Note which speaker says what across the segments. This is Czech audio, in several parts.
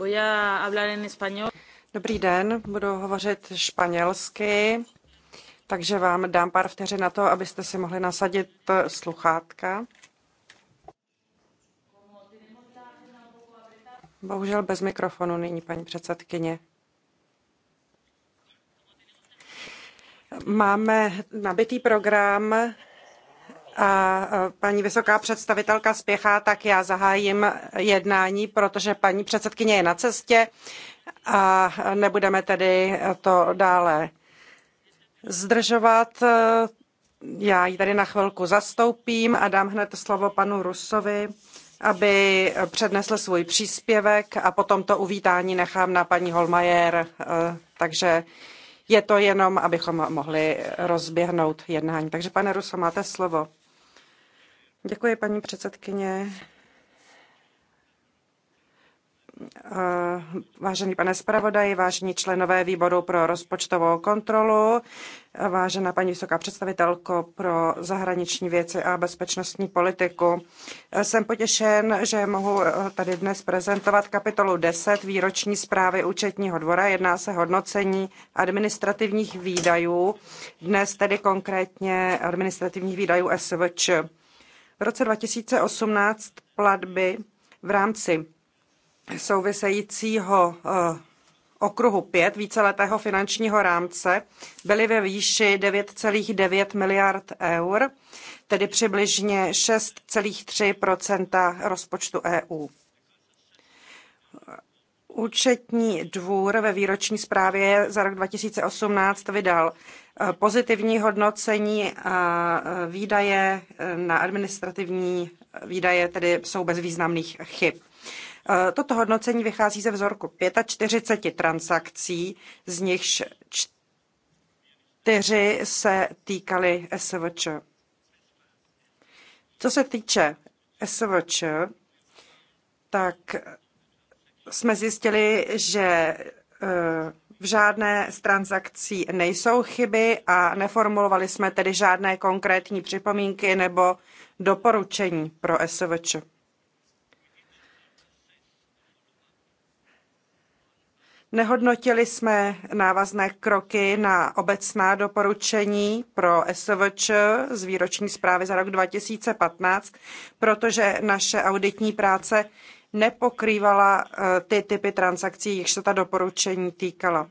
Speaker 1: Voy a hablar en español. Dobrý den, budu hovořit španělsky, takže vám dám pár vteřin na to, abyste si mohli nasadit sluchátka. Bohužel bez mikrofonu nyní paní předsedkyně. Máme nabitý program E, paní vysoká představitelka spěchá, tak já zahájím jednání, protože paní předsedkyně je na cestě a nebudeme tedy to dále zdržovat. E, já ji tady na chvilku zastoupím a dám hned slovo panu Rusovi, aby přednesl svůj příspěvek a potom to uvítání nechám na paní Holmajer. E, takže je to jenom, abychom mohli rozběhnout jednání. Takže pane Ruso, máte slovo. Děkuji, paní předsedkyně. Vážený pane zpravodaji, vážení členové výboru pro rozpočtovou kontrolu, vážená paní vysoká představitelko pro zahraniční věci a bezpečnostní politiku. Jsem potěšen, že mohu tady dnes prezentovat kapitolu 10 výroční zprávy účetního dvora. Jedná se hodnocení administrativních výdajů, dnes tedy konkrétně administrativních výdajů SVČ. V roce 2018 platby v rámci souvisejícího eh, okruhu 5 víceletého finančního rámce byly ve výši 9,9 miliard eur, tedy přibližně 6,3 rozpočtu EU. Účetní dvůr ve výroční zprávě za rok 2018 vydal pozitivní hodnocení a výdaje e, na administrativní výdaje tedy jsou bez významných chyb. E, toto hodnocení vychází ze vzorku 45 transakcí, z nichž čtyři se týkaly SVČ. Co se týče SVČ, tak jsme zjistili, že e, v žádné z transakcí nejsou chyby a neformulovali jsme tedy žádné konkrétní připomínky nebo doporučení pro SVČ. Nehodnotili jsme návazné kroky na obecná doporučení pro SVČ z výroční zprávy za rok 2015, protože naše auditní práce nepokrývala eh, ty typy transakcí, jichž se ta doporučení týkala.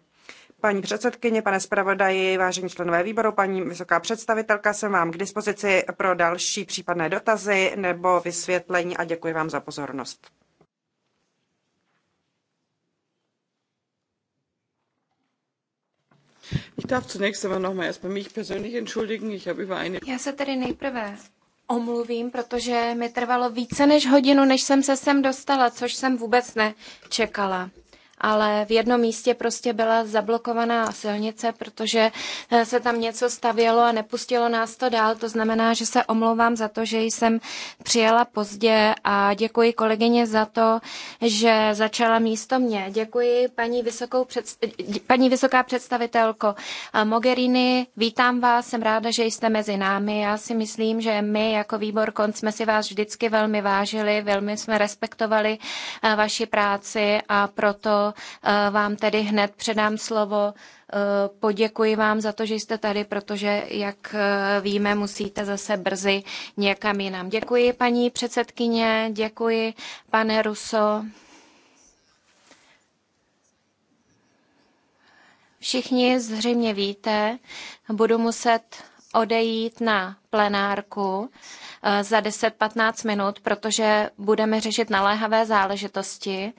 Speaker 1: Paní předsedkyně, pane zpravodaji, vážení členové výboru, paní vysoká představitelka, jsem vám k dispozici pro další případné dotazy nebo vysvětlení a děkuji vám za pozornost.
Speaker 2: Já se tedy nejprve omluvím, protože mi trvalo více než hodinu, než jsem se sem dostala, což jsem vůbec nečekala ale v jednom místě prostě byla zablokovaná silnice, protože eh, se tam něco stavělo a nepustilo nás to dál. To znamená, že se omlouvám za to, že jsem přijela pozdě a děkuji kolegyně za to, že začala místo mě. Děkuji paní, vysokou předst- paní vysoká představitelko eh, Mogherini, vítám vás, jsem ráda, že jste mezi námi. Já si myslím, že my jako výbor KONC jsme si vás vždycky velmi vážili, velmi jsme respektovali eh, vaši práci a proto Eh, vám tedy hned předám slovo. Eh, poděkuji vám za to, že jste tady, protože, jak eh, víme, musíte zase brzy někam jinam. Děkuji, paní předsedkyně, děkuji, pane Ruso. Všichni zřejmě víte, budu muset odejít na plenárku. Eh, za 10-15 minut, protože budeme řešit naléhavé záležitosti.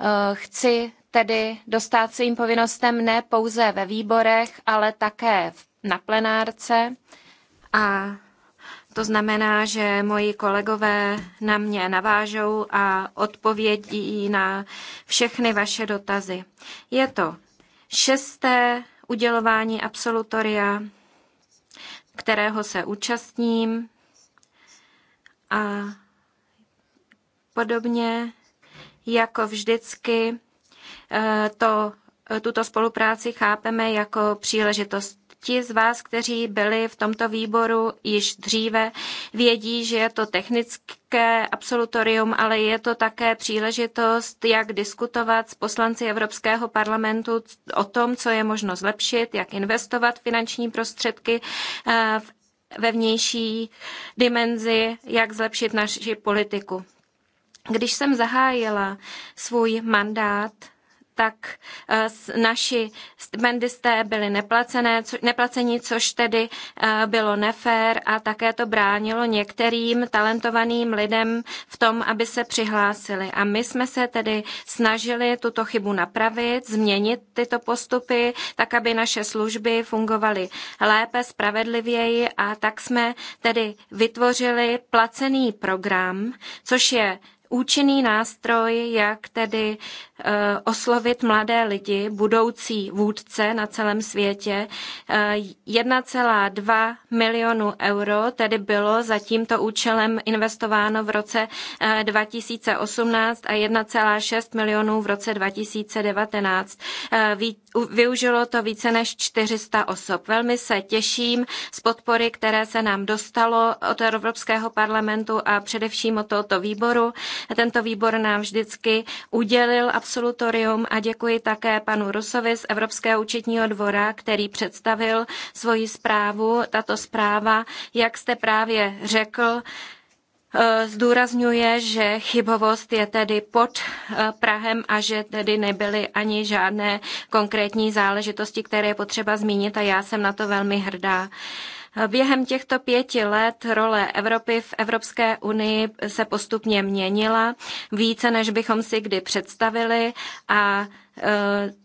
Speaker 2: Eh, chci tedy dostát svým povinnostem ne pouze ve výborech, ale také na plenárce. A to znamená, že moji kolegové na mě navážou a odpovědí na všechny vaše dotazy. Je to šesté udělování absolutoria, kterého se účastním. A podobně jako vždycky eh, to, eh, tuto spolupráci chápeme jako příležitost ti z vás, kteří byli v tomto výboru již dříve, vědí, že je to technické absolutorium, ale je to také příležitost, jak diskutovat s poslanci Evropského parlamentu o tom, co je možno zlepšit, jak investovat finanční prostředky eh, v ve vnější dimenzi, jak zlepšit naši politiku. Když jsem zahájila svůj mandát, tak eh, naši stipendisté byli neplacené, neplacení, což tedy eh, bylo nefér a také to bránilo některým talentovaným lidem v tom, aby se přihlásili. A my jsme se tedy snažili tuto chybu napravit, změnit tyto postupy, tak aby naše služby fungovaly lépe, spravedlivěji a tak jsme tedy vytvořili placený program, což je účinný nástroj, jak tedy eh, oslovit mladé lidi, budoucí vůdce na celém světě. 1,2 eh, milionu euro tedy bylo za tímto účelem investováno v roce 2018 eh, a 1,6 milionů v roce 2019. Využilo to více než 400 osob. Velmi se těším z podpory, které se nám dostalo od Evropského parlamentu a především od tohoto výboru. Tento výbor nám vždycky udělil absolutorium a děkuji také panu Rusovi z Evropského účetního dvora, který představil svoji zprávu. Tato zpráva, jak jste právě řekl, eh, zdůrazňuje, že chybovost je tedy pod eh, Prahem a že tedy nebyly ani žádné konkrétní záležitosti, které je potřeba zmínit a já jsem na to velmi hrdá. Během těchto pěti let role Evropy v Evropské unii se postupně měnila více, než bychom si kdy představili a e,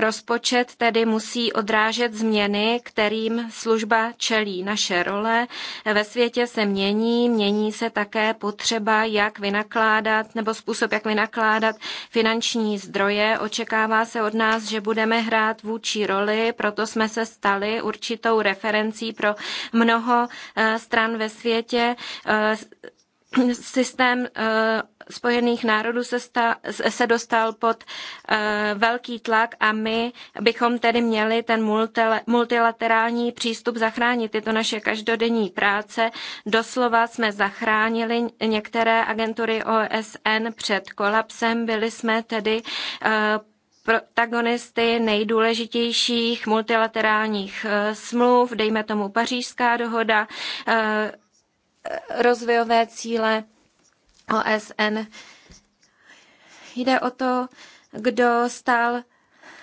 Speaker 2: Rozpočet tedy musí odrážet změny, kterým služba čelí. Naše role ve světě se mění, mění se také potřeba, jak vynakládat nebo způsob, jak vynakládat finanční zdroje. Očekává se od nás, že budeme hrát vůči roli, proto jsme se stali určitou referencí pro mnoho eh, stran ve světě eh, systém eh, Spojených národů se, sta, se dostal pod eh, velký tlak a my bychom tedy měli ten multilaterální přístup zachránit. Je to naše každodenní práce. Doslova jsme zachránili některé agentury OSN před kolapsem. Byli jsme tedy eh, protagonisty nejdůležitějších multilaterálních smluv, dejme tomu Pařížská dohoda, rozvojové cíle OSN. Jde o to, kdo stál,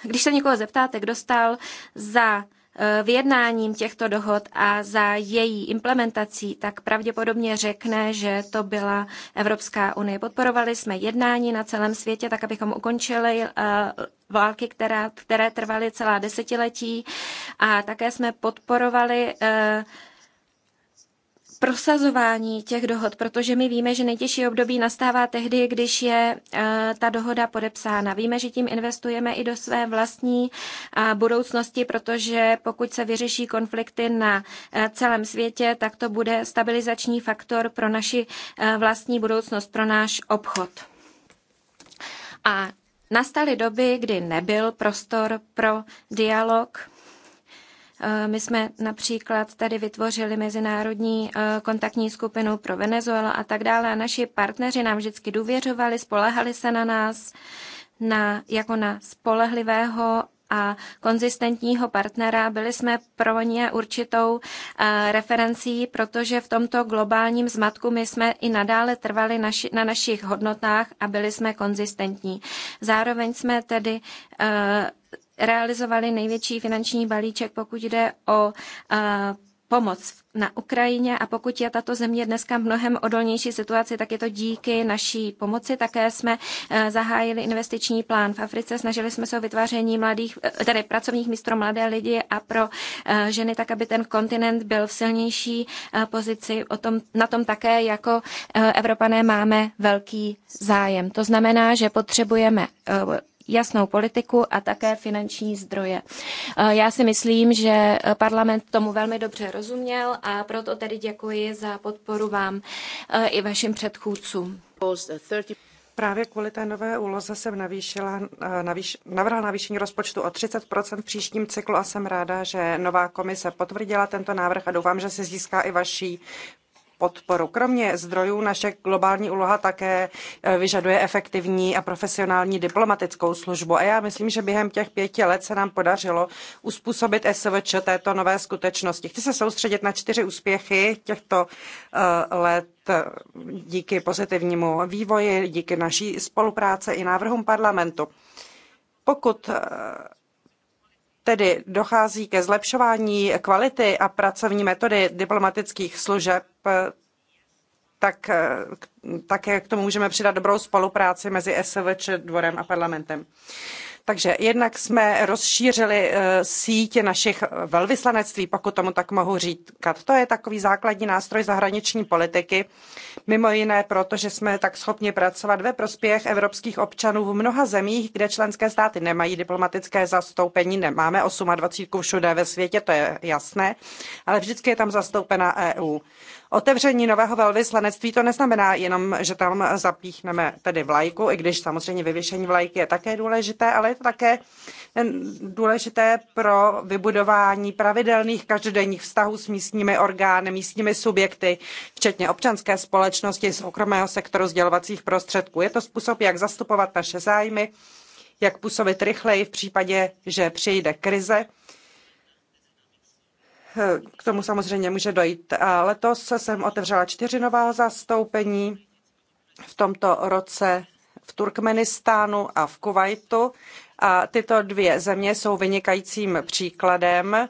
Speaker 2: když se někoho zeptáte, kdo stál za e, vyjednáním těchto dohod a za její implementací, tak pravděpodobně řekne, že to byla Evropská unie. Podporovali jsme jednání na celém světě, tak abychom ukončili e, války, která, které trvaly celá desetiletí a také jsme podporovali e, prosazování těch dohod, protože my víme, že nejtěžší období nastává tehdy, když je eh, ta dohoda podepsána. Víme, že tím investujeme i do své vlastní eh, budoucnosti, protože pokud se vyřeší konflikty na eh, celém světě, tak to bude stabilizační faktor pro naši vlastní budoucnost, pro náš obchod. A nastaly doby, kdy nebyl prostor pro dialog Eh, my jsme například tady vytvořili mezinárodní eh, kontaktní skupinu pro Venezuela a tak dále a naši partneři nám vždycky důvěřovali, spolehali se na nás na, jako na spolehlivého a konzistentního partnera. Byli jsme pro ně určitou eh, referencí, protože v tomto globálním zmatku my jsme i nadále trvali na našich hodnotách a byli jsme konzistentní. Zároveň jsme tedy eh, realizovali největší finanční balíček, pokud jde o eh, pomoc na Ukrajině a pokud je tato země dneska v mnohem odolnější situaci, tak je to díky naší pomoci. Také jsme eh, zahájili investiční plán v Africe, snažili jsme se o vytváření mladých, eh, tedy pracovních míst pro mladé lidi a pro eh, ženy, tak aby ten kontinent byl v silnější pozici. O tom, na tom také jako Evropané máme velký zájem. To znamená, že potřebujeme jasnou politiku a také finanční zdroje. Eh, já si myslím, že eh, parlament tomu velmi dobře rozuměl a proto tedy děkuji za podporu vám eh, i vašim předchůdcům. Právě kvůli té nové úloze jsem navýšila,
Speaker 1: navýš, navrhla navýšení rozpočtu o 30 v příštím cyklu a jsem ráda, že nová komise potvrdila tento návrh a doufám, že se získá i vaší podporu. Kromě zdrojů naše globální úloha také eh, vyžaduje efektivní a profesionální diplomatickou službu. A já myslím, že během těch pěti let se nám podařilo uspůsobit SVČ této nové skutečnosti. Chci se soustředit na čtyři úspěchy těchto eh, let eh, díky pozitivnímu vývoji, díky naší spolupráce i návrhům parlamentu. Pokud Tedy dochází ke zlepšování kvality a pracovní metody diplomatických služeb, tak také k tomu můžeme přidat dobrou spolupráci mezi SVČ, dvorem a parlamentem. Takže jednak jsme rozšířili eh, síť našich eh, velvyslanectví, pokud tomu tak mohu říkat. To je takový základní nástroj zahraniční politiky, mimo jiné proto, že jsme tak schopni pracovat ve prospěch evropských občanů v mnoha zemích, kde členské státy nemají diplomatické zastoupení, nemáme 28 všude ve světě, to je jasné, ale vždycky je tam zastoupena EU. Otevření nového velvyslanectví to neznamená jenom, že tam zapíchneme tedy vlajku, i když samozřejmě vyvěšení vlajky je také důležité, ale je to také eh, důležité pro vybudování pravidelných každodenních vztahů s místními orgány, místními subjekty, včetně občanské společnosti, soukromého sektoru sdělovacích prostředků. Je to způsob, jak zastupovat naše zájmy, jak působit rychleji v případě, že přijde krize k tomu samozřejmě může dojít. A letos jsem otevřela čtyři nová zastoupení v tomto roce v Turkmenistánu a v Kuwaitu. A tyto dvě země jsou vynikajícím příkladem.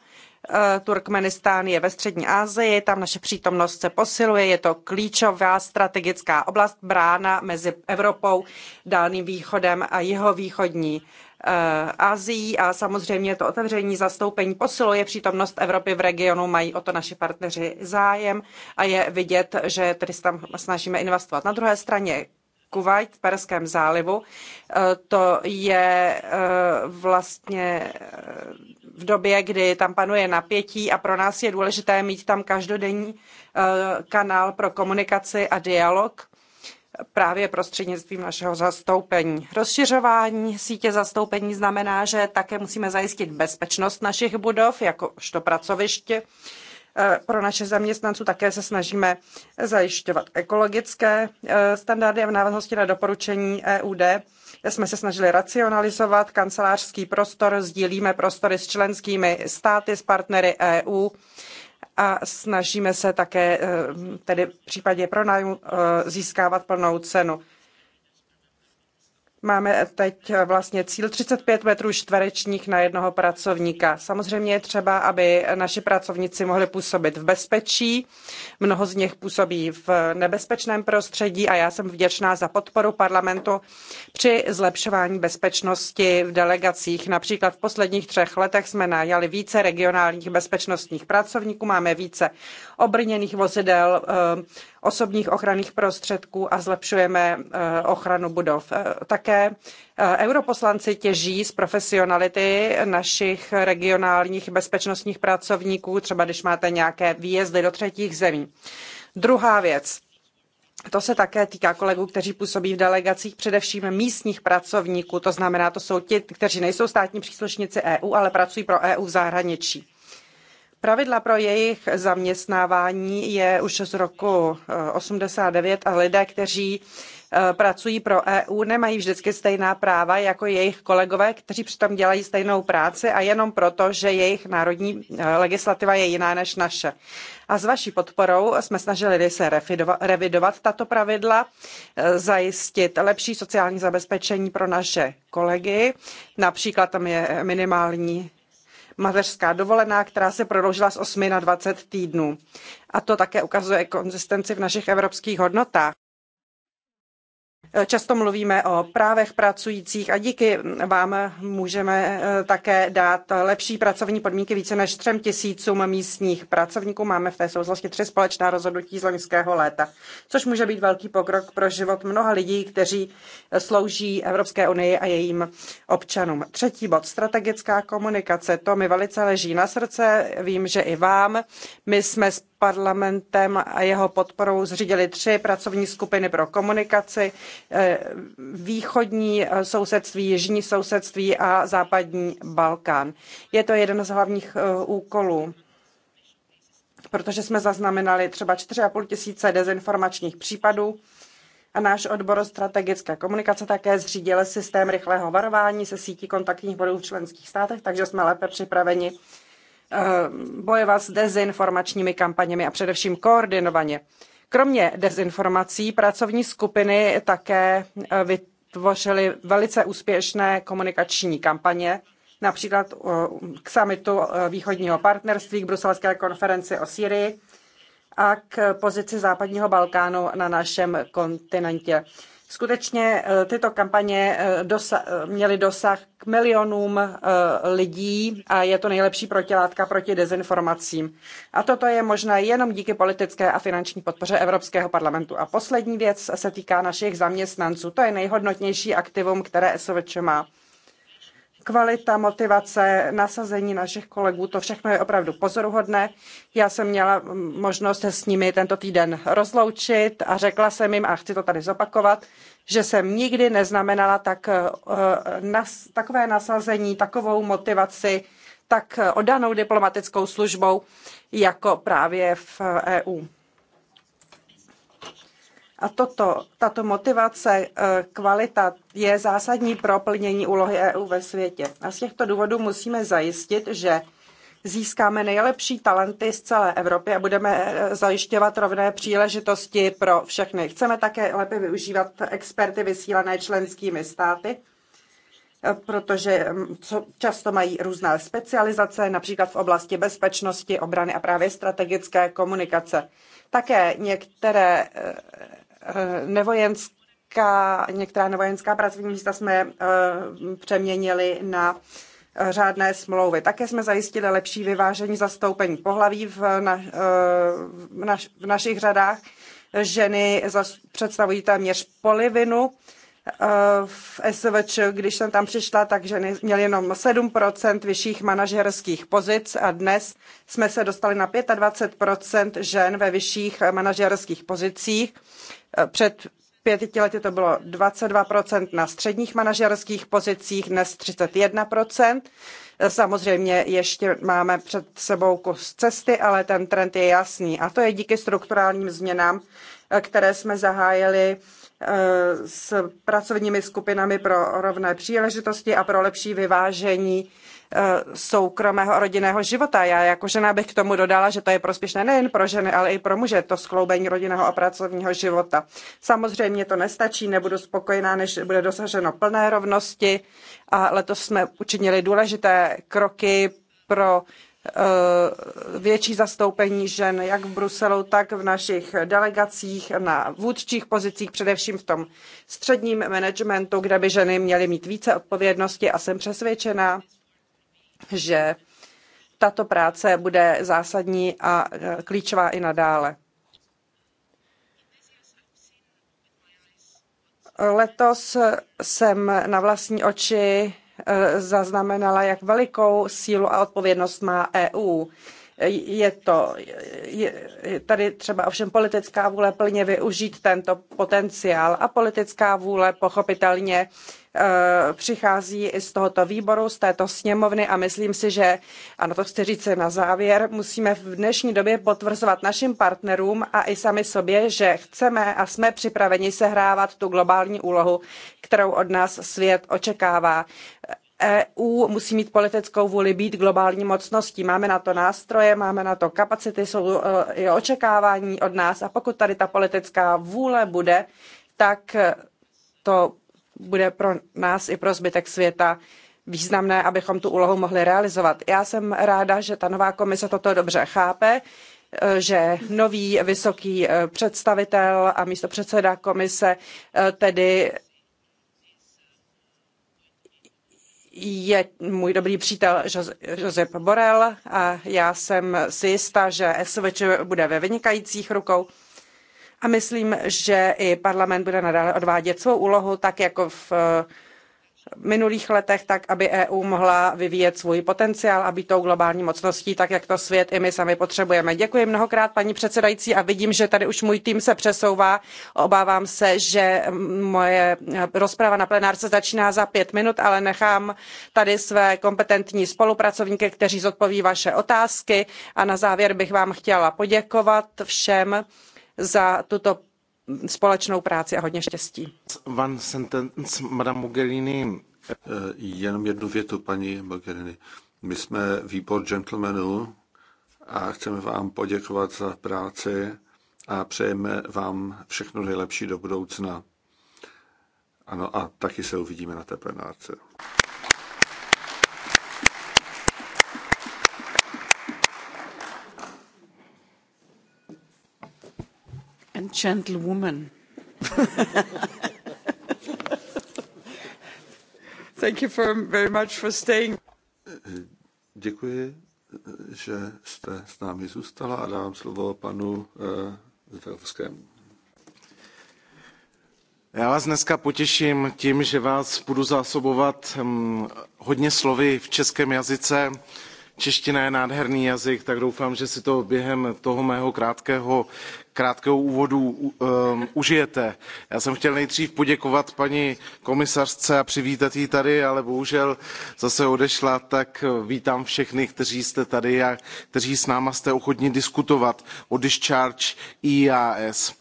Speaker 1: Turkmenistán je ve střední Asii, tam naše přítomnost se posiluje, je to klíčová strategická oblast, brána mezi Evropou, Dálným východem a jihovýchodní Eh, Azií a samozřejmě to otevření zastoupení posiluje přítomnost Evropy v regionu, mají o to naši partneři zájem a je vidět, že tedy se tam snažíme investovat. Na druhé straně Kuwait v Perském zálivu. Eh, to je eh, vlastně v době, kdy tam panuje napětí a pro nás je důležité mít tam každodenní kanál pro komunikaci a dialog právě prostřednictvím našeho zastoupení. Rozšiřování sítě zastoupení znamená, že také musíme zajistit bezpečnost našich budov, jakožto pracoviště. E, pro naše zaměstnanců také se snažíme zajišťovat ekologické e, standardy a v návaznosti na doporučení EUD jsme se snažili racionalizovat kancelářský prostor, sdílíme prostory s členskými státy, s partnery EU a snažíme se také eh, tedy v případě pronájmu eh, získávat plnou cenu. Máme teď eh, vlastně cíl 35 metrů čtverečních na jednoho pracovníka. Samozřejmě je třeba, aby naši pracovníci mohli působit v bezpečí. Mnoho z nich působí v nebezpečném prostředí a já jsem vděčná za podporu parlamentu při zlepšování bezpečnosti v delegacích. Například v posledních třech letech jsme najali více regionálních bezpečnostních pracovníků, máme více obrněných vozidel, eh, osobních ochranných prostředků a zlepšujeme eh, ochranu budov. Eh, také eh, europoslanci těží z profesionality našich regionálních bezpečnostních pracovníků, třeba když máte nějaké výjezdy do třetích zemí. Druhá věc. To se také týká kolegů, kteří působí v delegacích, především místních pracovníků, to znamená, to jsou ti, kteří nejsou státní příslušníci EU, ale pracují pro EU v zahraničí. Pravidla pro jejich zaměstnávání je už z roku 89 eh, a lidé, kteří eh, pracují pro EU, nemají vždycky stejná práva jako jejich kolegové, kteří přitom dělají stejnou práci a jenom proto, že jejich národní eh, legislativa je jiná než naše. A s vaší podporou jsme snažili se revidovat tato pravidla, zajistit lepší sociální zabezpečení pro naše kolegy. Například tam je minimální mateřská dovolená, která se prodloužila z 8 na 20 týdnů. A to také ukazuje konzistenci v našich evropských hodnotách. Eh, často mluvíme o právech pracujících a díky vám můžeme eh, také dát lepší pracovní podmínky více než třem tisícům místních pracovníků. Máme v té souvislosti tři společná rozhodnutí z loňského léta, což může být velký pokrok pro život mnoha lidí, kteří slouží Evropské unii a jejím občanům. Třetí bod, strategická komunikace. To mi velice leží na srdce. Vím, že i vám. My jsme s parlamentem a jeho podporou zřídili tři pracovní skupiny pro komunikaci Eh, východní eh, sousedství, jižní sousedství a západní Balkán. Je to jeden z hlavních eh, úkolů protože jsme zaznamenali třeba 4,5 tisíce dezinformačních případů a náš odbor strategické komunikace také zřídil systém rychlého varování se sítí kontaktních bodů v členských státech, takže jsme lépe připraveni bojovat s dezinformačními kampaněmi a především koordinovaně. Kromě dezinformací pracovní skupiny také e, vytvořily velice úspěšné komunikační kampaně, například e, k samitu e, východního partnerství, k bruselské konferenci o Syrii a k pozici západního Balkánu na našem kontinentě. Skutečně eh, tyto kampaně eh, dosa- eh, měly dosah k milionům lidí a je to nejlepší protilátka proti dezinformacím. A toto je možné jenom díky politické a finanční podpoře Evropského parlamentu. A poslední věc se týká našich zaměstnanců. To je nejhodnotnější aktivum, které SVČ má kvalita, motivace, nasazení našich kolegů, to všechno je opravdu pozoruhodné. Já jsem měla možnost se s nimi tento týden rozloučit a řekla jsem jim, a chci to tady zopakovat, že jsem nikdy neznamenala tak, eh, nas, takové nasazení, takovou motivaci, tak odanou diplomatickou službou jako právě v EU. Eh, e a toto, tato motivace, eh, kvalita je zásadní pro plnění úlohy EU ve světě. A z těchto důvodů musíme zajistit, že získáme nejlepší talenty z celé Evropy a budeme eh, zajišťovat rovné příležitosti pro všechny. Chceme také lépe využívat experty vysílané členskými státy, eh, protože hm, často mají různé specializace, například v oblasti bezpečnosti, obrany a právě strategické komunikace. Také některé Eh, nevojenská, některá nevojenská pracovní místa jsme eh, přeměnili na eh, řádné smlouvy. Také jsme zajistili lepší vyvážení zastoupení pohlaví v, na, v, naš, v našich řadách. Ženy zas, představují téměř polivinu v SVČ, když jsem tam přišla, tak ženy měly jenom 7% vyšších manažerských pozic a dnes jsme se dostali na 25% žen ve vyšších manažerských pozicích Eh, před pěti lety to bylo 22% na středních manažerských pozicích, dnes 31%. Eh, samozřejmě ještě máme před sebou kus cesty, ale ten trend je jasný. A to je díky strukturálním změnám, eh, které jsme zahájili s pracovními skupinami pro rovné příležitosti a pro lepší vyvážení Eh, soukromého a rodinného života. Já jako žena bych k tomu dodala, že to je prospěšné nejen pro ženy, ale i pro muže, to skloubení rodinného a pracovního života. Samozřejmě to nestačí, nebudu spokojená, než bude dosaženo plné rovnosti a letos jsme učinili důležité kroky pro eh, větší zastoupení žen jak v Bruselu, tak v našich delegacích na vůdčích pozicích, především v tom středním managementu, kde by ženy měly mít více odpovědnosti a jsem přesvědčena, že tato práce bude zásadní a e, klíčová i nadále. Letos jsem na vlastní oči e, zaznamenala, jak velikou sílu a odpovědnost má EU. Je to je, tady třeba ovšem politická vůle plně využít tento potenciál a politická vůle pochopitelně Eh, přichází i z tohoto výboru, z této sněmovny a myslím si, že, ano, to chci říct na závěr, musíme v dnešní době potvrzovat našim partnerům a i sami sobě, že chceme a jsme připraveni sehrávat tu globální úlohu, kterou od nás svět očekává. EU musí mít politickou vůli být globální mocností. Máme na to nástroje, máme na to kapacity, jsou eh, i očekávání od nás a pokud tady ta politická vůle bude, tak to bude pro nás i pro zbytek světa významné, abychom tu úlohu mohli realizovat. Já jsem ráda, že ta nová komise toto dobře chápe, eh, že nový vysoký eh, představitel a místopředseda komise eh, tedy je můj dobrý přítel Josep Borel a já jsem si jistá, že SVČ bude ve vynikajících rukou a myslím, že i parlament bude nadále odvádět svou úlohu, tak jako v eh, minulých letech, tak aby EU mohla vyvíjet svůj potenciál a být tou globální mocností, tak jak to svět i my sami potřebujeme. Děkuji mnohokrát, paní předsedající, a vidím, že tady už můj tým se přesouvá. Obávám se, že moje rozprava na plenárce začíná za pět minut, ale nechám tady své kompetentní spolupracovníky, kteří zodpoví vaše otázky a na závěr bych vám chtěla poděkovat všem za tuto společnou práci a hodně štěstí.
Speaker 3: One sentence, Madame Mogherini. Eh,
Speaker 4: jenom jednu větu, paní Mogherini. My jsme výbor gentlemanů a chceme vám poděkovat za práci a přejeme vám všechno nejlepší do budoucna. Ano, a taky se uvidíme na té plenárce.
Speaker 1: gentlewoman.
Speaker 4: Thank you for, very much for staying. Děkuji, že jste
Speaker 3: s námi zůstala a dávám slovo panu eh, Zdravskému. Já vás dneska potěším tím, že vás budu zásobovat mm, hodně slovy v českém jazyce. Čeština je nádherný jazyk, tak doufám, že si to během toho mého krátkého, krátkého úvodu um, užijete. Já jsem chtěl nejdřív poděkovat paní komisařce a přivítat ji tady, ale bohužel zase odešla, tak vítám všechny, kteří jste tady a kteří s náma jste ochotni diskutovat o discharge IAS.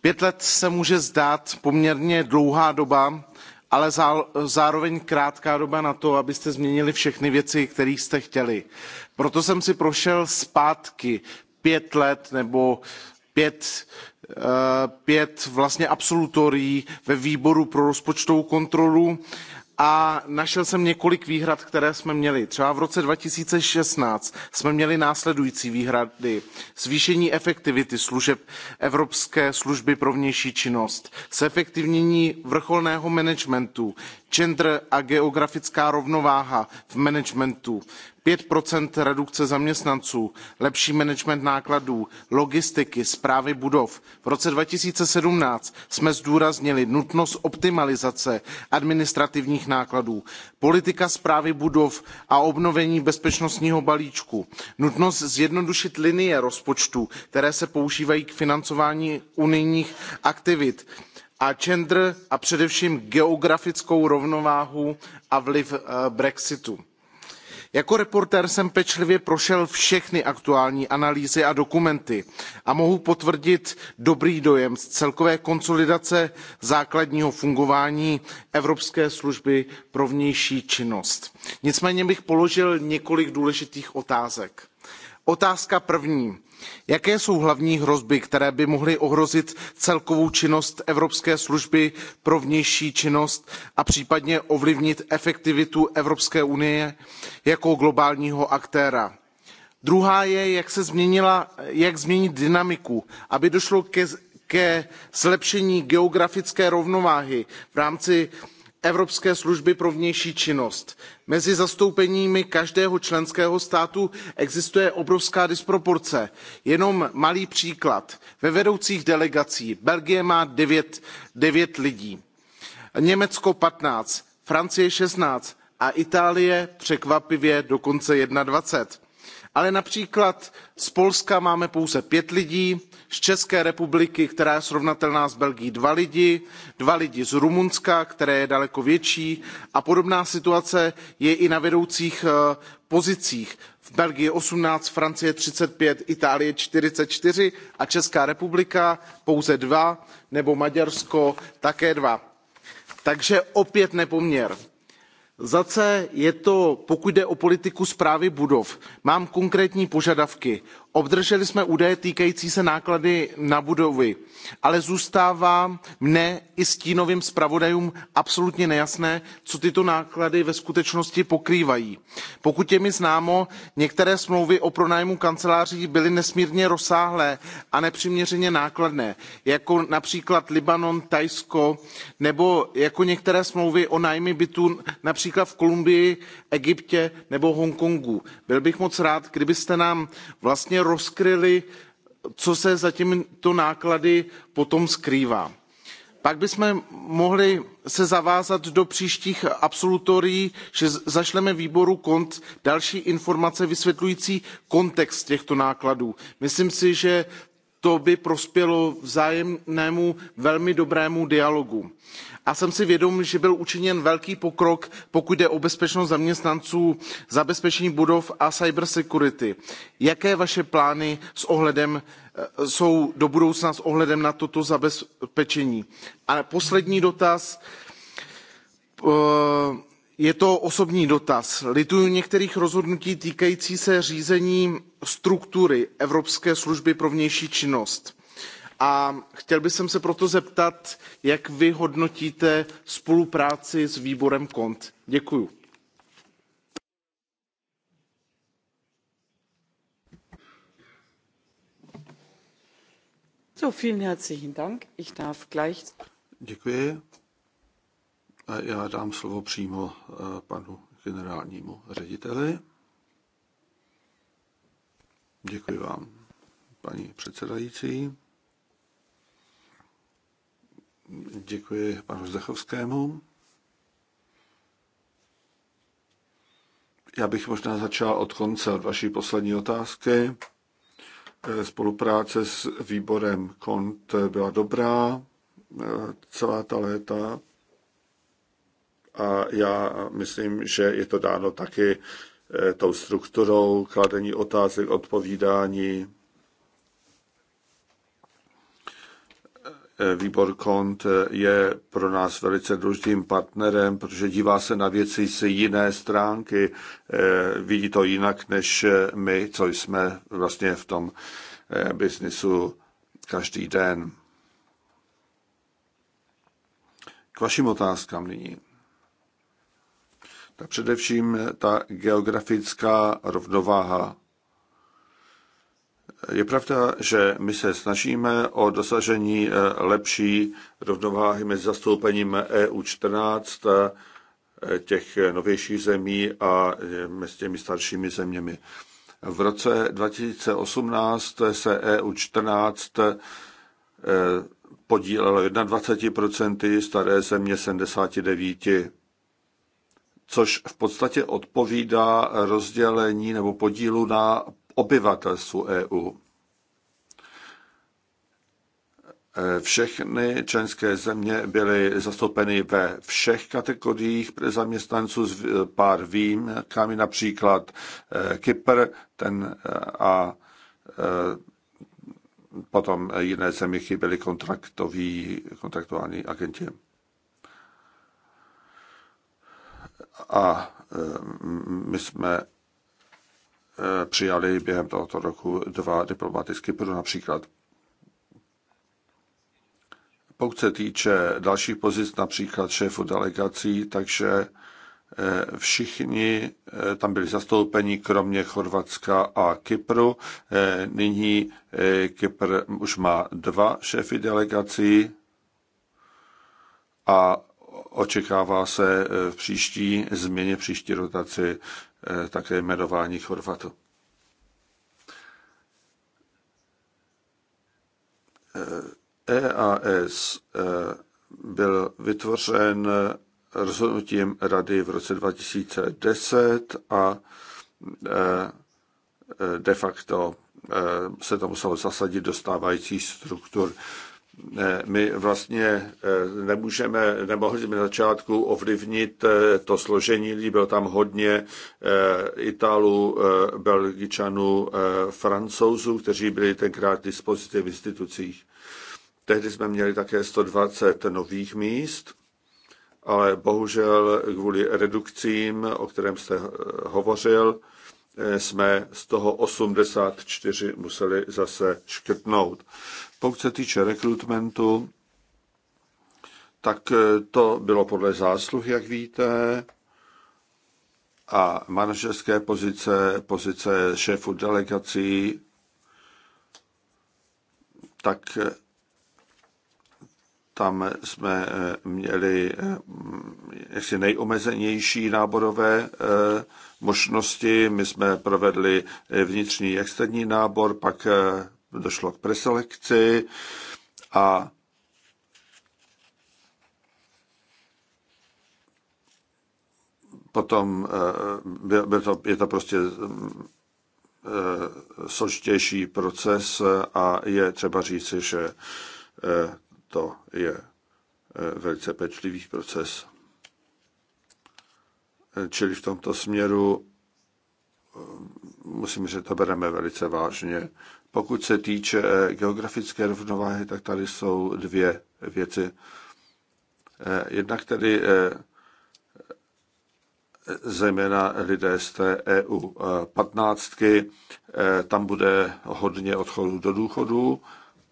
Speaker 3: Pět let se může zdát poměrně dlouhá doba, ale zároveň krátká doba na to, abyste změnili všechny věci, které jste chtěli. Proto jsem si prošel zpátky pět let nebo pět, eh, pět vlastně absolutorií ve výboru pro rozpočtovou kontrolu a našel jsem několik výhrad, které jsme měli. Třeba v roce 2016 jsme měli následující výhrady. Zvýšení efektivity služeb Evropské služby pro vnější činnost, zefektivnění vrcholného managementu, gender a geografická rovnováha v managementu, five redukce zaměstnanců lepší management nákladů logistiky správy budov. v roce two thousand and seventeen jsme zdůraznili nutnost optimalizace administrativních nákladů politika správy budov a obnovení bezpečnostního balíčku nutnost zjednodušit linie rozpočtu které se používají k financování unijních aktivit a gender a především geografickou rovnováhu a vliv eh, brexitu jako zpravodaj jsem pečlivě prošel všechny aktuální analýzy a dokumenty a mohu potvrdit dobrý dojem z celkové konsolidace základního fungování evropské služby pro vnější činnost. nicméně bych položil několik důležitých otázek otázka první jaké jsou hlavní hrozby které by mohly ohrozit celkovou činnost evropské služby pro vnější činnost a případně ovlivnit efektivitu evropské unie jako globálního aktéra? druhá je jak, změnila, jak změnit dynamiku aby došlo ke, ke zlepšení geografické rovnováhy v rámci evropské služby pro vnější činnost mezi zastoupeními každého členského státu existuje obrovská disproporce. jenom malý příklad ve vedoucích delegacích belgie má nine lidí německo fifteen francie sixteen a itálie překvapivě dokonce twenty one ale například z polska máme pouze five lidí z České republiky, která je srovnatelná s Belgií, dva lidi, dva lidi z Rumunska, které je daleko větší a podobná situace je i na vedoucích eh, pozicích. V Belgii 18, Francie 35, Itálie 44 a Česká republika pouze dva, nebo Maďarsko také dva. Takže opět nepoměr. Zase C je to, pokud jde o politiku správy budov, mám konkrétní požadavky obdrželi jsme údaje týkající se nákladů na budovy ale zůstává mne i stínovým zpravodajům absolutně nejasné co tyto náklady ve skutečnosti pokrývají. pokud je mi známo některé smlouvy o pronájmu kanceláří byly nesmírně rozsáhlé a nepřiměřeně nákladné jako například libanon thajsko nebo jako některé smlouvy o nájmu bytů například v kolumbii Egyptě nebo Hongkongu. Byl bych moc rád, kdybyste nám vlastně rozkryli, co se za těmito náklady potom skrývá. Pak bychom mohli se zavázat do příštích absolutorií, že zašleme výboru KONT další informace vysvětlující kontext těchto nákladů. Myslím si, že to by prospělo vzájemnému velmi dobrému dialogu. a jsem si vědom že byl učiněn velký pokrok pokud jde o bezpečnost zaměstnanců zabezpečení budov a cybersecurity. jaké vaše plány ohledem, eh, jsou do budoucna s ohledem na toto zabezpečení? a poslední dotaz eh, je to osobní dotaz. lituji některých rozhodnutí týkajících se řízení struktury Evropské služby pro vnější činnost. A chtěl bych se proto zeptat, jak vy hodnotíte spolupráci s výborem KONT. Děkuju.
Speaker 1: So, vielen herzlichen Dank. Ich darf
Speaker 4: gleich... Děkuji. Já dám slovo přímo eh, panu generálnímu řediteli. Děkuji vám, paní předsedající. Děkuji panu Zdechovskému. Já bych možná začal od konce, od vaší poslední otázky. Spolupráce s výborem KONT byla dobrá celá ta léta a já myslím, že je to dáno taky Eh, tou strukturou kladení otázek, odpovídání. Eh, výbor Kont eh, je pro nás velice důležitým partnerem, protože dívá se na věci z jiné stránky, vidí to jinak než my, co jsme vlastně v tom biznisu každý den. K vašim otázkám nyní tak především ta geografická rovnováha. Je pravda, že my se snažíme o dosažení eh, lepší rovnováhy mezi zastoupením EU14 eh, těch novějších zemí a mezi eh, těmi staršími zeměmi. V roce 2018 se EU14 podílelo 21%, staré země 79% což v podstatě odpovídá rozdělení nebo podílu na obyvatelstvu EU. Všechny členské země byly zastoupeny ve všech kategoriích zaměstnanců s pár výjimkami, například eh, Kypr ten eh, a eh, potom jiné země chyběli kontraktoví, kontraktovaní agenti. A e, my jsme e, přijali během tohoto roku dva diplomatické pro například. Pokud se týče dalších pozic, například šéfu delegací, takže e, všichni tam byli zastoupeni, kromě Chorvatska a Kypru. Nyní Kypr už má dva šéfy delegací a očekává se eh, v příští změně, příští rotaci eh, také jmenování Chorvatu. EAS eh, e byl vytvořen rozhodnutím rady v roce 2010 a de facto se to muselo zasadit do stávajících struktur. Eh, my vlastně eh, nemůžeme, nemohli jsme na začátku ovlivnit eh, to složení lidí, bylo tam hodně Italů, Belgičanů, Francouzů, kteří byli tenkrát k dispozici v institucích. Tehdy jsme měli také 120 nových míst, ale bohužel kvůli redukcím, o kterém jste hovořil, jsme z toho 84 museli zase škrtnout. Pokud se týče rekrutmentu, tak eh, to bylo podle zásluh, jak víte, a manažerské pozice, pozice šéfu delegací, tak eh, tam jsme eh, měli jaksi nejomezenější náborové možnosti. My jsme provedli vnitřní externí nábor, pak došlo k preselekci a potom je eh, to, je to prostě eh, složitější proces a je třeba říci, že eh, to je velice pečlivý proces. Čili v tomto směru musím říct, že to bereme velice vážně pokud se týče eh, geografické rovnováhy, tak tady jsou dvě věci. Eh, jednak tedy eh, zejména lidé z té EU 15, tam bude hodně odchodů do důchodu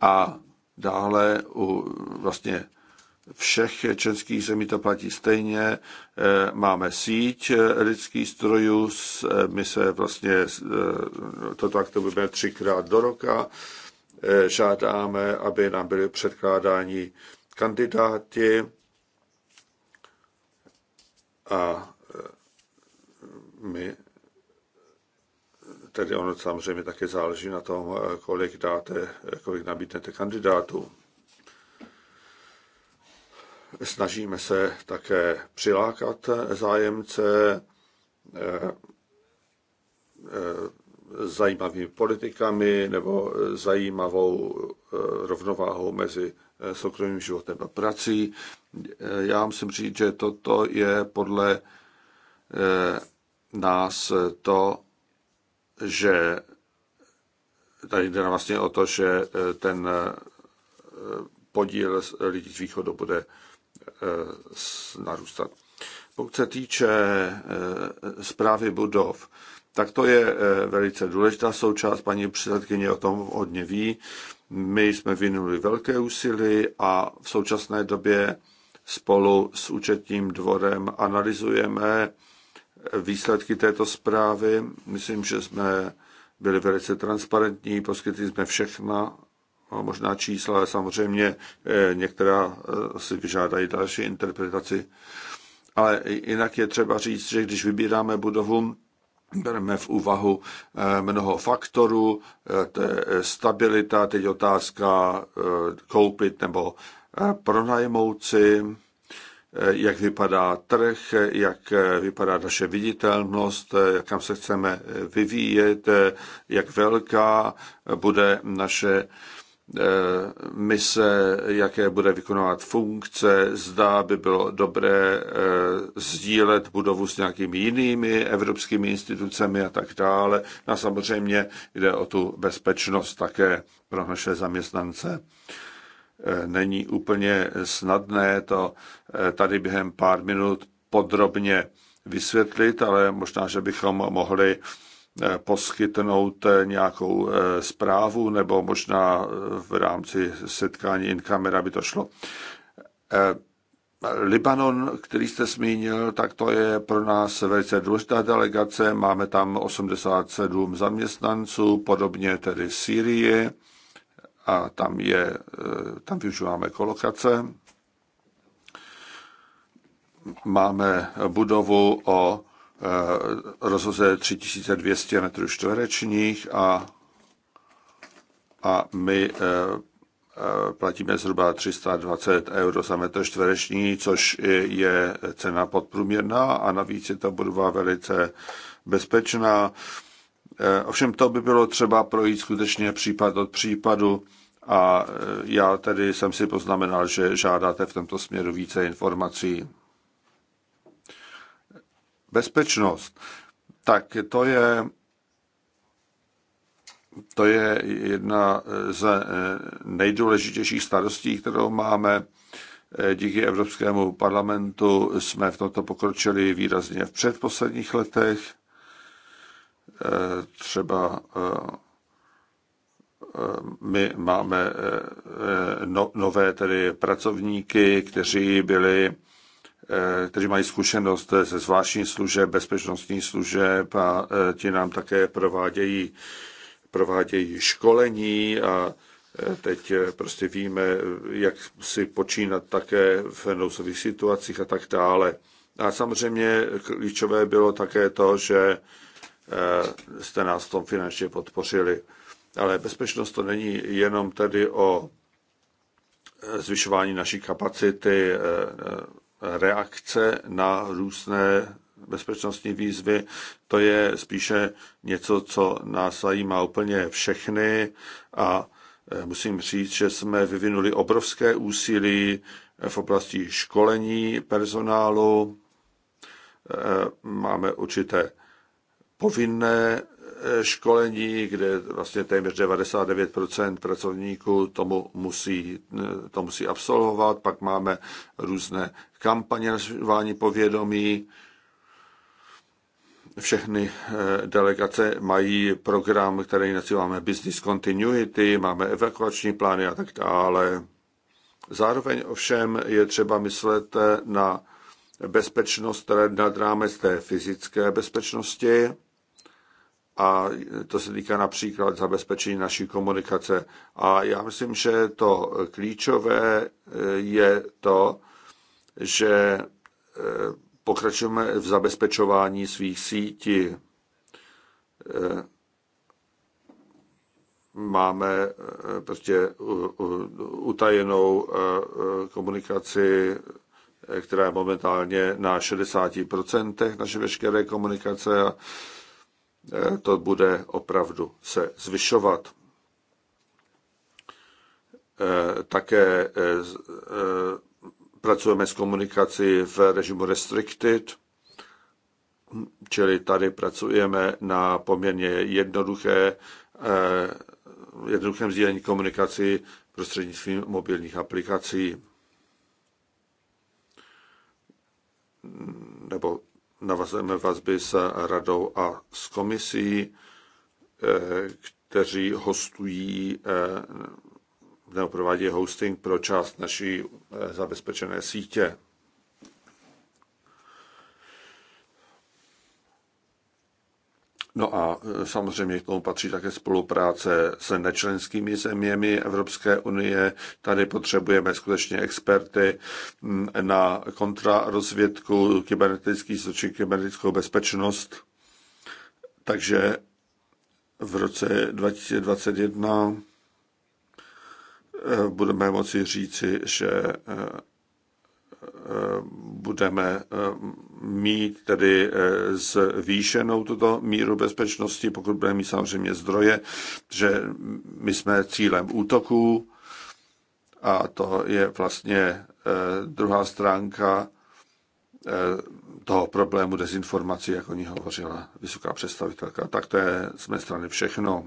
Speaker 4: a dále u vlastně všech českých zemí to platí stejně. Eh, máme síť eh, lidských strojů, eh, my se vlastně to takto budeme třikrát do roka. Žádáme, aby nám byly předkládáni kandidáti a my tedy ono samozřejmě také záleží na tom, kolik dáte, kolik nabídnete kandidátů. Snažíme se také přilákat zájemce eh, eh, zajímavými politikami nebo zajímavou eh, rovnováhou mezi soukromým životem a prací. Já musím říct, že toto je podle nás to, že tady jde vlastně o to, že ten podíl lidí z východu bude Eh, narůstat. Pokud se týče eh, zprávy budov, tak to je eh, velice důležitá součást. Paní předsedkyně o tom hodně ví. My jsme vynuli velké úsilí a v současné době spolu s účetním dvorem analyzujeme výsledky této zprávy. Myslím, že jsme byli velice transparentní, poskytli jsme všechna a možná čísla, ale samozřejmě eh, některá eh, si vyžádají další interpretaci. Ale jinak je třeba říct, že když vybíráme budovu, bereme v úvahu eh, mnoho faktorů, to je stabilita, teď otázka koupit nebo pronajmout si, jak vypadá trh, jak vypadá naše viditelnost, kam se chceme vyvíjet, jak velká bude naše Eh, mise, jaké bude vykonávat funkce, zda by bylo dobré eh, sdílet budovu s nějakými jinými evropskými institucemi a tak dále. A samozřejmě jde o tu bezpečnost také pro naše zaměstnance. Eh, není úplně snadné to tady během pár minut podrobně vysvětlit, ale možná, že bychom mohli Eh, poskytnout eh, nějakou eh, zprávu, nebo možná v rámci setkání in camera by to šlo. Libanon, který jste zmínil, tak to je pro nás velice důležitá delegace. Máme tam 87 zaměstnanců, podobně tedy Sýrii a tam, je, tam využíváme kolokace. Máme budovu o Eh, rozloze 3200 metrů čtverečních a, a my eh, eh, platíme zhruba 320 euro za metr čtvereční, což je cena podprůměrná a navíc je ta budova velice bezpečná. Ovšem to by bylo třeba projít skutečně případ od případu a já tedy jsem si poznamenal, že žádáte v tomto směru více informací bezpečnost, tak to je to je jedna z eh, nejdůležitějších starostí, kterou máme. Eh, díky Evropskému parlamentu jsme v tomto pokročili výrazně v předposledních letech. Eh, třeba my máme no, nové tedy pracovníky, kteří byli Eh, kteří mají zkušenost ze zvláštních služeb, bezpečnostní služeb a eh, ti nám také provádějí, provádějí školení a eh, teď prostě víme, jak si počínat také v nouzových situacích a tak dále. A samozřejmě klíčové bylo také to, že jste nás v tom finančně podpořili. Ale bezpečnost to není jenom tedy o zvyšování naší kapacity reakce na různé bezpečnostní výzvy, to je spíše něco, co nás zajímá úplně všechny a eh, musím říct, že jsme vyvinuli obrovské úsilí eh, v oblasti školení personálu. Eh, máme určité povinné školení, kde vlastně téměř 99% pracovníků tomu musí, to musí absolvovat. Pak máme různé kampaně na povědomí. Všechny eh, delegace mají program, který nazýváme Business Continuity, máme evakuační plány a tak dále. Zároveň ovšem je třeba myslet eh, na bezpečnost eh, nad rámec té fyzické bezpečnosti a to se týká například zabezpečení naší komunikace. A já myslím, že to klíčové eh, je to, že eh, pokračujeme v zabezpečování svých sítí. Eh, máme prostě utajenou komunikaci, která je momentálně na 60% naše veškeré komunikace a Eh, to bude opravdu se zvyšovat. Eh, také eh, pracujeme s komunikací v režimu restricted, čili tady pracujeme na poměrně jednoduché, jednoduchém sdílení komunikací prostřednictvím mobilních aplikací nebo navazujeme vazby s radou a s komisí, eh, kteří hostují eh, nebo provádí hosting pro část naší eh, zabezpečené sítě. No a e, samozřejmě k tomu patří také spolupráce s nečlenskými zeměmi Evropské unie. Tady potřebujeme skutečně experty na kontrarozvědku, kybernetický zločin, kybernetickou bezpečnost. Takže v roce 2021 e, budeme moci říci, že e, budeme eh, mít tedy eh, zvýšenou tuto míru bezpečnosti, pokud budeme mít samozřejmě zdroje, že my jsme cílem útoků a to je vlastně eh, druhá stránka toho problému dezinformací, jak o ní hovořila vysoká představitelka. Tak to je z mé strany všechno.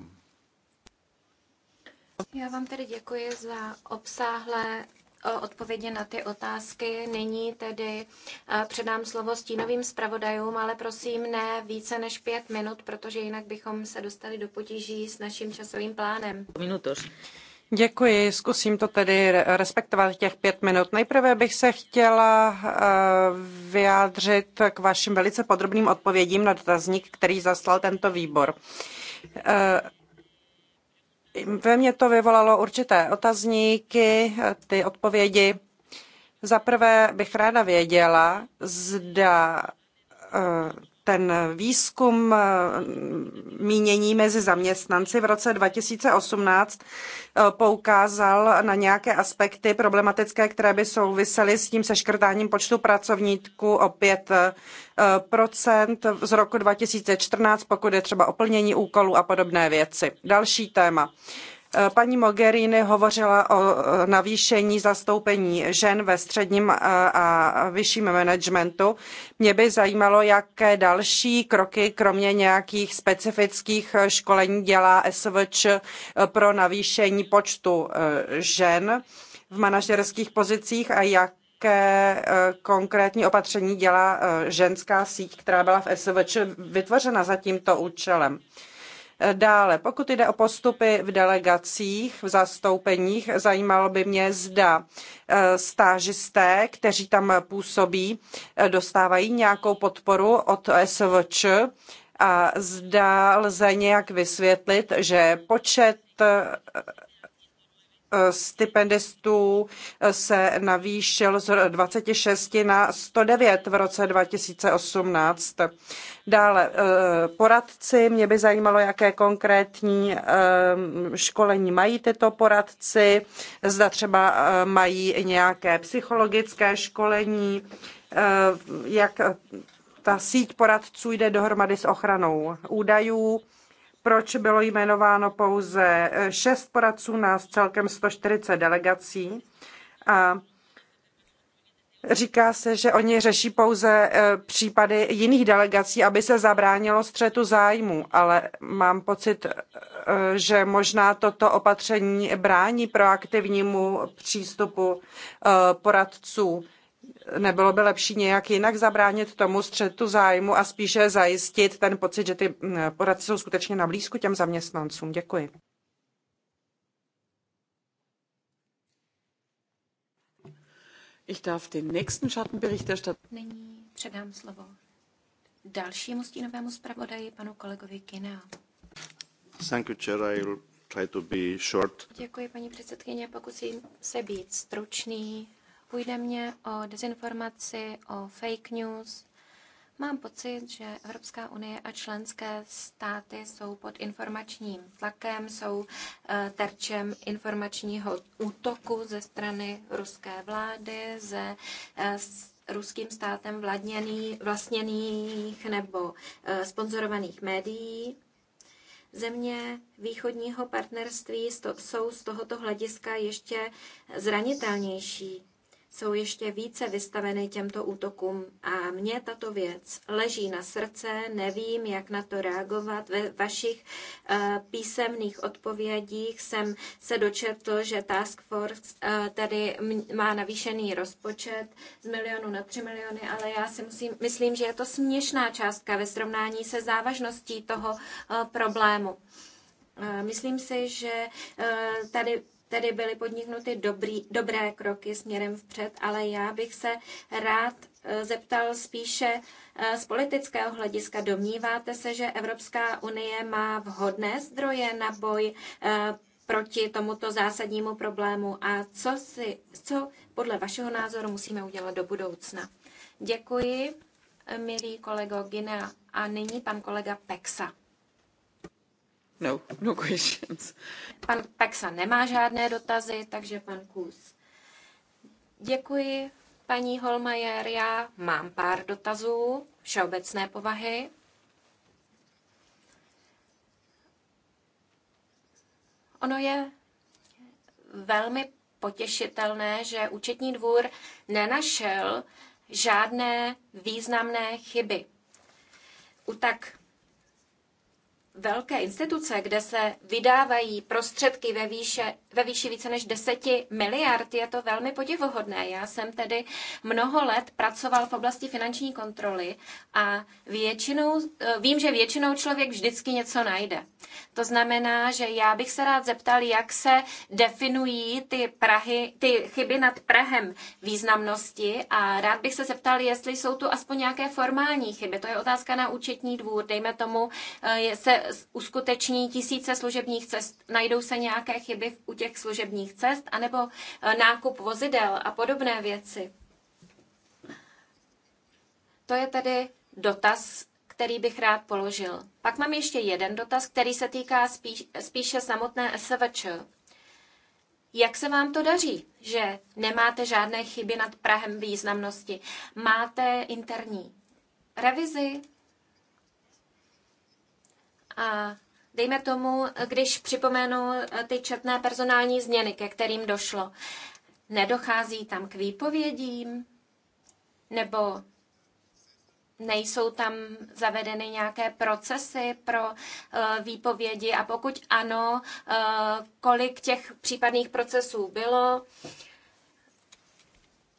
Speaker 2: Já vám tedy děkuji za obsáhlé odpovědi na ty otázky. Nyní tedy eh, předám slovo stínovým zpravodajům, ale prosím ne více než pět minut, protože jinak bychom se dostali do potíží s naším časovým plánem.
Speaker 1: Minutoř. Děkuji, zkusím to tedy respektovat těch pět minut. Nejprve bych se chtěla eh, vyjádřit k vašim velice podrobným odpovědím na dotazník, který zaslal tento výbor. Eh, ve mně to vyvolalo určité otazníky, ty odpovědi. Za prvé bych ráda věděla, zda eh, ten výzkum eh, mínění mezi zaměstnanci v roce 2018 eh, poukázal na nějaké aspekty problematické, které by souvisely s tím seškrtáním počtu pracovníků o 5 eh, z roku 2014, pokud je třeba oplnění úkolů a podobné věci. Další téma. Paní Mogherini hovořila o navýšení zastoupení žen ve středním a vyšším managementu. Mě by zajímalo, jaké další kroky, kromě nějakých specifických školení, dělá SVČ pro navýšení počtu e, žen v manažerských pozicích a jak jaké e, konkrétní opatření dělá e, ženská síť, která byla v SVČ vytvořena za tímto účelem. Dále, pokud jde o postupy v delegacích, v zastoupeních, zajímalo by mě, zda eh, stážisté, kteří tam působí, eh, dostávají nějakou podporu od SVČ a zda lze nějak vysvětlit, že počet eh, stipendistů eh, se navýšil z 26 na 109 v roce 2018. Dále eh, poradci, mě by zajímalo, jaké konkrétní eh, školení mají tyto poradci, zda třeba mají nějaké psychologické školení, jak ta síť poradců jde dohromady s ochranou údajů proč bylo jmenováno pouze eh, šest poradců na celkem 140 delegací. A Říká se, že oni řeší pouze eh, případy jiných delegací, aby se zabránilo střetu zájmu, ale mám pocit, eh, že možná toto opatření brání proaktivnímu přístupu poradců nebylo by lepší nějak jinak zabránit tomu střetu zájmu a spíše zajistit ten pocit, že ty mm, poradci jsou skutečně na blízku těm zaměstnancům. Děkuji.
Speaker 2: Ich darf den nächsten Schattenberichterstatter. Nyní předám slovo dalšímu stínovému zpravodaji, panu kolegovi Kina.
Speaker 4: Thank you, Chair. I will try to be short.
Speaker 2: Děkuji, paní předsedkyně. Pokusím se být stručný. Půjde mě o dezinformaci, o fake news. Mám pocit, že Evropská unie a členské státy jsou pod informačním tlakem, jsou eh, terčem informačního útoku ze strany ruské vlády, ze eh, ruským státem vladněný, vlastněných nebo eh, sponzorovaných médií. Země východního partnerství jsou z tohoto hlediska ještě zranitelnější jsou ještě více vystaveny těmto útokům. A mně tato věc leží na srdce, nevím, jak na to reagovat. Ve vašich eh, písemných odpovědích jsem se dočetl, že Task Force eh, tady má navýšený rozpočet z milionu na tři miliony, ale já si musím, myslím, že je to směšná částka ve srovnání se závažností toho eh, problému. Myslím si, že tady tedy byly podniknuty dobrý, dobré kroky směrem vpřed, ale já bych se rád e, zeptal spíše e, z politického hlediska. Domníváte se, že Evropská unie má vhodné zdroje na boj e, proti tomuto zásadnímu problému a co, si, co podle vašeho názoru musíme udělat do budoucna? Děkuji, milý kolego Gina. A nyní pan kolega Peksa.
Speaker 4: No, no questions.
Speaker 2: Pan Peksa nemá žádné dotazy, takže pan Kus. Děkuji, paní Holmajer. Já mám pár dotazů všeobecné povahy. Ono je velmi potěšitelné, že účetní dvůr nenašel žádné významné chyby u tak velké instituce, kde se vydávají prostředky ve, výše, ve výši více než 10 miliard, je to velmi podivuhodné. Já jsem tedy mnoho let pracoval v oblasti finanční kontroly a většinou, e, vím, že většinou člověk vždycky něco najde. To znamená, že já bych se rád zeptal, jak se definují ty, prahy, ty chyby nad Prahem významnosti a rád bych se zeptal, jestli jsou tu aspoň nějaké formální chyby. To je otázka na účetní dvůr. Dejme tomu, e, se uskuteční tisíce služebních cest, najdou se nějaké chyby u těch služebních cest, anebo eh, nákup vozidel a podobné věci. To je tedy dotaz, který bych rád položil. Pak mám ještě jeden dotaz, který se týká spíš, spíše samotné SVČ. Jak se vám to daří, že nemáte žádné chyby nad Prahem významnosti? Máte interní revizi, a dejme tomu, když připomenu eh, ty četné personální změny, ke kterým došlo. Nedochází tam k výpovědím? Nebo nejsou tam zavedeny nějaké procesy pro eh, výpovědi? A pokud ano, eh, kolik těch případných procesů bylo?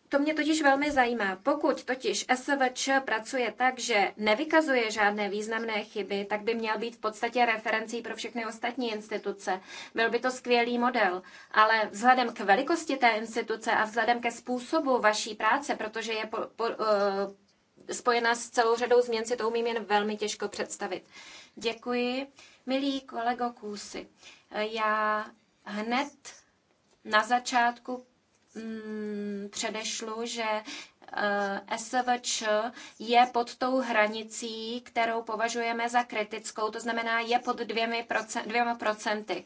Speaker 2: To mě totiž velmi zajímá. Pokud totiž SVČ pracuje tak, že nevykazuje žádné významné chyby, tak by měl být v podstatě referencí pro všechny ostatní instituce. Byl by to skvělý model, ale vzhledem k velikosti té instituce a vzhledem ke způsobu vaší práce, protože je po, po, uh, eh, spojena s celou řadou změn, si to umím jen velmi těžko představit. Děkuji. milí kolego Kůsi, já hned na začátku Mm, předešlu, že eh, SVČ je pod tou hranicí, kterou považujeme za kritickou, to znamená je pod dvěmi procent, dvěma procenty.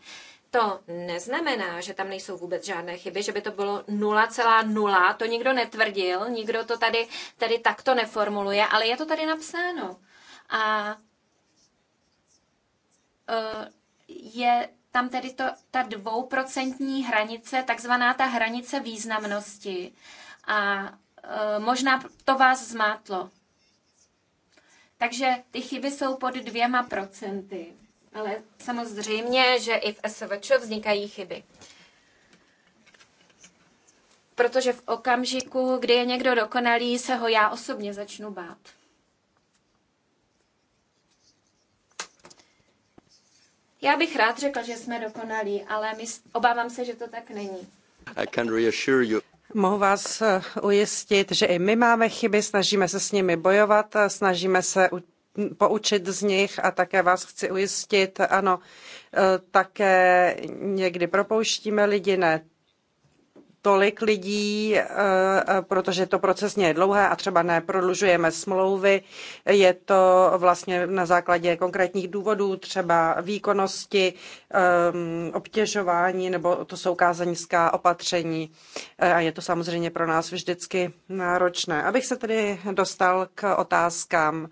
Speaker 2: To neznamená, že tam nejsou vůbec žádné chyby, že by to bylo 0,0, to nikdo netvrdil, nikdo to tady, tady takto neformuluje, ale je to tady napsáno. A eh, je tam tedy to, ta dvouprocentní hranice, takzvaná ta hranice významnosti. A e, možná to vás zmátlo. Takže ty chyby jsou pod dvěma procenty. Ale samozřejmě, že i v SVČ vznikají chyby. Protože v okamžiku, kdy je někdo dokonalý, se ho já osobně začnu bát. Já bych rád řekl, že jsme dokonalí, ale my, obávám se, že to tak není.
Speaker 1: I can reassure you. Mohu vás eh, ujistit, že i my máme chyby, snažíme se s nimi bojovat, eh, snažíme se poučit z nich a také vás chci ujistit, ano, eh, také někdy propouštíme lidi, ne tolik lidí, eh, eh, protože to procesně je dlouhé a třeba neprodlužujeme smlouvy. Je to vlastně na základě konkrétních důvodů, třeba výkonnosti, eh, obtěžování nebo to jsou kázeňská opatření. A je to samozřejmě pro nás vždycky náročné. Abych se tedy dostal k otázkám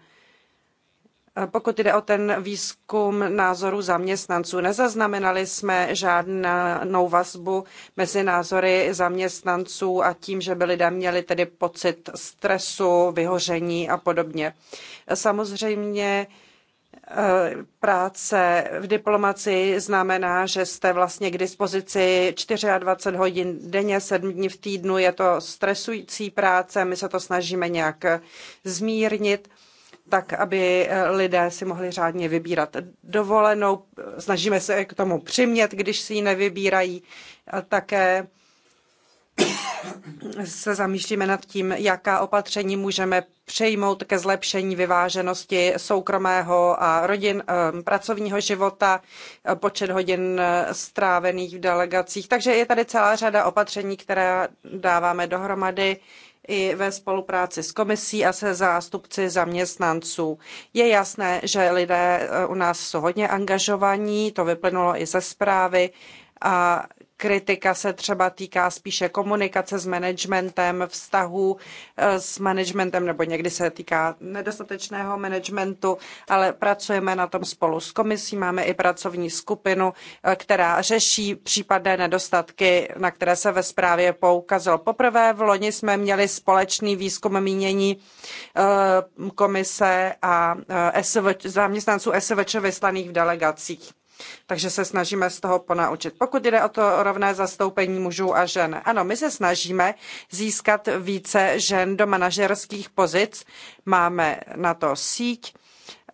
Speaker 1: pokud jde o ten výzkum názorů zaměstnanců, nezaznamenali jsme žádnou vazbu mezi názory zaměstnanců a tím, že by lidé měli tedy pocit stresu, vyhoření a podobně. Samozřejmě eh, práce v diplomaci znamená, že jste vlastně k dispozici 24 hodin denně, 7 dní v týdnu. Je to stresující práce, my se to snažíme nějak zmírnit tak aby eh, lidé si mohli řádně vybírat dovolenou. Snažíme se k tomu přimět, když si ji nevybírají. Také se zamýšlíme nad tím, jaká opatření můžeme přejmout ke zlepšení vyváženosti soukromého a rodin, eh, pracovního života, eh, počet hodin strávených v delegacích. Takže je tady celá řada opatření, která dáváme dohromady i ve spolupráci s komisí a se zástupci zaměstnanců. Je jasné, že lidé eh, u nás jsou hodně angažovaní, to vyplynulo i ze zprávy a kritika se třeba týká spíše komunikace s managementem, vztahu eh, s managementem, nebo někdy se týká nedostatečného managementu, ale pracujeme na tom spolu s komisí. Máme i pracovní skupinu, eh, která řeší případné nedostatky, na které se ve zprávě poukazilo. Poprvé v loni jsme měli společný výzkum mínění eh, komise a zaměstnanců SVČ vyslaných v delegacích. Takže se snažíme z toho ponaučit. Pokud jde o to rovné zastoupení mužů a žen, ano, my se snažíme získat více žen do manažerských pozic. Máme na to síť,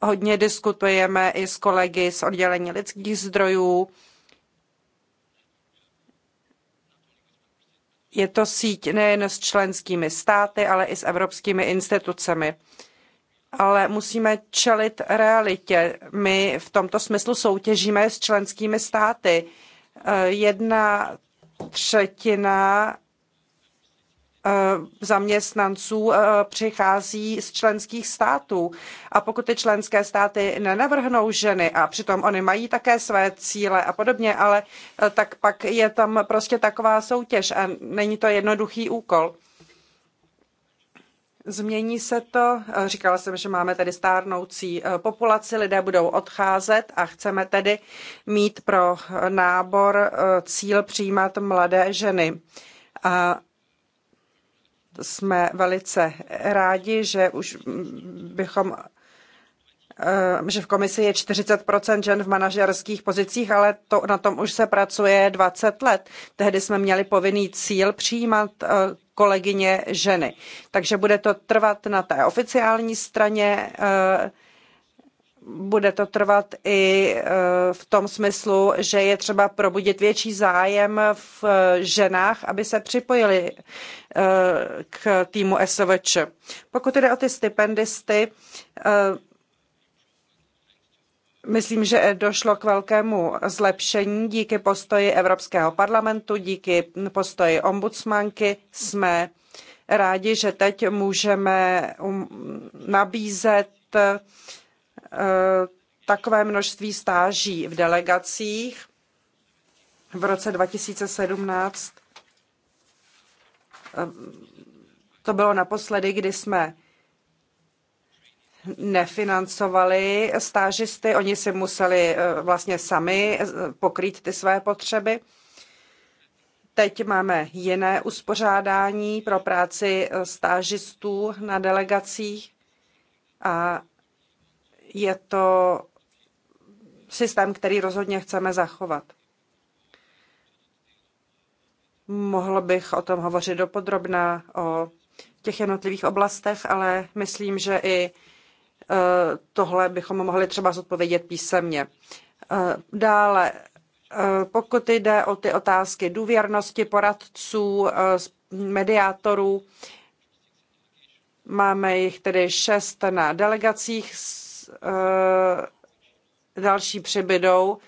Speaker 1: hodně diskutujeme i s kolegy z oddělení lidských zdrojů. Je to síť nejen s členskými státy, ale i s evropskými institucemi ale musíme čelit realitě. My v tomto smyslu soutěžíme s členskými státy. Eh, jedna třetina eh, zaměstnanců eh, přichází z členských států. A pokud ty členské státy nenavrhnou ženy, a přitom oni mají také své cíle a podobně, ale tak pak je tam prostě taková soutěž a není to jednoduchý úkol. Změní se to. Říkala jsem, že máme tedy stárnoucí eh, populaci, lidé budou odcházet a chceme tedy mít pro eh, nábor eh, cíl přijímat mladé ženy. A jsme velice rádi, že už mm, bychom Ehm, že v komisi je 40% žen v manažerských pozicích, ale to, na tom už se pracuje 20 let. Tehdy jsme měli povinný cíl přijímat eh, kolegyně ženy. Takže bude to trvat na té oficiální straně, eh, bude to trvat i eh, v tom smyslu, že je třeba probudit větší zájem v ženách, aby se připojili k týmu SVČ. Pokud jde o ty stipendisty, Myslím, že došlo k velkému zlepšení díky postoji Evropského parlamentu, díky postoji ombudsmanky. Jsme rádi, že teď můžeme um, nabízet eh, takové množství stáží v delegacích v roce 2017. Eh, to bylo naposledy, kdy jsme nefinancovali stážisty, oni si museli eh, vlastně sami eh, pokrýt ty své potřeby. Teď máme jiné uspořádání pro práci eh, stážistů na delegacích a je to systém, který rozhodně chceme zachovat. Mohl bych o tom hovořit dopodrobná o těch jednotlivých oblastech, ale myslím, že i Eh, tohle bychom mohli třeba zodpovědět písemně. Eh, dále, eh, pokud jde o ty otázky důvěrnosti poradců, mediátorů, máme jich tedy šest na delegacích, další přibydou.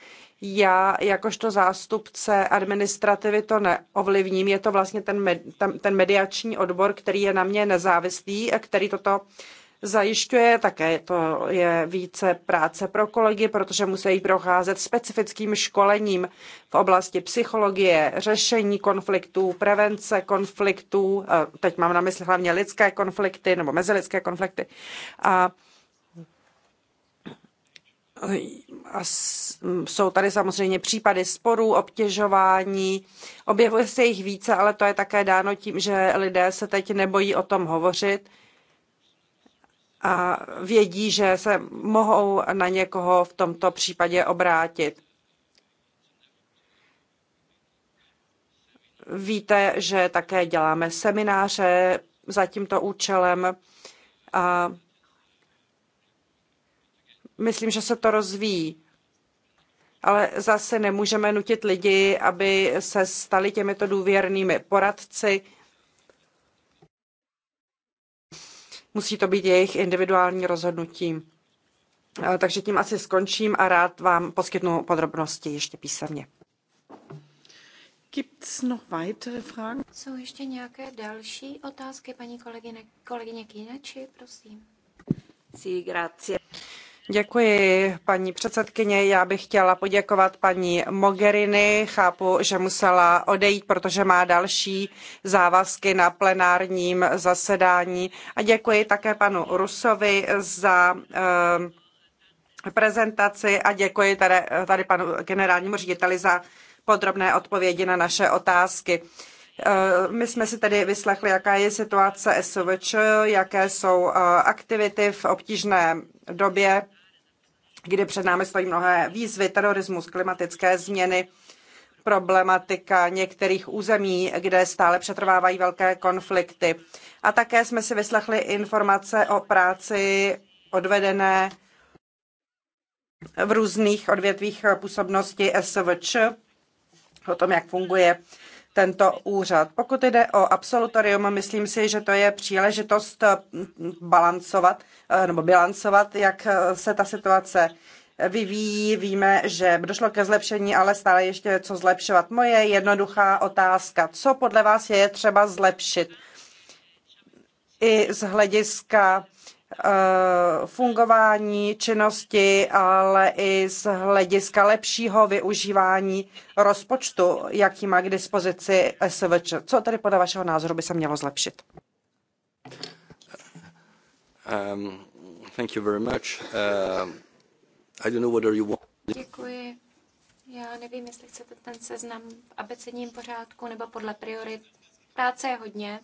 Speaker 1: Já jakožto zástupce administrativy to neovlivním. Je to vlastně ten, med, ten, ten mediační odbor, který je na mě nezávislý, a který toto zajišťuje. Také to je více práce pro kolegy, protože musí procházet specifickým školením v oblasti psychologie, řešení konfliktů, prevence konfliktů. Teď mám na mysli hlavně lidské konflikty nebo mezilidské konflikty. A a jsou tady samozřejmě případy sporů, obtěžování. Objevuje se jich více, ale to je také dáno tím, že lidé se teď nebojí o tom hovořit vědí, že se mohou na někoho v tomto případě obrátit. Víte, že také děláme semináře za tímto účelem a myslím, že se to rozvíjí. Ale zase nemůžeme nutit lidi, aby se stali těmito důvěrnými poradci. Musí to být jejich individuální rozhodnutí. Eh, takže tím asi skončím a rád vám poskytnu podrobnosti ještě písemně.
Speaker 2: Gibt's noch weitere Fragen? Jsou ještě nějaké další otázky, paní kolegyně, kolegyně Kýneči, prosím. Sí,
Speaker 1: Děkuji, paní předsedkyně. Já bych chtěla poděkovat paní Mogherini. Chápu, že musela odejít, protože má další závazky na plenárním zasedání. A děkuji také panu Rusovi za eh, prezentaci a děkuji tady, tady panu generálnímu řediteli za podrobné odpovědi na naše otázky. Eh, my jsme si tedy vyslechli, jaká je situace SVČ, jaké jsou eh, aktivity v obtížné době kdy před námi stojí mnohé výzvy, terorismus, klimatické změny, problematika některých území, kde stále přetrvávají velké konflikty. A také jsme si vyslechli informace o práci odvedené v různých odvětvích působnosti SVČ, o tom, jak funguje tento úřad. Pokud jde o absolutorium, myslím si, že to je příležitost eh, balancovat, eh, nebo bilancovat, jak eh, se ta situace vyvíjí. Víme, že došlo ke zlepšení, ale stále ještě co zlepšovat. Moje jednoduchá otázka, co podle vás je třeba zlepšit i z hlediska Eh, fungování činnosti, ale i z hlediska lepšího využívání rozpočtu, jaký má k dispozici SVČ. Co tedy podle vašeho názoru by se mělo zlepšit?
Speaker 4: Um, thank you very much. Uh, I don't know whether you want...
Speaker 2: Děkuji. Já nevím, jestli chcete ten seznam v abecedním pořádku nebo podle priorit. Práce je hodně.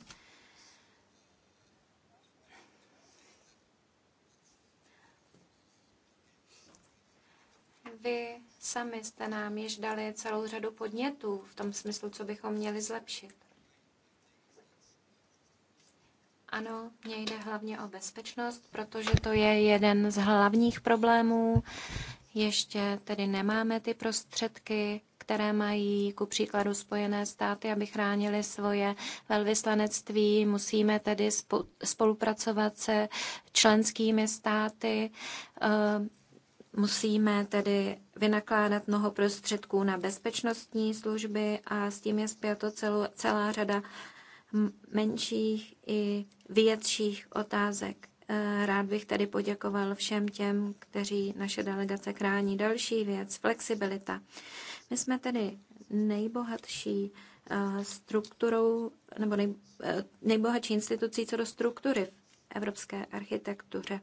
Speaker 2: Vy sami jste nám již dali celou řadu podnětů v tom smyslu, co bychom měli zlepšit. Ano, mně jde hlavně o bezpečnost, protože to je jeden z hlavních problémů. Ještě tedy nemáme ty prostředky, které mají ku příkladu Spojené státy, aby chránili svoje velvyslanectví. Musíme tedy spolupracovat se členskými státy ehm, Musíme tedy vynakládat mnoho prostředků na bezpečnostní služby a s tím je zpěto celou, celá řada menších i větších otázek. E, rád bych tedy poděkoval všem těm, kteří naše delegace krání. Další věc, flexibilita. My jsme tedy nejbohatší e, strukturou nebo nej, e, nejbohatší institucí co do struktury v evropské architektuře.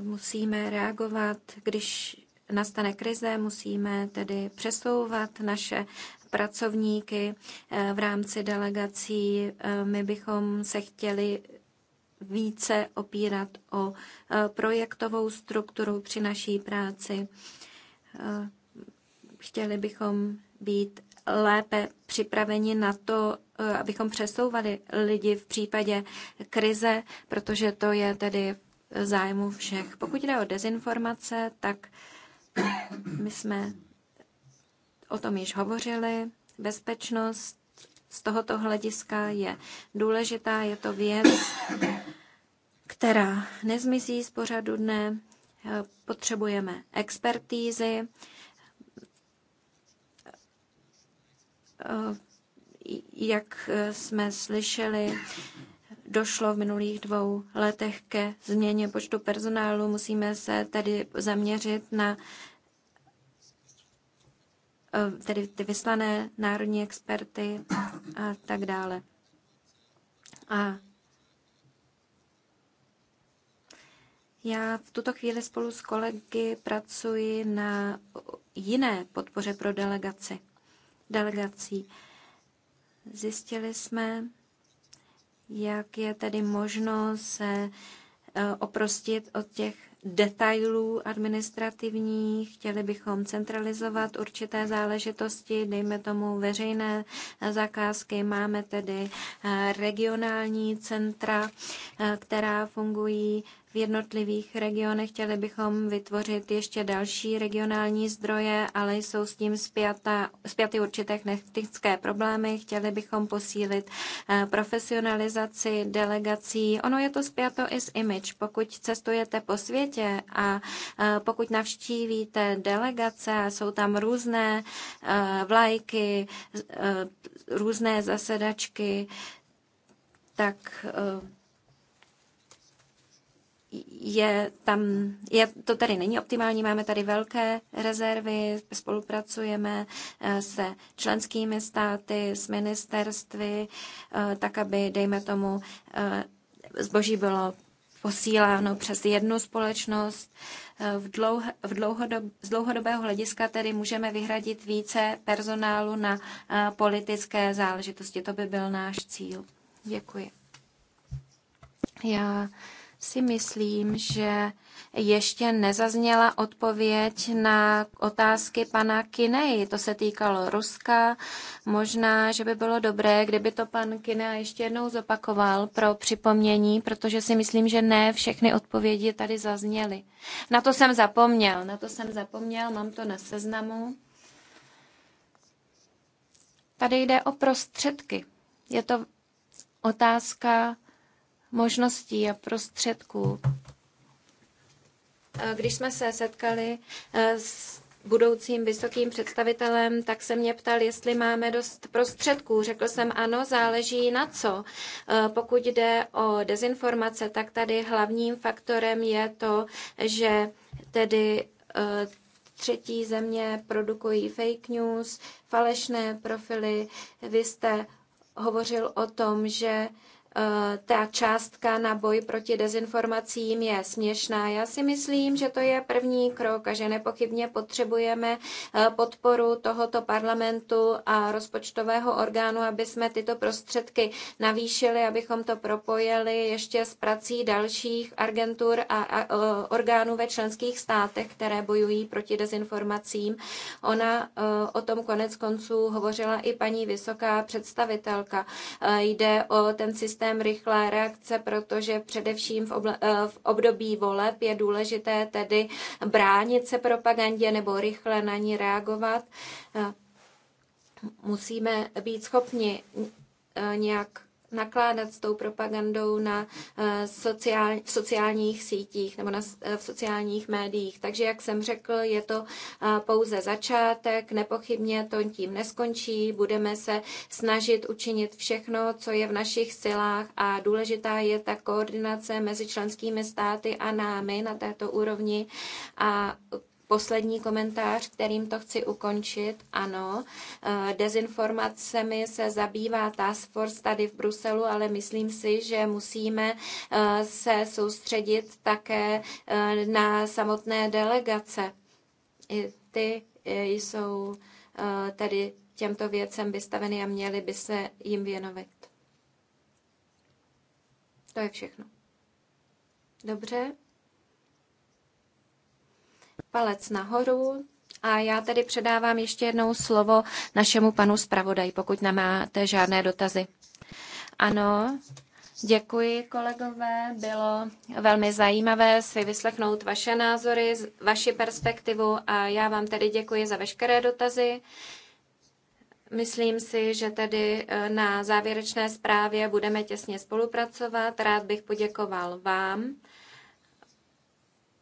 Speaker 2: musíme reagovat, když nastane krize, musíme tedy přesouvat naše pracovníky eh, v rámci delegací. Eh, my bychom se chtěli více opírat o eh, projektovou strukturu při naší práci. Chtěli bychom být lépe připraveni na to, abychom přesouvali lidi v případě krize, protože to je tedy zájmu všech. Pokud jde o dezinformace, tak my jsme o tom již hovořili. Bezpečnost z tohoto hlediska je důležitá, je to věc, která nezmizí z pořadu dne. Potřebujeme expertízy. Eh, jak jsme slyšeli, došlo v minulých dvou letech ke změně počtu personálu. Musíme se tedy zaměřit na eh, tedy ty vyslané národní experty a tak dále. A já v tuto chvíli spolu s kolegy pracuji na jiné podpoře pro delegaci. Delegací. Zjistili jsme, jak je tedy možno se e, oprostit od těch detailů administrativních, chtěli bychom centralizovat určité záležitosti, dejme tomu veřejné e, zakázky. Máme tedy e, regionální centra, která fungují v jednotlivých regionech. Chtěli bychom vytvořit ještě další regionální zdroje, ale jsou s tím spjata, spjaty určité technické problémy. Chtěli bychom posílit eh, profesionalizaci delegací. Ono je to zpěto i s image. Pokud cestujete po světě a eh, pokud navštívíte delegace, jsou tam různé eh, vlajky, různé zasedačky, tak uh, je tam, je, to tady není optimální, máme tady velké rezervy, spolupracujeme eh, se členskými státy, s ministerstvy, eh, tak aby, dejme tomu, eh, zboží bylo posíláno přes jednu společnost. V dlouh, v dlouhodob, z dlouhodobého hlediska tedy můžeme vyhradit více personálu na politické záležitosti. To by byl náš cíl. Děkuji. Já si myslím, že ještě nezazněla odpověď na otázky pana Kinej. To se týkalo Ruska. Možná, že by bylo dobré, kdyby to pan Kinej ještě jednou zopakoval pro připomnění, protože si myslím, že ne všechny odpovědi tady zazněly. Na to jsem zapomněl, na to jsem zapomněl, mám to na seznamu. Tady jde o prostředky. Je to otázka možností a prostředků. Když jsme se setkali eh, s budoucím vysokým představitelem, tak se mě ptal, jestli máme dost prostředků. Řekl jsem ano, záleží na co. Eh, pokud jde o dezinformace, tak tady hlavním faktorem je to, že tedy eh, třetí země produkují fake news, falešné profily. Vy jste hovořil o tom, že Eh, ta částka na boj proti dezinformacím je směšná. Já si myslím, že to je první krok a že nepochybně potřebujeme eh, podporu tohoto parlamentu a rozpočtového orgánu, aby jsme tyto prostředky navýšili, abychom to propojili ještě s prací dalších agentur a eh, orgánů ve členských státech, které bojují proti dezinformacím. Ona o tom konec konců hovořila i paní vysoká představitelka. Jde o ten systém systém rychlé reakce, protože především v, obl- eh, v období voleb je důležité tedy bránit se propagandě nebo rychle na ní reagovat. Eh, musíme být schopni eh, nějak nakládat s tou propagandou na eh, sociál, v sociálních sítích nebo na, eh, v sociálních médiích. Takže, jak jsem řekl, je to eh, pouze začátek, nepochybně to tím neskončí, budeme se snažit učinit všechno, co je v našich silách a důležitá je ta koordinace mezi členskými státy a námi na této úrovni a poslední komentář, kterým to chci ukončit. Ano, eh, dezinformacemi se zabývá Task Force tady v Bruselu, ale myslím si, že musíme eh, se soustředit také eh, na samotné delegace. I ty jsou tedy těmto věcem vystaveny a měli by se jim věnovat. To je všechno. Dobře, palec nahoru. A já tedy předávám ještě jednou slovo našemu panu zpravodaj, pokud nemáte žádné dotazy. Ano, Děkuji, kolegové. Bylo velmi zajímavé si vyslechnout vaše názory, vaši perspektivu a já vám tedy děkuji za veškeré dotazy. Myslím si, že tedy e, na závěrečné zprávě budeme těsně spolupracovat. Rád bych poděkoval vám,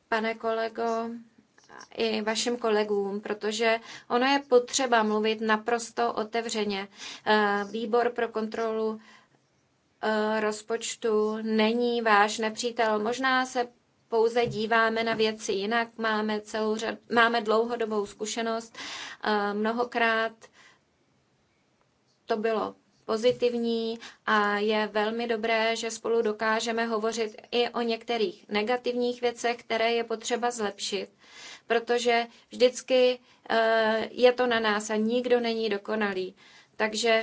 Speaker 2: pane kolego i vašim kolegům, protože ono je potřeba mluvit naprosto otevřeně. Eh, výbor pro kontrolu eh, rozpočtu není váš nepřítel. Možná se pouze díváme na věci jinak, máme, celou řad, máme dlouhodobou zkušenost. Eh, mnohokrát to bylo pozitivní a je velmi dobré, že spolu dokážeme hovořit i o některých negativních věcech, které je potřeba zlepšit, protože vždycky eh, je to na nás a nikdo není dokonalý. Takže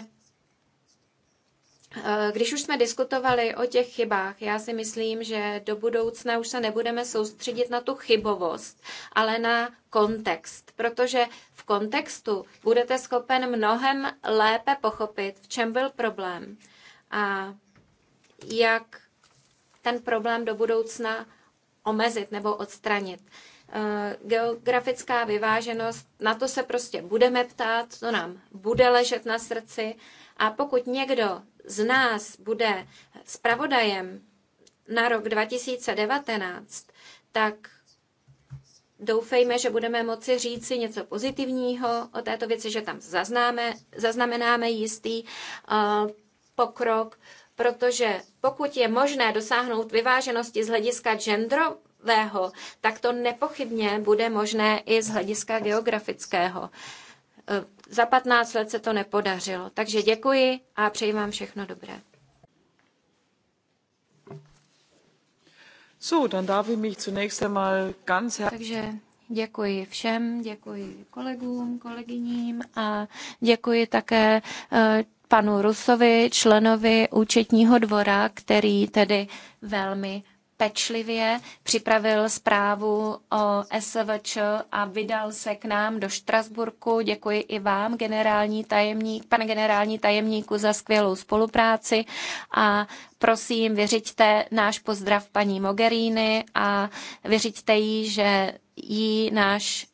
Speaker 2: Eh, když už jsme diskutovali o těch chybách, já si myslím, že do budoucna už se nebudeme soustředit na tu chybovost, ale na kontext, protože v kontextu budete schopen mnohem lépe pochopit, v čem byl problém a jak ten problém do budoucna omezit nebo odstranit. Eh, geografická vyváženost, na to se prostě budeme ptát, to nám bude ležet na srdci. A pokud někdo z nás bude zpravodajem na rok 2019, tak doufejme, že budeme moci říci něco pozitivního o této věci, že tam zaznáme, zaznamenáme jistý uh, pokrok, protože pokud je možné dosáhnout vyváženosti z hlediska genderového, tak to nepochybně bude možné i z hlediska geografického. Uh, za 15 let se to nepodařilo. Takže děkuji a přeji vám všechno dobré. So, dann darf ich mich zunächst einmal ganz Takže Děkuji všem, děkuji kolegům, kolegyním a děkuji také eh, panu Rusovi, členovi účetního dvora, který tedy velmi pečlivě připravil zprávu o SVČ a vydal se k nám do Štrasburku. Děkuji i vám, generální tajemník, pane generální tajemníku, za skvělou spolupráci a prosím, vyřiďte náš pozdrav paní Mogherini a vyřiďte jí, že jí náš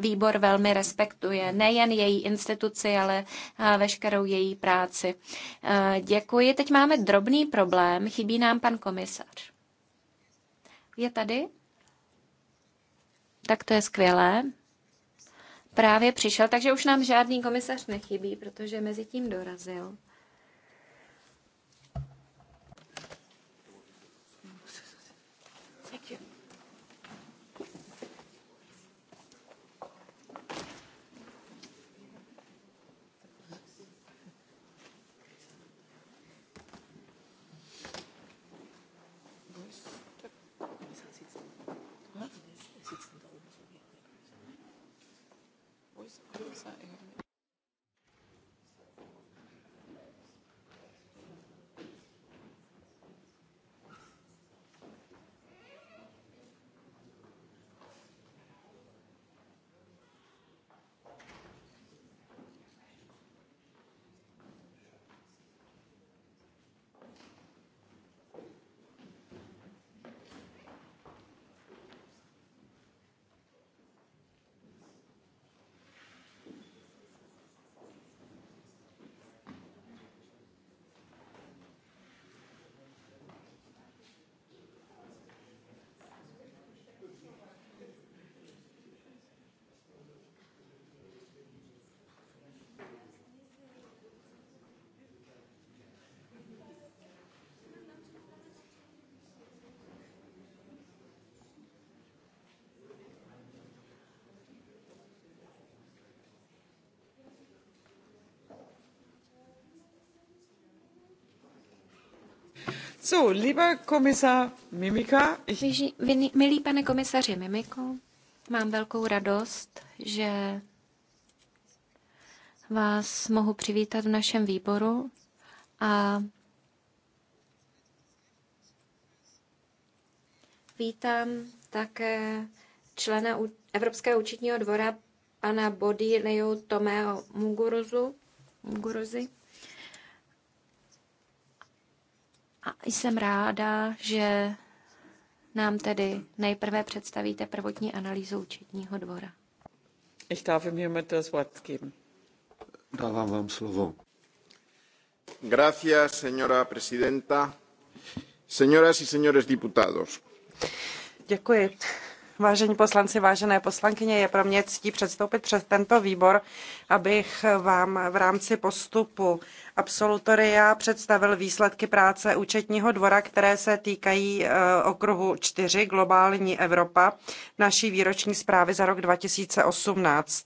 Speaker 2: výbor velmi respektuje nejen její instituci, ale veškerou její práci. Děkuji. Teď máme drobný problém. Chybí nám pan komisař. Je tady? Tak to je skvělé. Právě přišel, takže už nám žádný komisař nechybí, protože mezi tím dorazil. Mimika, Milý pane komisaři Mimiko, mám velkou radost, že vás mohu přivítat v našem výboru a vítám také člena Evropského účetního dvora pana Bodileu Tomeo Muguruzu. Muguruzi. A jsem ráda, že nám tedy nejprve představíte prvotní analýzu účetního dvora.
Speaker 1: Ich darf
Speaker 3: ihm hiermit das Wort geben. Dávám vám slovo. Gracias, señora presidenta. Señoras y señores diputados.
Speaker 1: Děkuji, Vážení poslanci, vážené poslankyně, je pro mě ctí předstoupit před tento výbor, abych vám v rámci postupu absolutoria představil výsledky práce účetního dvora, které se týkají e, okruhu 4 Globální Evropa, naší výroční zprávy za rok 2018.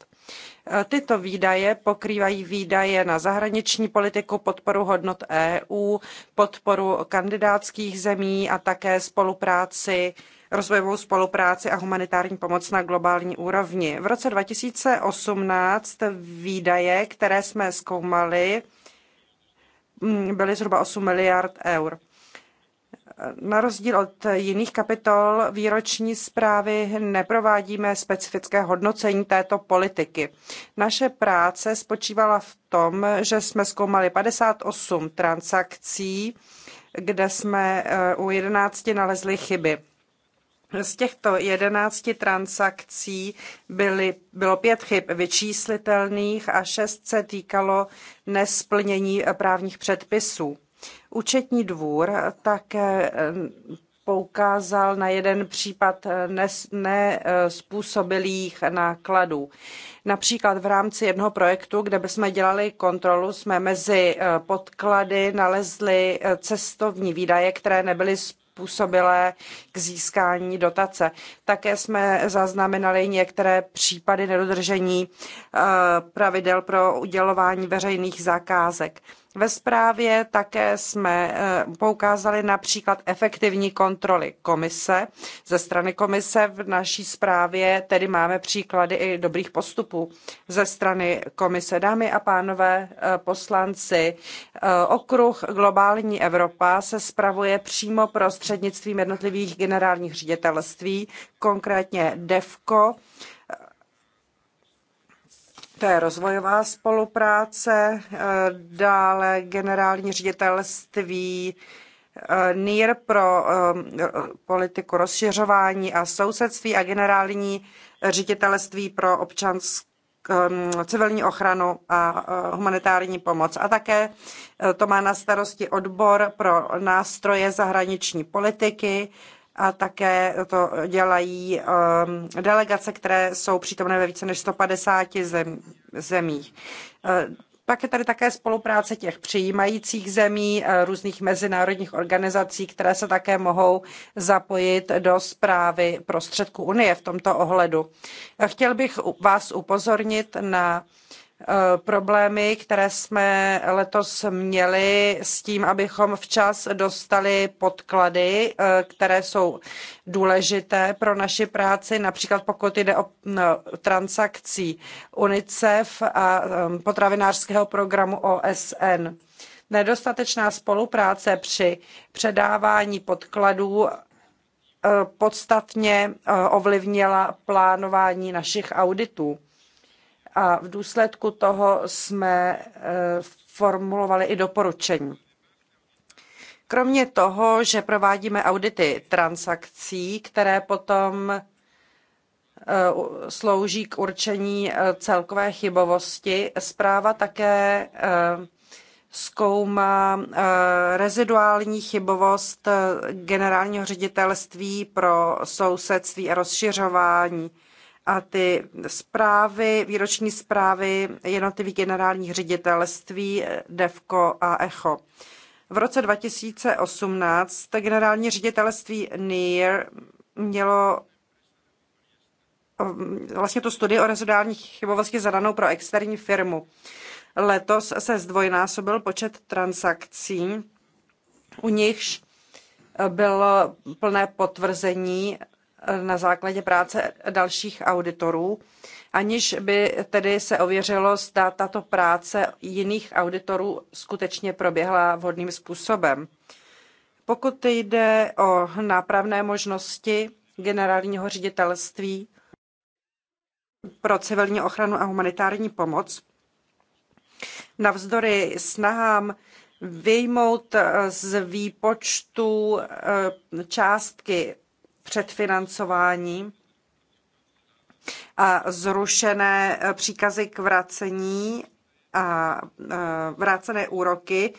Speaker 1: E, tyto výdaje pokrývají výdaje na zahraniční politiku, podporu hodnot EU, podporu kandidátských zemí a také spolupráci rozvojovou spolupráci a humanitární pomoc na globální úrovni. V roce 2018 výdaje, které jsme zkoumali, mm, byly zhruba 8 miliard eur. Na rozdíl od jiných kapitol výroční zprávy neprovádíme specifické hodnocení této politiky. Naše práce spočívala v tom, že jsme zkoumali 58 transakcí, kde jsme eh, u 11 nalezli chyby. Z těchto jedenácti transakcí byly, bylo pět chyb vyčíslitelných a šest se týkalo nesplnění eh, právních předpisů. Účetní dvůr také eh, poukázal na jeden případ eh, nespůsobilých nákladů. Například v rámci jednoho projektu, kde bychom dělali kontrolu, jsme mezi podklady nalezli cestovní výdaje, které nebyly způsobilé k získání dotace. Také jsme zaznamenali některé případy nedodržení eh, pravidel pro udělování veřejných zakázek. Ve zprávě také jsme eh, poukázali například efektivní kontroly komise. Ze strany komise v naší zprávě tedy máme příklady i dobrých postupů ze strany komise. Dámy a pánové eh, poslanci, eh, okruh Globální Evropa se spravuje přímo prostřednictvím jednotlivých generálních ředitelství, konkrétně DEVKO, to je rozvojová spolupráce, eh, dále generální ředitelství eh, NIR pro eh, politiku rozšiřování a sousedství a generální ředitelství pro občanské civilní ochranu a humanitární pomoc. A také to má na starosti odbor pro nástroje zahraniční politiky a také to dělají um, delegace, které jsou přítomné ve více než 150 zem, zemích. Uh, pak je tady také spolupráce těch přijímajících zemí, uh, různých mezinárodních organizací, které se také mohou zapojit do zprávy prostředků Unie v tomto ohledu. Chtěl bych vás upozornit na uh, Eh, problémy, které jsme letos měli s tím, abychom včas dostali podklady, eh, které jsou důležité pro naši práci, například pokud jde o transakcí UNICEF a potravinářského programu OSN. Nedostatečná spolupráce při předávání podkladů eh, podstatně ovlivnila plánování našich auditů a v důsledku toho jsme eh, formulovali i doporučení. Kromě toho, že provádíme audity transakcí, které potom eh, slouží k určení eh, celkové chybovosti, zpráva také zkoumá reziduální chybovost generálního ředitelství pro sousedství a rozšiřování a ty zprávy, výroční zprávy jednotlivých generálních ředitelství eh, DEVKO a ECHO. V roce 2018 generální ředitelství NIR mělo eh, vlastně tu studii o rezidálních chybovosti zadanou pro externí firmu. Letos se zdvojnásobil počet transakcí, u nichž bylo plné potvrzení na základě práce dalších auditorů, aniž by tedy se ověřilo, zda tato práce jiných auditorů skutečně proběhla vhodným způsobem. Pokud jde o nápravné možnosti generálního ředitelství pro civilní ochranu a humanitární pomoc, navzdory snahám vyjmout z výpočtu eh, částky předfinancování a zrušené příkazy k vracení a vrácené úroky.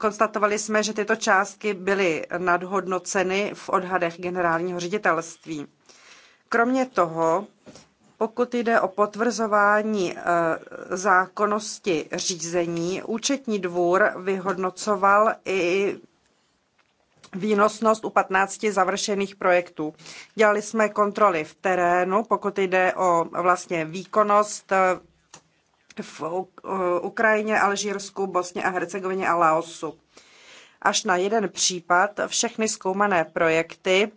Speaker 1: Konstatovali jsme, že tyto částky byly nadhodnoceny v odhadech generálního ředitelství. Kromě toho, pokud jde o potvrzování e, zákonnosti řízení, účetní dvůr vyhodnocoval i výnosnost u 15 završených projektů. Dělali jsme kontroly v terénu, pokud jde o vlastně výkonnost eh, v eh, Ukrajině, Alžírsku, Bosně a Hercegovině a Laosu. Až na jeden případ všechny zkoumané projekty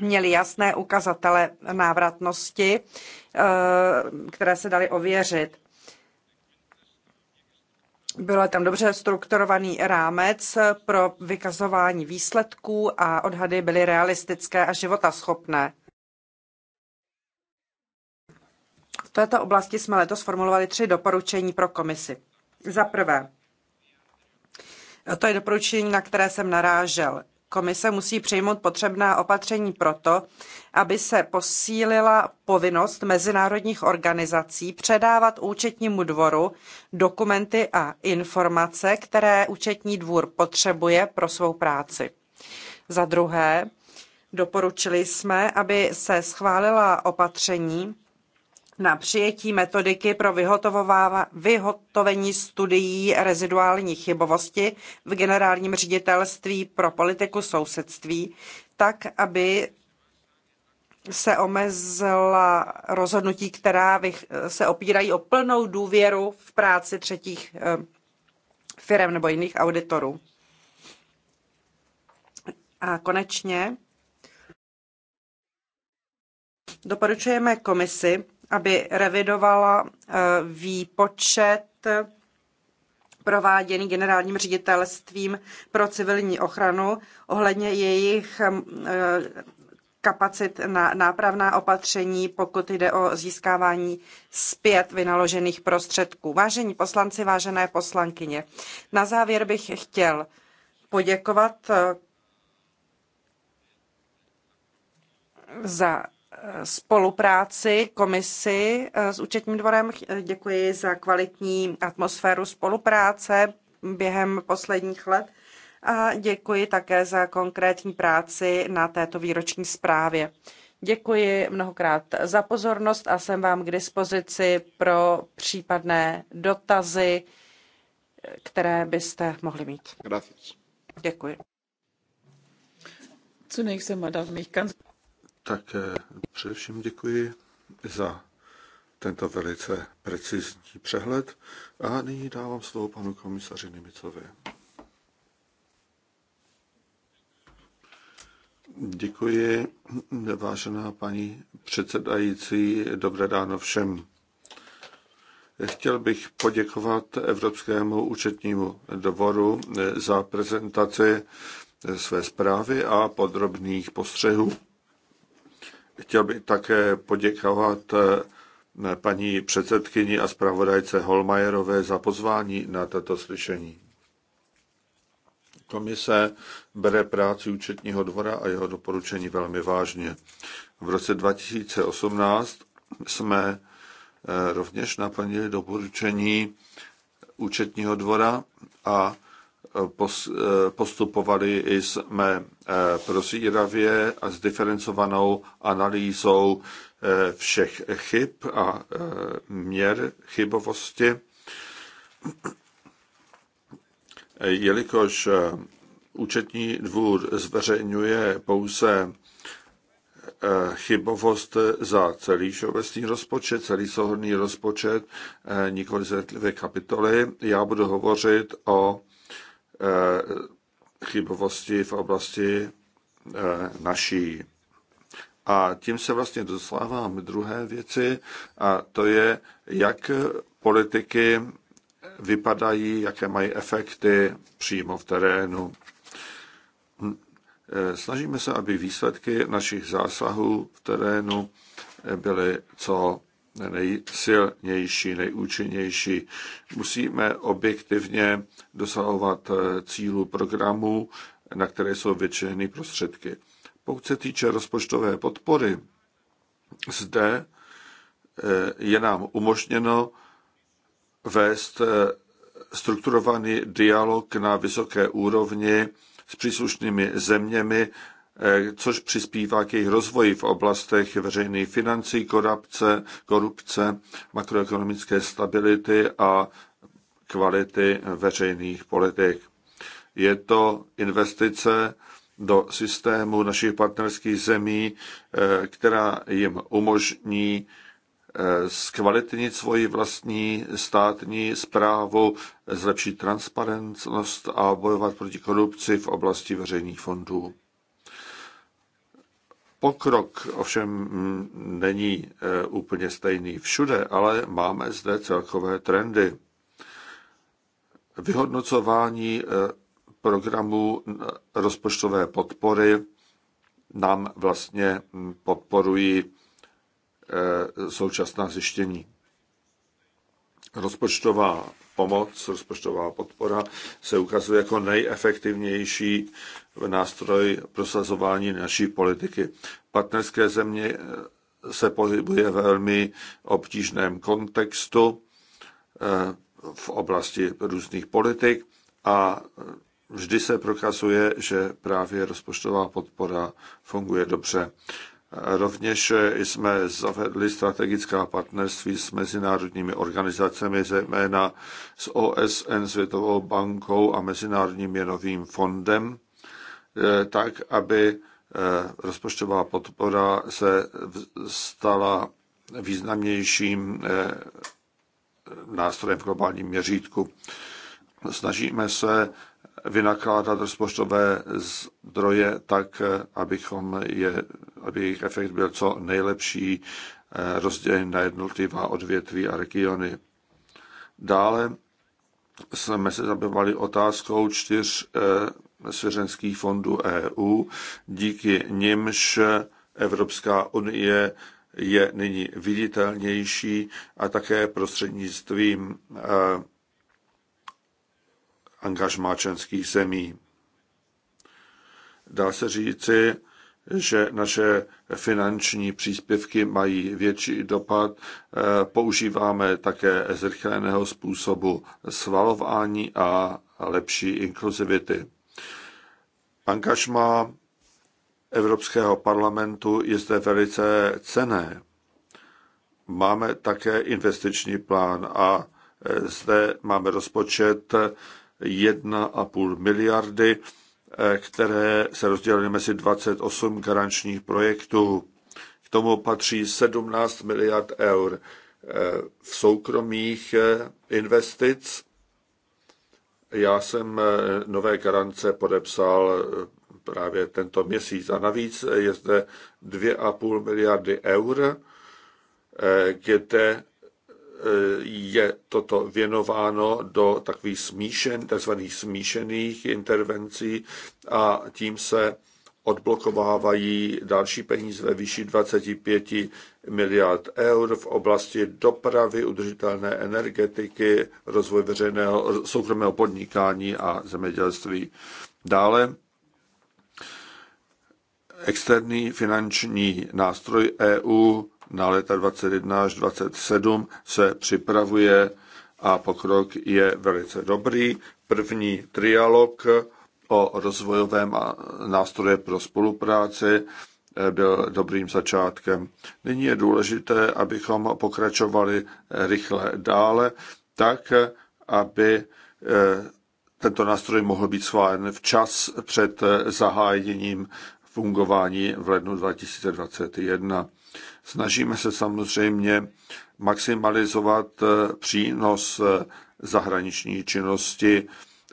Speaker 1: měly jasné ukazatele návratnosti, eh, které se daly ověřit byl tam dobře strukturovaný rámec pro vykazování výsledků a odhady byly realistické a životaschopné. V této oblasti jsme letos formulovali tři doporučení pro komisi. Za prvé, to je doporučení, na které jsem narážel. Komise musí přijmout potřebná opatření proto, aby se posílila povinnost mezinárodních organizací předávat účetnímu dvoru dokumenty a informace, které účetní dvůr potřebuje pro svou práci. Za druhé, doporučili jsme, aby se schválila opatření, na přijetí metodiky pro vyhotovení studií reziduální chybovosti v generálním ředitelství pro politiku sousedství, tak, aby se omezila rozhodnutí, která se opírají o plnou důvěru v práci třetích eh, firm nebo jiných auditorů. A konečně doporučujeme komisi, aby revidovala eh, výpočet prováděný generálním ředitelstvím pro civilní ochranu ohledně jejich eh, kapacit na nápravná opatření, pokud jde o získávání zpět vynaložených prostředků. Vážení poslanci, vážené poslankyně, na závěr bych chtěl poděkovat eh, za spolupráci komisi eh, s účetním dvorem. Eh, děkuji za kvalitní atmosféru spolupráce během posledních let a děkuji také za konkrétní práci na této výroční zprávě. Děkuji mnohokrát za pozornost a jsem vám k dispozici pro případné dotazy, které byste mohli
Speaker 4: mít.
Speaker 3: Gracias.
Speaker 1: Děkuji. Zunächst einmal darf mich ganz
Speaker 4: tak především děkuji za tento velice precizní přehled a nyní dávám slovo panu komisaři Nimicovi. Děkuji, vážená paní předsedající. Dobré ráno všem. Chtěl bych poděkovat Evropskému účetnímu dvoru za prezentaci své zprávy a podrobných postřehů. Chtěl bych také poděkovat eh, paní předsedkyni a zpravodajce Holmajerové za pozvání na tato slyšení. Komise bere práci účetního dvora a jeho doporučení velmi vážně. V roce 2018 jsme eh, rovněž naplnili doporučení účetního dvora a Eh, postupovali jsme eh, prozíravě a s diferencovanou analýzou eh, všech chyb a měr chybovosti, jelikož účetní dvůr zveřejňuje pouze chybovost za celý všeobecný rozpočet, celý souhrný rozpočet, nikoli z kapitoly. Já budu hovořit o Eh, chybovosti v oblasti eh, naší. A tím se vlastně dostávám druhé věci, a to je, jak politiky vypadají, jaké mají efekty přímo v terénu. Hm. Eh, snažíme se, aby výsledky našich zásahů v terénu byly co nejsilnější, nejúčinnější. Musíme objektivně dosahovat eh, cílu programu, na které jsou většiny prostředky. Pokud se týče rozpočtové podpory, zde eh, je nám umožněno vést eh, strukturovaný dialog na vysoké úrovni s příslušnými zeměmi Eh, což přispívá k jejich rozvoji v oblastech veřejných financí, korupce, korupce makroekonomické stability a kvality veřejných politik. Je to investice do systému našich partnerských zemí, eh, která jim umožní eh, zkvalitnit svoji vlastní státní zprávu, zlepšit transparentnost a bojovat proti korupci v oblasti veřejných fondů. Pokrok ovšem není e, úplně stejný všude, ale máme zde celkové trendy. Vyhodnocování e, programů e, rozpočtové podpory nám vlastně podporují současná zjištění. Rozpočtová pomoc, rozpočtová podpora se ukazuje jako nejefektivnější nástroj prosazování naší politiky. Partnerské země eh, se pohybuje velmi obtížném kontextu eh, v oblasti různých politik a eh, vždy se prokazuje, že právě rozpočtová podpora funguje dobře. Rovněž jsme zavedli strategická partnerství s mezinárodními organizacemi, zejména s OSN, Světovou bankou a Mezinárodním měnovým fondem Eh, tak, aby eh, rozpočtová podpora se stala významnějším eh, nástrojem v globálním měřítku. Snažíme se vynakládat rozpočtové zdroje tak, abychom je, aby jejich efekt byl co nejlepší, rozdělen na jednotlivá odvětví a regiony. Dále jsme se zabývali otázkou čtyř svěřenských fondů EU, díky nimž Evropská unie je nyní viditelnější a také prostřednictvím eh, angažmá členských zemí. Dá se říci, že naše finanční příspěvky mají větší dopad. Eh, používáme také zrychleného způsobu svalování a lepší inkluzivity. Angažmá Evropského parlamentu je zde velice cené. Máme také investiční plán a e, zde máme rozpočet 1,5 miliardy, e, které se rozdělily mezi 28 garančních projektů. K tomu patří 17 miliard eur e, v soukromých investic já jsem eh, nové garance podepsal eh, právě tento měsíc a navíc eh, je zde 2,5 miliardy eur, kde je toto věnováno do takových smíšen, takzvaných smíšených intervencí a tím se odblokovávají další peníze ve výši 25 miliard eur v oblasti dopravy, udržitelné energetiky, rozvoj veřejného soukromého podnikání a zemědělství. Dále externí finanční nástroj EU na léta 21 až 27 se připravuje a pokrok je velice dobrý. První trialog o rozvojovém nástroje pro spolupráci eh, byl dobrým začátkem. Nyní je důležité, abychom pokračovali eh, rychle dále, tak, aby eh, tento nástroj mohl být schválen včas před zahájením fungování v lednu 2021. Snažíme se samozřejmě maximalizovat přínos zahraniční činnosti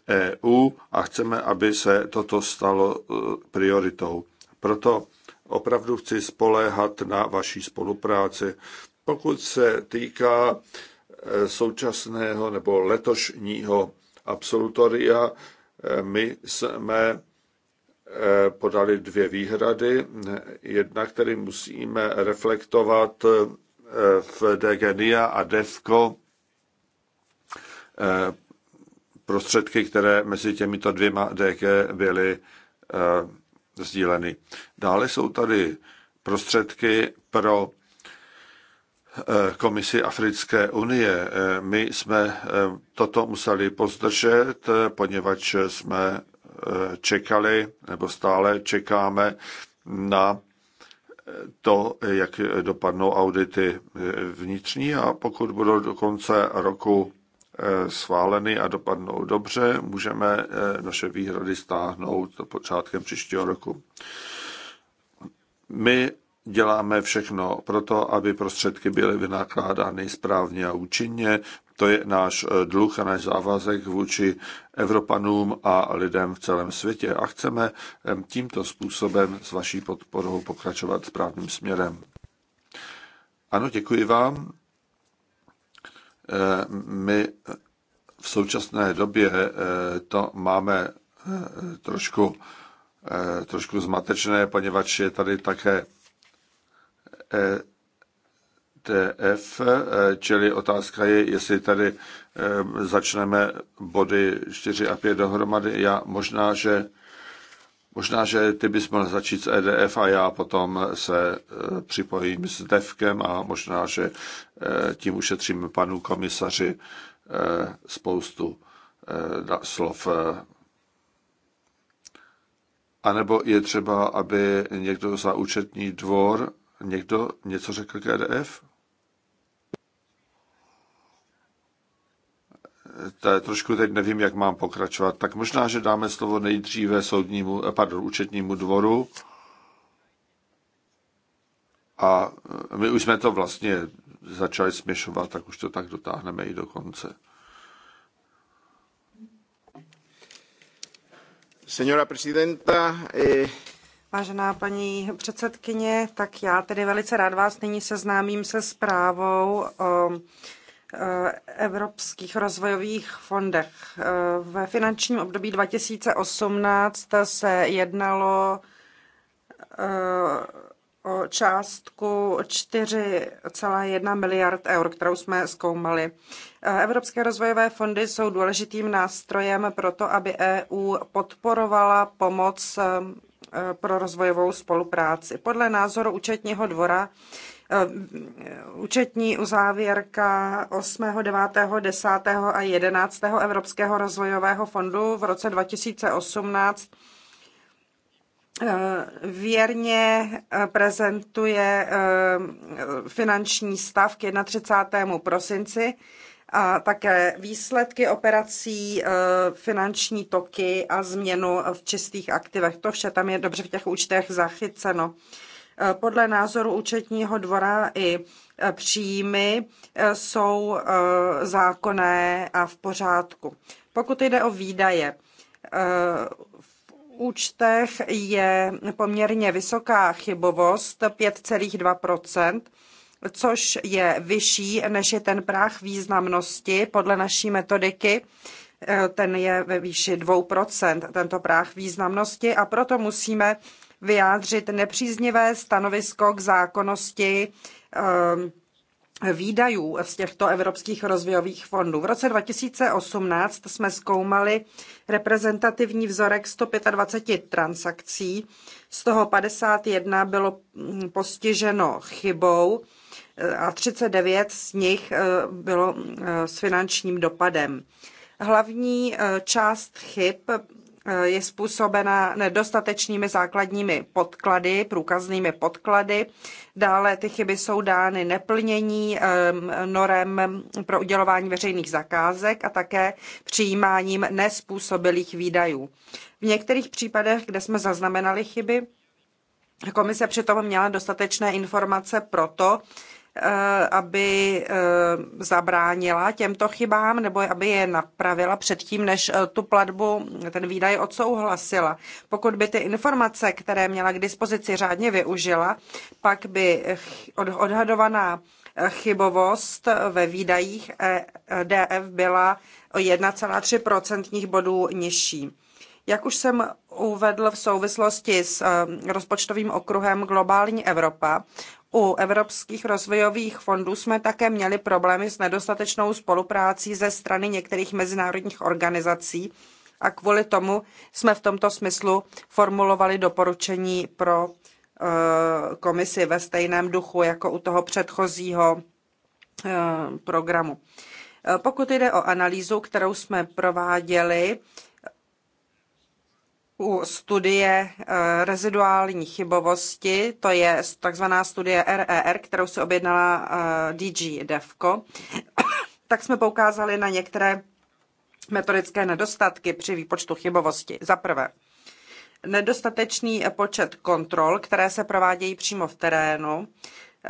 Speaker 4: EU a chceme, aby se toto stalo e, prioritou. Proto opravdu chci spoléhat na vaší spolupráci. Pokud se týká e, současného nebo letošního absolutoria, e, my jsme podali dvě výhrady. Jedna, který musíme reflektovat v DGNIA a DEFCO prostředky, které mezi těmito dvěma DG byly eh, sdíleny. Dále jsou tady prostředky pro eh, Komisi Africké unie. Eh, my jsme toto museli pozdržet, poněvadž jsme čekali, nebo stále čekáme na to, jak dopadnou audity vnitřní a pokud budou do konce roku Eh, schváleny a dopadnou dobře, můžeme eh, naše výhrady stáhnout do počátkem příštího roku. My děláme všechno pro to, aby prostředky byly vynakládány správně a účinně. To je náš eh, dluh a náš závazek vůči Evropanům a lidem v celém světě. A chceme tímto způsobem s vaší podporou pokračovat správným směrem. Ano, děkuji vám. Eh, my v současné době eh, to máme eh, trošku, trošku zmatečné, poněvadž je tady také e TF, čili otázka je, jestli tady začneme body 4 a 5 dohromady. Já možná, že Možná, že ty bys mohl začít s EDF a já potom se e, připojím s Devkem a možná, že e, tím ušetřím panu komisaři e, spoustu slov. A nebo je třeba, aby někdo za účetní dvor někdo něco řekl k EDF? to trošku teď nevím, jak mám pokračovat, tak možná, že dáme slovo nejdříve soudnímu, eh, pardon, účetnímu dvoru. A eh, my už jsme to vlastně začali směšovat, tak už to tak dotáhneme i do konce.
Speaker 3: Senora prezidenta, eh...
Speaker 1: Vážená paní předsedkyně, tak já tedy velice rád vás nyní seznámím se zprávou o Eh, evropských rozvojových fondech. Eh, ve finančním období 2018 se jednalo eh, o částku 4,1 miliard eur, kterou jsme zkoumali. Evropské rozvojové fondy jsou důležitým nástrojem pro to, aby EU podporovala pomoc pro rozvojovou spolupráci. Podle názoru účetního dvora Eh, účetní uzávěrka 8., 9., 10. a 11. Evropského rozvojového fondu v roce 2018 eh, věrně eh, prezentuje finanční stav k 31. prosinci a také výsledky operací, finanční toky a změnu v čistých aktivech. To vše tam je dobře v těch účtech zachyceno. Eh, podle názoru účetního dvora i eh, příjmy eh, jsou zákonné a v pořádku. Pokud jde o výdaje, v účtech je poměrně vysoká chybovost 5,2 což je vyšší než je ten práh významnosti podle naší metodiky. Ten je ve výši 2%, tento práh významnosti a proto musíme vyjádřit nepříznivé stanovisko k zákonnosti ehm, výdajů z těchto evropských rozvojových fondů. V roce 2018 jsme zkoumali reprezentativní vzorek 125 transakcí, z toho 51 bylo mm, postiženo chybou eh, a 39 z nich eh, bylo eh, s finančním dopadem. Hlavní část chyb Eh, je způsobena nedostatečnými základními podklady, průkaznými podklady. Dále ty chyby jsou dány neplnění ehm, norem pro udělování veřejných zakázek a také přijímáním nespůsobilých výdajů. V některých případech, kde jsme zaznamenali chyby, komise přitom měla dostatečné informace pro to, Eh, aby eh, zabránila těmto chybám nebo aby je napravila předtím, než eh, tu platbu, ten výdaj odsouhlasila. Pokud by ty informace, které měla k dispozici, řádně využila, pak by odhadovaná chybovost ve výdajích DF byla o 1,3 procentních bodů nižší. Jak už jsem uvedl v souvislosti s rozpočtovým okruhem Globální Evropa, u evropských rozvojových fondů jsme také měli problémy s nedostatečnou spoluprácí ze strany některých mezinárodních organizací a kvůli tomu jsme v tomto smyslu formulovali doporučení pro eh, komisi ve stejném duchu jako u toho předchozího eh, programu. Eh, pokud jde o analýzu, kterou jsme prováděli, u studie eh, reziduální chybovosti, to je takzvaná studie RER, e kterou si objednala eh, DG DEVCO, tak jsme poukázali na některé metodické nedostatky při výpočtu chybovosti. Za prvé, nedostatečný počet kontrol, které se provádějí přímo v terénu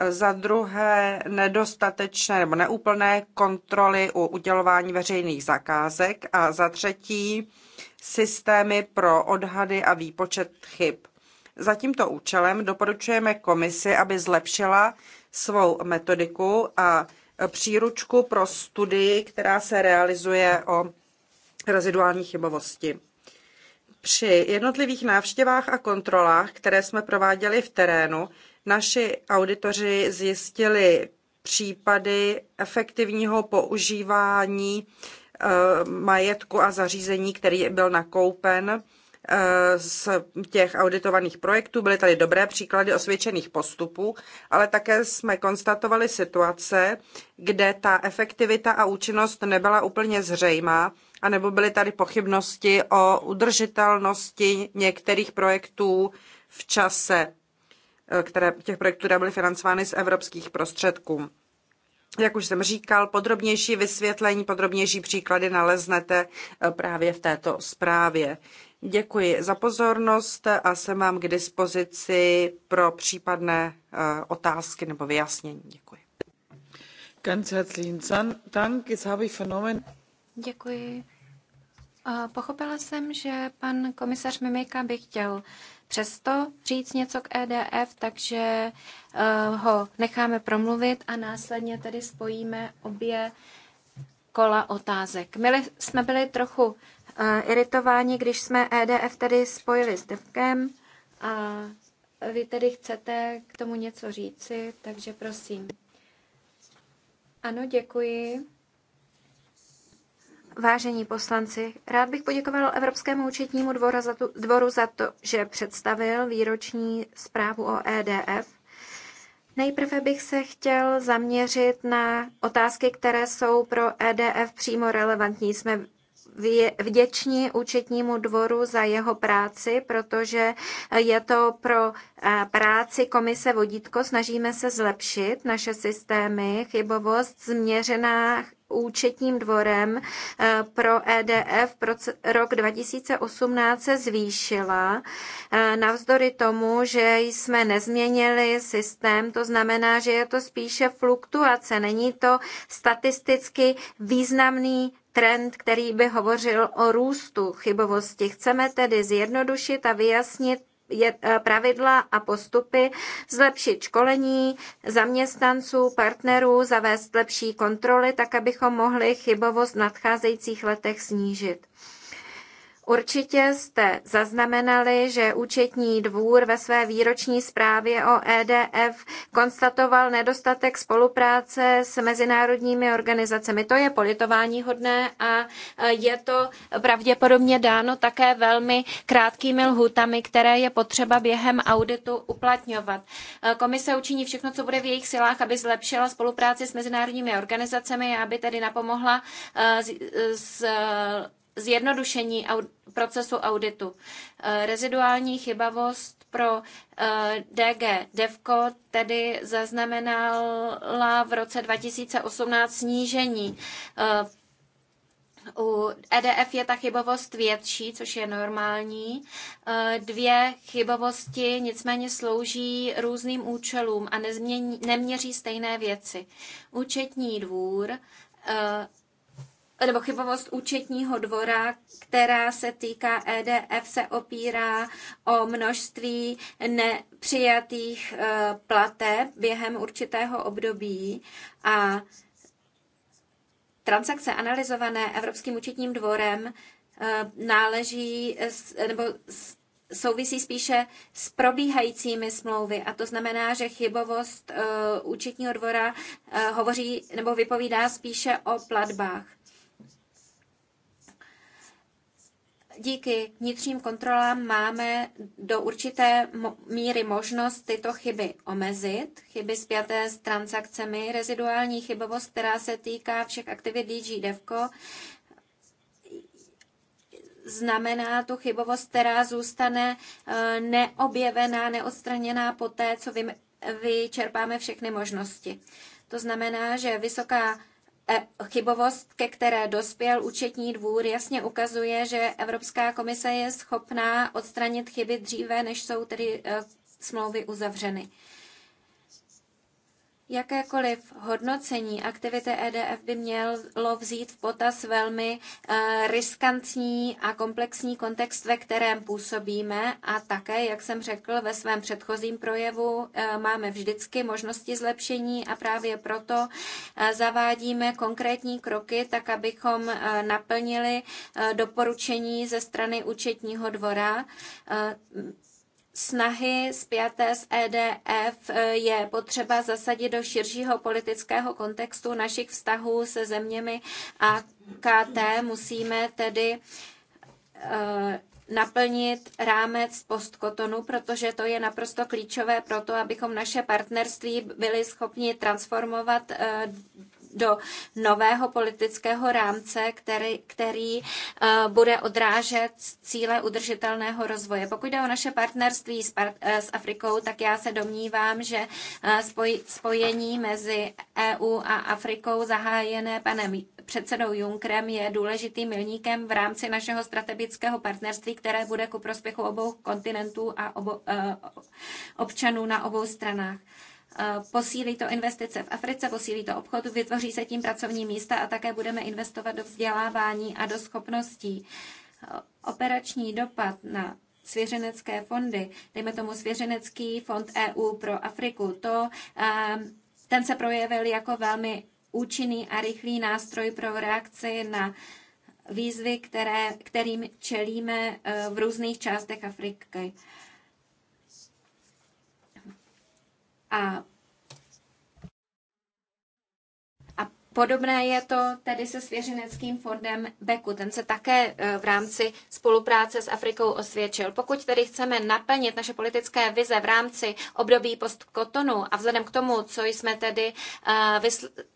Speaker 1: za druhé nedostatečné nebo neúplné kontroly u udělování veřejných zakázek a za třetí systémy pro odhady a výpočet chyb. Za tímto účelem doporučujeme komisi, aby zlepšila svou metodiku a příručku pro studii, která se realizuje o reziduální chybovosti. Při jednotlivých návštěvách a kontrolách, které jsme prováděli v terénu, Naši auditoři zjistili případy efektivního používání eh, majetku a zařízení, který byl nakoupen eh, z těch auditovaných projektů. Byly tady dobré příklady osvědčených postupů, ale také jsme konstatovali situace, kde ta efektivita a účinnost nebyla úplně zřejmá, anebo byly tady pochybnosti o udržitelnosti některých projektů v čase. Eh, které, těch projektů, které byly financovány z evropských prostředků. Jak už jsem říkal, podrobnější vysvětlení, podrobnější příklady naleznete eh, právě v této zprávě. Děkuji za pozornost a jsem vám k dispozici pro případné eh, otázky nebo vyjasnění. Děkuji. Ganz herzlichen Dank. Jetzt habe ich vernommen.
Speaker 2: Děkuji. Pochopila jsem, že pan komisař Mimika by chtěl přesto říct něco k EDF, takže eh, ho necháme promluvit a následně tedy spojíme obě kola otázek. My jsme byli trochu eh, iritováni, když jsme EDF tedy spojili s DEVkem a vy tedy chcete k tomu něco říci, takže prosím. Ano, děkuji. Vážení poslanci, rád bych poděkoval Evropskému účetnímu dvoru za, tu, dvoru za to, že představil výroční zprávu o EDF. Nejprve bych se chtěl zaměřit na otázky, které jsou pro EDF přímo relevantní. Jsme vděční účetnímu dvoru za jeho práci, protože je to pro eh, práci komise vodítko. Snažíme se zlepšit naše systémy, chybovost změřená účetním dvorem eh, pro EDF pro rok 2018 se zvýšila. Eh, navzdory tomu, že jsme nezměnili systém, to znamená, že je to spíše fluktuace, není to statisticky významný trend, který by hovořil o růstu chybovosti. Chceme tedy zjednodušit a vyjasnit je, eh, pravidla a postupy, zlepšit školení zaměstnanců, partnerů, zavést lepší kontroly, tak abychom mohli chybovost v nadcházejících letech snížit. Určitě jste zaznamenali, že účetní dvůr ve své výroční zprávě o EDF konstatoval nedostatek spolupráce s mezinárodními organizacemi. To je politování hodné a e, je to pravděpodobně dáno také velmi krátkými lhutami, které je potřeba během auditu uplatňovat. E, komise učiní všechno, co bude v jejich silách, aby zlepšila spolupráci s mezinárodními organizacemi a aby tedy napomohla s e, zjednodušení procesu auditu. Eh, reziduální chybavost pro eh, DG Devco tedy zaznamenala v roce 2018 snížení eh, u EDF je ta chybovost větší, což je normální. Dvě chybovosti nicméně slouží různým účelům a nezmění, neměří stejné věci. Účetní dvůr nebo chybovost účetního dvora, která se týká EDF, se opírá o množství nepřijatých e, plateb během určitého období a transakce analyzované Evropským účetním dvorem e, náleží nebo souvisí spíše s probíhajícími smlouvy a to znamená, že chybovost e, účetního dvora hovoří nebo vypovídá spíše o platbách. díky vnitřním kontrolám máme do určité míry možnost tyto chyby omezit. Chyby zpěté s transakcemi, reziduální chybovost, která se týká všech aktivit DG DEVCO, znamená tu chybovost, která zůstane eh, neobjevená, neodstraněná poté, co vyčerpáme všechny možnosti. To znamená, že vysoká E, chybovost, ke které dospěl účetní dvůr, jasně ukazuje, že Evropská komise je schopná odstranit chyby dříve, než jsou tedy e, smlouvy uzavřeny. Jakékoliv hodnocení aktivity EDF by mělo vzít v potaz velmi eh, riskantní a komplexní kontext, ve kterém působíme a také, jak jsem řekl ve svém předchozím projevu, eh, máme vždycky možnosti zlepšení a právě proto eh, zavádíme konkrétní kroky, tak abychom naplnili doporučení ze strany účetního dvora snahy spjaté s EDF eh, je potřeba zasadit do širšího politického kontextu našich vztahů se zeměmi a KT musíme tedy eh, naplnit rámec postkotonu, protože to je naprosto klíčové pro to, abychom naše partnerství byli schopni transformovat eh, do nového politického rámce, který, který eh, bude odrážet cíle udržitelného rozvoje. Pokud jde o naše partnerství s, part, eh, s Afrikou, tak já se domnívám, že eh, spoj, spojení mezi EU a Afrikou zahájené panem předsedou Junkrem je důležitým milníkem v rámci našeho strategického partnerství, které bude ku prospěchu obou kontinentů a obou, občanů na obou stranách. Eh, posílí to investice v Africe, posílí to obchod, vytvoří se tím pracovní místa a také budeme investovat do vzdělávání a do schopností. Eh, operační dopad na svěřenecké fondy, dejme tomu svěřenecký fond EU pro Afriku, to, eh, ten se projevil jako velmi účinný a rychlý nástroj pro reakci na výzvy, které, kterým čelíme v různých částech Afriky. a Podobné je to tedy se svěřeneckým fondem Beku. Ten se také e, v rámci spolupráce s Afrikou osvědčil. Pokud tedy chceme naplnit naše politické vize v rámci období postkotonu a vzhledem k tomu, co jsme tedy e,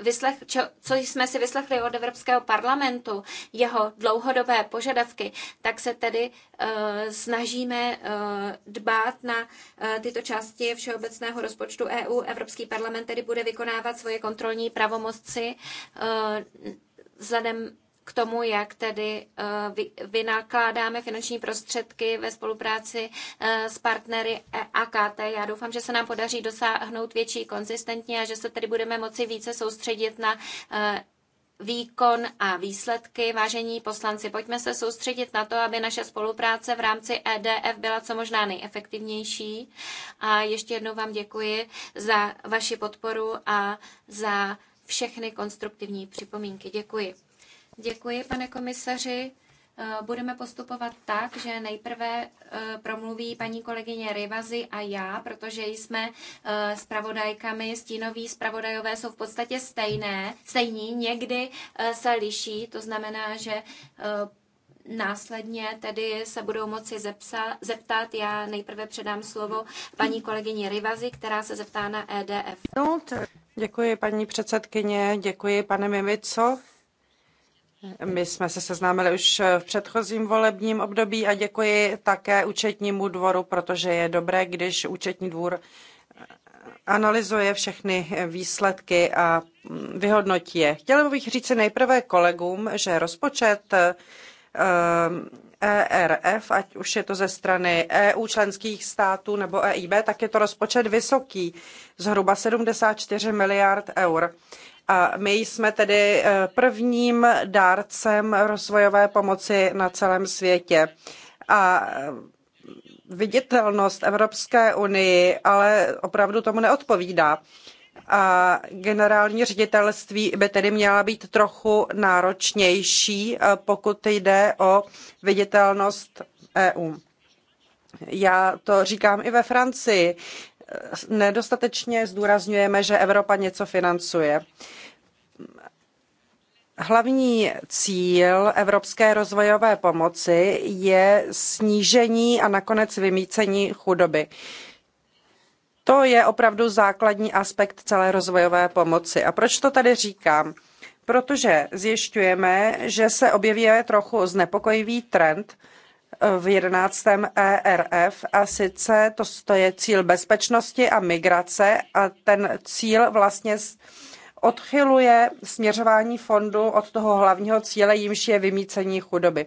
Speaker 2: vyslech, co jsme si vyslechli od Evropského parlamentu, jeho dlouhodobé požadavky, tak se tedy e, snažíme dbát na tyto části všeobecného rozpočtu EU. Evropský parlament tedy bude vykonávat svoje kontrolní pravomoci Eh, vzhledem k tomu, jak tedy eh, vynakládáme finanční prostředky ve spolupráci eh, s partnery e AKT. Já doufám, že se nám podaří dosáhnout větší konzistentně a že se tedy budeme moci více soustředit na výkon a výsledky. Vážení poslanci, pojďme se soustředit na to, aby naše spolupráce v rámci EDF byla co možná nejefektivnější. A ještě jednou vám děkuji za vaši podporu a za všechny konstruktivní připomínky. Děkuji. Děkuji, pane komisaři. Eh, budeme postupovat tak, že nejprve eh, promluví paní kolegyně Rivazy a já, protože jsme eh, spravodajkami, stínoví spravodajové jsou v podstatě stejné, stejní, někdy se liší, to znamená, že Následně tedy se budou moci zepsa, zeptat. Já nejprve předám slovo paní kolegyně Rivazi, která se zeptá na EDF.
Speaker 1: Děkuji, paní předsedkyně, děkuji, pane Mimico. My jsme se seznámili už v předchozím volebním období a děkuji také účetnímu dvoru, protože je dobré, když účetní dvůr analyzuje všechny výsledky a vyhodnotí je. Chtěla bych říci nejprve kolegům, že rozpočet ERF, ať už je to ze strany EU členských států nebo EIB, tak je to rozpočet vysoký, zhruba 74 miliard eur. A my jsme tedy e, prvním dárcem rozvojové pomoci na celém světě. A e, viditelnost Evropské unii ale opravdu tomu neodpovídá a generální ředitelství by tedy měla být trochu náročnější, eh, pokud jde o viditelnost EU. Já to říkám i ve Francii. Nedostatečně zdůrazňujeme, že Evropa něco financuje. Hlavní cíl evropské rozvojové pomoci je snížení a nakonec vymícení chudoby. To je opravdu základní aspekt celé rozvojové pomoci. A proč to tady říkám? Protože zjišťujeme, že se objeví trochu znepokojivý trend, eh, v 11. ERF a sice to, to je cíl bezpečnosti a migrace a ten cíl vlastně odchyluje směřování fondu od toho hlavního cíle, jimž je vymícení chudoby.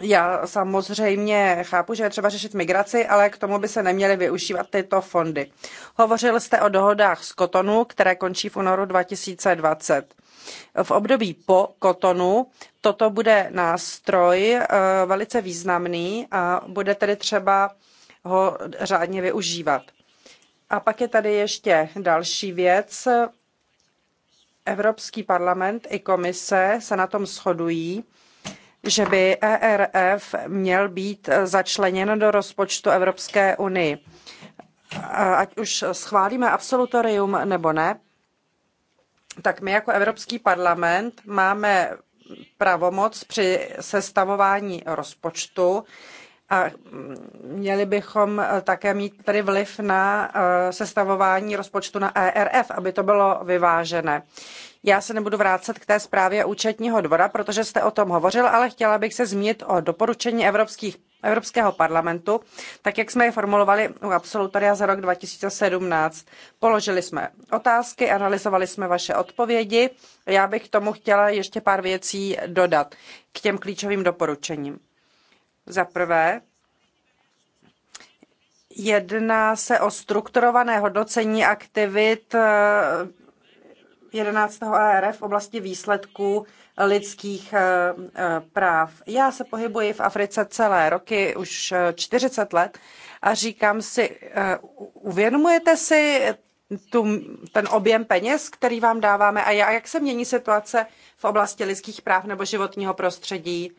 Speaker 1: Já samozřejmě chápu, že je třeba řešit migraci, ale k tomu by se neměly využívat tyto fondy. Hovořil jste o dohodách z Kotonu, které končí v únoru 2020. V období po Kotonu toto bude nástroj eh, velice významný a bude tedy třeba ho řádně využívat. A pak je tady ještě další věc. Evropský parlament i komise se na tom shodují že by ERF měl být eh, začleněn do rozpočtu Evropské unie, eh, Ať už schválíme absolutorium nebo ne, tak my jako Evropský parlament máme pravomoc při sestavování rozpočtu a mm, měli bychom eh, také mít tady vliv na eh, sestavování rozpočtu na ERF, aby to bylo vyvážené. Já se nebudu vrátit k té zprávě účetního dvora, protože jste o tom hovořil, ale chtěla bych se zmínit o doporučení evropských, Evropského parlamentu, tak jak jsme je formulovali u absolutoria za rok 2017. Položili jsme otázky, analyzovali jsme vaše odpovědi. Já bych k tomu chtěla ještě pár věcí dodat k těm klíčovým doporučením. Za prvé, jedná se o strukturované hodnocení aktivit 11. Eh, ARF v oblasti výsledků lidských eh, eh, práv. Já se pohybuji v Africe celé roky, už 40 let, a říkám si, uvědomujete si tu, ten objem peněz, který vám dáváme a jak se mění situace v oblasti lidských práv nebo životního prostředí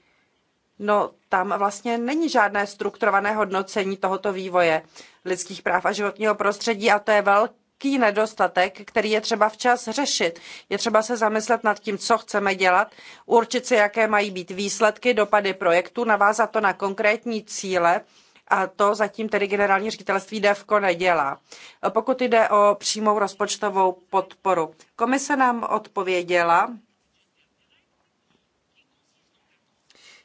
Speaker 1: no tam vlastně není žádné strukturované hodnocení tohoto vývoje lidských práv a životního prostředí a to je velký nedostatek, který je třeba včas řešit. Je třeba se zamyslet nad tím, co chceme dělat, určit si, jaké mají být výsledky, dopady projektu, navázat to na konkrétní cíle a to zatím tedy generální ředitelství DEVKO nedělá. Pokud jde o přímou rozpočtovou podporu, komise nám odpověděla,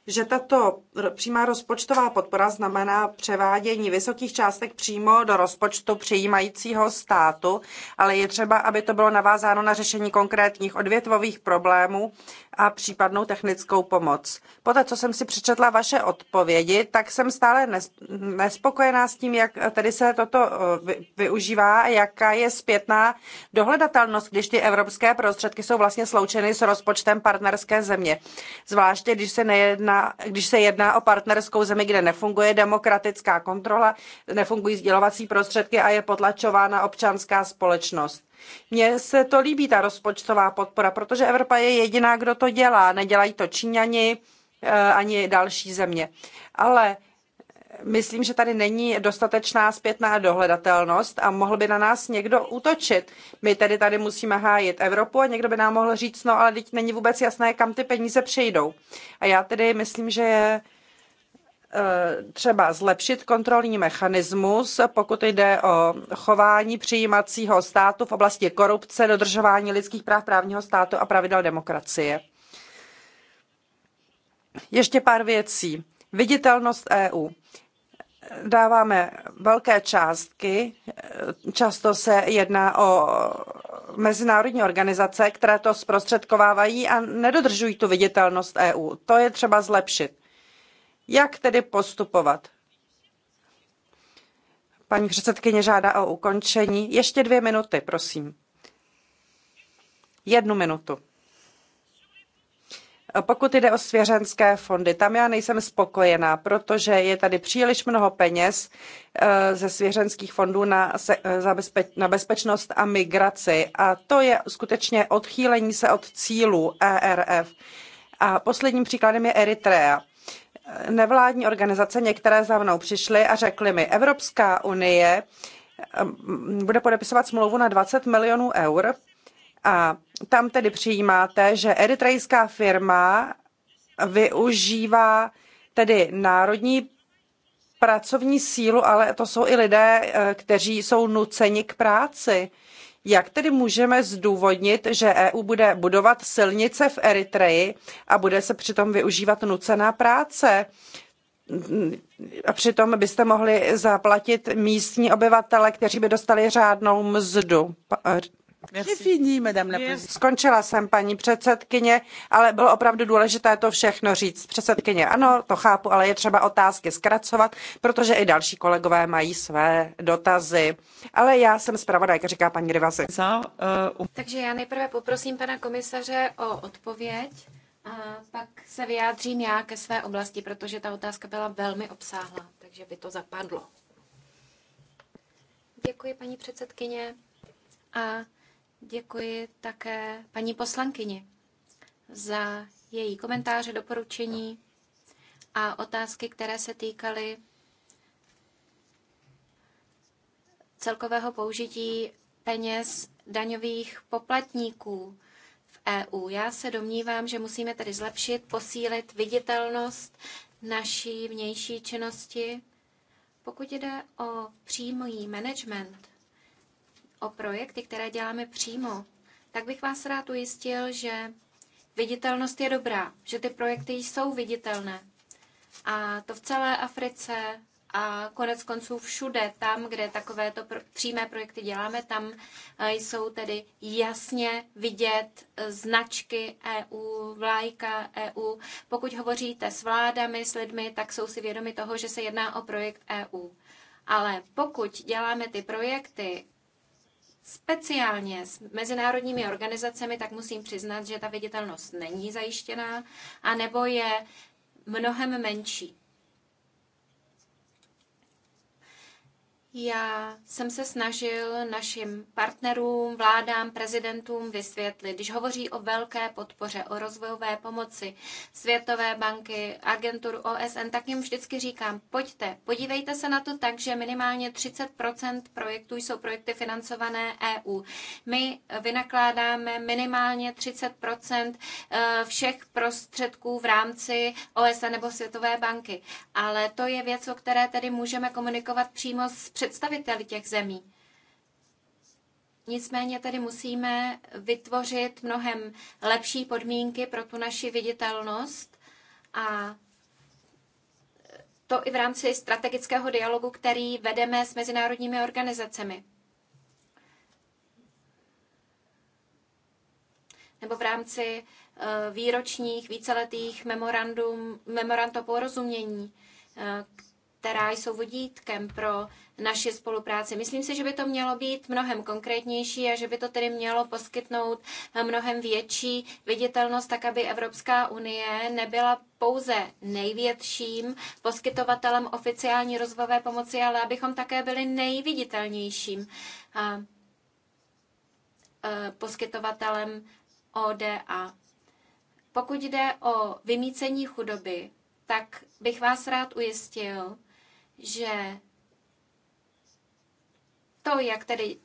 Speaker 1: že tato přímá rozpočtová podpora znamená převádění vysokých částek přímo do rozpočtu přijímajícího státu, ale je třeba, aby to bylo navázáno na řešení konkrétních odvětvových problémů a případnou technickou pomoc. Poté, co jsem si přečetla vaše odpovědi, tak jsem stále nespokojená s tím, jak tedy se toto využívá a jaká je zpětná dohledatelnost, když ty evropské prostředky jsou vlastně sloučeny s rozpočtem partnerské země. Zvláště, když se nejedná když se jedná o partnerskou zemi, kde nefunguje demokratická kontrola, nefungují sdělovací prostředky a je potlačována občanská společnost. Mně se to líbí, ta rozpočtová podpora, protože Evropa je jediná, kdo to dělá. Nedělají to Číňani eh, ani další země. Ale myslím, že tady není dostatečná zpětná dohledatelnost a mohl by na nás někdo útočit. My tedy tady musíme hájit Evropu a někdo by nám mohl říct, no ale teď není vůbec jasné, kam ty peníze přejdou. A já tedy myslím, že je e, třeba zlepšit kontrolní mechanismus, pokud jde o chování přijímacího státu v oblasti korupce, dodržování lidských práv právního státu a pravidel demokracie. Ještě pár věcí. Viditelnost EU dáváme velké částky, často se jedná o mezinárodní organizace, které to zprostředkovávají a nedodržují tu viditelnost EU. To je třeba zlepšit. Jak tedy postupovat? Paní předsedkyně žádá o ukončení. Ještě dvě minuty, prosím. Jednu minutu. Pokud jde o svěřenské fondy, tam já nejsem spokojená, protože je tady příliš mnoho peněz eh, ze svěřenských fondů na, eh, na bezpečnost a migraci a to je skutečně odchýlení se od cílů ERF. A posledním příkladem je Eritrea eh, nevládní organizace, některé za mnou přišly a řekly mi, Evropská unie bude podepisovat smlouvu na 20 milionů eur a tam tedy přijímáte, že eritrejská firma využívá tedy národní pracovní sílu, ale to jsou i lidé, eh, kteří jsou nuceni k práci. Jak tedy můžeme zdůvodnit, že EU bude budovat silnice v Eritreji a bude se přitom využívat nucená práce? A přitom byste mohli zaplatit místní obyvatele, kteří by dostali řádnou mzdu. Skončila jsem, paní předsedkyně, ale bylo opravdu důležité to všechno říct. Předsedkyně, ano, to chápu, ale je třeba otázky zkracovat, protože i další kolegové mají své dotazy. Ale já jsem zpravodajka, říká paní Rivasi. Eh,
Speaker 2: takže já nejprve poprosím pana komisaře o odpověď a pak se vyjádřím já ke své oblasti, protože ta otázka byla velmi obsáhlá, takže by to zapadlo. Děkuji, paní předsedkyně. A Děkuji také paní poslankyni za její komentáře, doporučení a otázky, které se týkaly celkového použití peněz daňových poplatníků v EU. Já se domnívám, že musíme tedy zlepšit, posílit viditelnost naší vnější činnosti. Pokud jde o přímý management, o projekty, které děláme přímo, tak bych vás rád ujistil, že viditelnost je dobrá, že ty projekty jsou viditelné. A to v celé Africe a konec konců všude tam, kde takovéto pro, přímé projekty děláme, tam eh, jsou tedy jasně vidět eh, značky EU, vlajka EU. Pokud hovoříte s vládami, s lidmi, tak jsou si vědomi toho, že se jedná o projekt EU. Ale pokud děláme ty projekty speciálně s mezinárodními organizacemi, tak musím přiznat, že ta viditelnost není zajištěná, anebo je mnohem menší. Já jsem se snažil našim partnerům, vládám, prezidentům vysvětlit, když hovoří o velké podpoře, o rozvojové pomoci Světové banky, agentur OSN, tak jim vždycky říkám, pojďte, podívejte se na to tak, že minimálně 30% projektů jsou projekty financované EU. My vynakládáme minimálně 30% eh, všech prostředků v rámci OSN nebo Světové banky. Ale to je věc, o které tedy můžeme komunikovat přímo s před představiteli těch zemí. Nicméně tady musíme vytvořit mnohem lepší podmínky pro tu naši viditelnost a to i v rámci strategického dialogu, který vedeme s mezinárodními organizacemi. Nebo v rámci eh, výročních, víceletých memorandum, memorand o porozumění, eh, která jsou vodítkem pro naše spolupráce. Myslím si, že by to mělo být mnohem konkrétnější a že by to tedy mělo poskytnout mnohem větší viditelnost, tak aby Evropská unie nebyla pouze největším poskytovatelem oficiální rozvojové pomoci, ale abychom také byli nejviditelnějším e, poskytovatelem ODA. Pokud jde o vymícení chudoby, tak bych vás rád ujistil, že to, jak tedy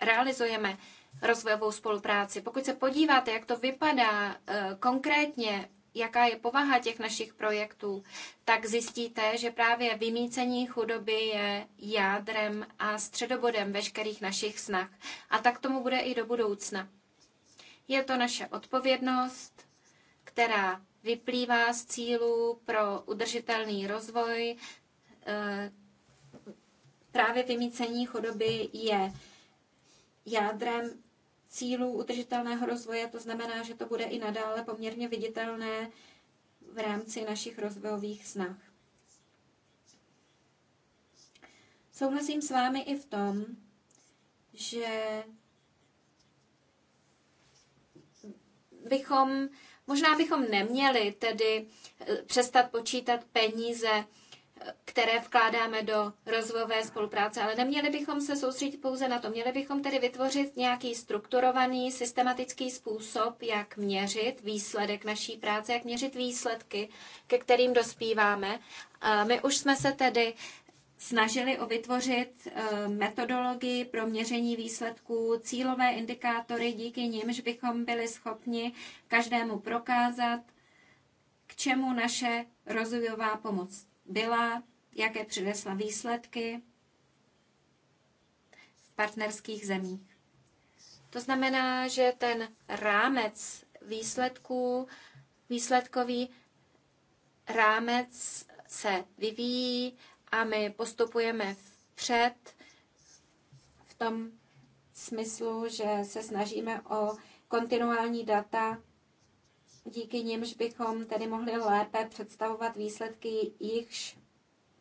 Speaker 2: realizujeme rozvojovou spolupráci. Pokud se podíváte, jak to vypadá e, konkrétně, jaká je povaha těch našich projektů, tak zjistíte, že právě vymícení chudoby je jádrem a středobodem veškerých našich snah. A tak tomu bude i do budoucna. Je to naše odpovědnost, která vyplývá z cílů pro udržitelný rozvoj, e, právě vymícení chudoby je jádrem cílů udržitelného rozvoje, to znamená, že to bude i nadále poměrně viditelné v rámci našich rozvojových snah. Souhlasím s vámi i v tom, že bychom, možná bychom neměli tedy eh, přestat počítat peníze které vkládáme do rozvojové spolupráce. Ale neměli bychom se soustředit pouze na to. Měli bychom tedy vytvořit nějaký strukturovaný, systematický způsob, jak měřit výsledek naší práce, jak měřit výsledky, ke kterým dospíváme. My už jsme se tedy snažili o vytvořit eh, metodologii pro měření výsledků, cílové indikátory, díky nimž bychom byli schopni každému prokázat, k čemu naše rozvojová pomoc byla, jaké přinesla výsledky v partnerských zemích. To znamená, že ten rámec výsledků, výsledkový rámec se vyvíjí a my postupujeme vpřed v tom smyslu, že se snažíme o kontinuální data díky nimž bychom tedy mohli lépe představovat výsledky, jichž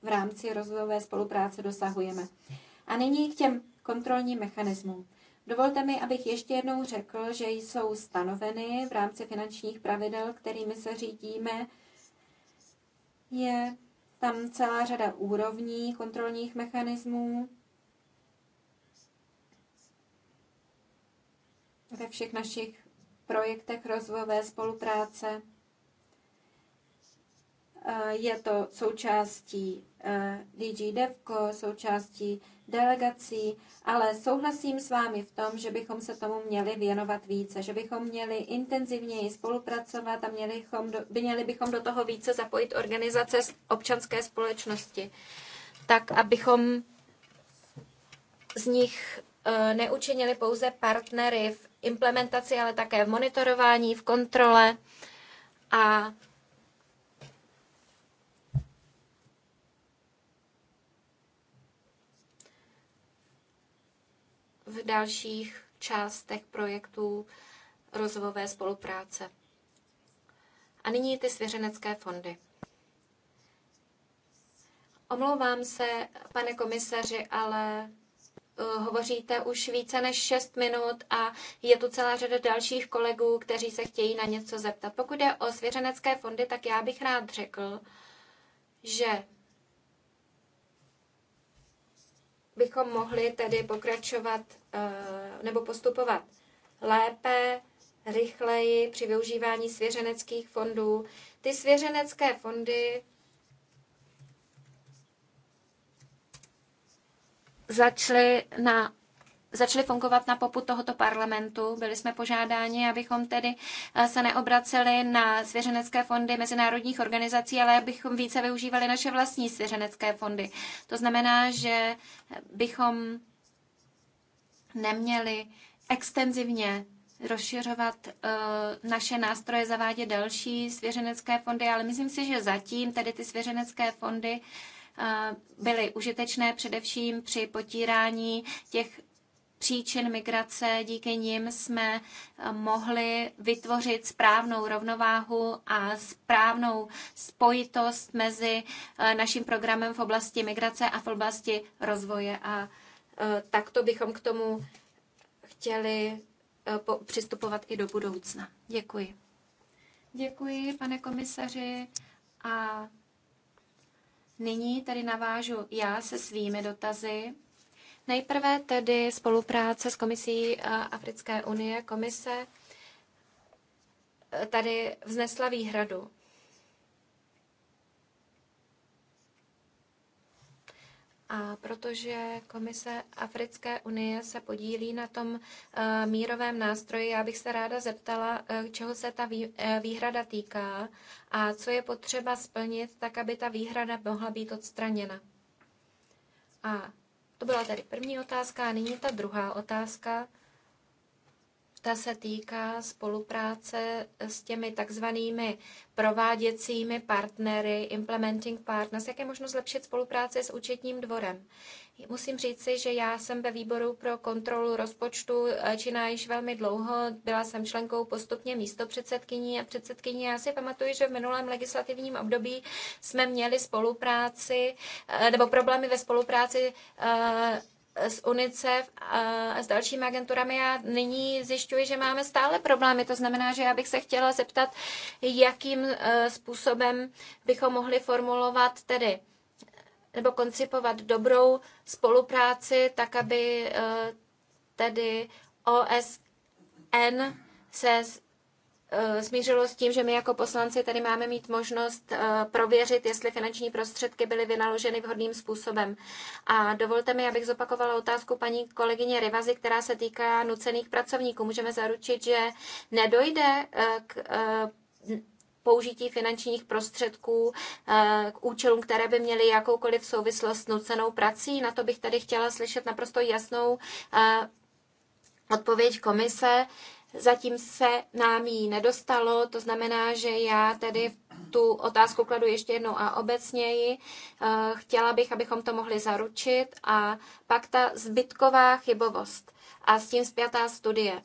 Speaker 2: v rámci rozvojové spolupráce dosahujeme. A nyní k těm kontrolním mechanismům. Dovolte mi, abych ještě jednou řekl, že jsou stanoveny v rámci finančních pravidel, kterými se řídíme. Je tam celá řada úrovní kontrolních mechanismů. Ve všech našich projektech rozvojové spolupráce. E, je to součástí e, DG DevCo, součástí delegací, ale souhlasím s vámi v tom, že bychom se tomu měli věnovat více, že bychom měli intenzivněji spolupracovat a měli bychom do, měli bychom do toho více zapojit organizace občanské společnosti, tak abychom z nich e, neučinili pouze partnery v implementaci, ale také v monitorování, v kontrole a v dalších částech projektů rozvojové spolupráce. A nyní ty svěřenecké fondy. Omlouvám se, pane komisaři, ale Eh, hovoříte už více než 6 minut a je tu celá řada dalších kolegů, kteří se chtějí na něco zeptat. Pokud je o svěřenecké fondy, tak já bych rád řekl, že bychom mohli tedy pokračovat eh, nebo postupovat lépe, rychleji při využívání svěřeneckých fondů. Ty svěřenecké fondy začaly na začaly fungovat na poput tohoto parlamentu. Byli jsme požádáni, abychom tedy eh, se neobraceli na svěřenecké fondy mezinárodních organizací, ale abychom více využívali naše vlastní svěřenecké fondy. To znamená, že bychom neměli extenzivně rozšiřovat uh, naše nástroje, zavádět další svěřenecké fondy, ale myslím si, že zatím tedy ty svěřenecké fondy uh, byly užitečné především při potírání těch příčin migrace. Díky nim jsme mohli vytvořit správnou rovnováhu a správnou spojitost mezi naším programem v oblasti migrace a v oblasti rozvoje. A takto bychom k tomu chtěli přistupovat i do budoucna. Děkuji. Děkuji, pane komisaři. A Nyní tedy navážu já se svými dotazy. Nejprve tedy spolupráce s Komisí eh, Africké unie. Komise eh, tady vznesla výhradu A protože Komise Africké unie se podílí na tom eh, mírovém nástroji, já bych se ráda zeptala, eh, čeho se ta eh, výhrada týká a co je potřeba splnit, tak aby ta výhrada mohla být odstraněna. A to byla tedy první otázka a nyní ta druhá otázka. Ta se týká spolupráce s těmi takzvanými prováděcími partnery, implementing partners, jak je možno zlepšit spolupráci s účetním dvorem. Musím říci, že já jsem ve výboru pro kontrolu rozpočtu eh, činá již velmi dlouho. Byla jsem členkou postupně místo předsedkyní a předsedkyní. Já si pamatuju, že v minulém legislativním období jsme měli spolupráci eh, nebo problémy ve spolupráci eh, s UNICEF a s dalšími agenturami já nyní zjišťuji, že máme stále problémy. To znamená, že já bych se chtěla zeptat, jakým e, způsobem bychom mohli formulovat tedy nebo koncipovat dobrou spolupráci, tak aby e, tedy OSN se Eh, smířilo s tím, že my jako poslanci tady máme mít možnost eh, prověřit, jestli finanční prostředky byly vynaloženy vhodným způsobem. A dovolte mi, abych zopakovala otázku paní kolegyně Rivazy, která se týká nucených pracovníků. Můžeme zaručit, že nedojde eh, k použití finančních prostředků k účelům, které by měly jakoukoliv souvislost s nucenou prací. Na to bych tady chtěla slyšet naprosto jasnou odpověď komise. Zatím se nám jí nedostalo, to znamená, že já tedy tu otázku kladu ještě jednou a obecněji. Eh, chtěla bych, abychom to mohli zaručit a pak ta zbytková chybovost a s tím zpětá studie.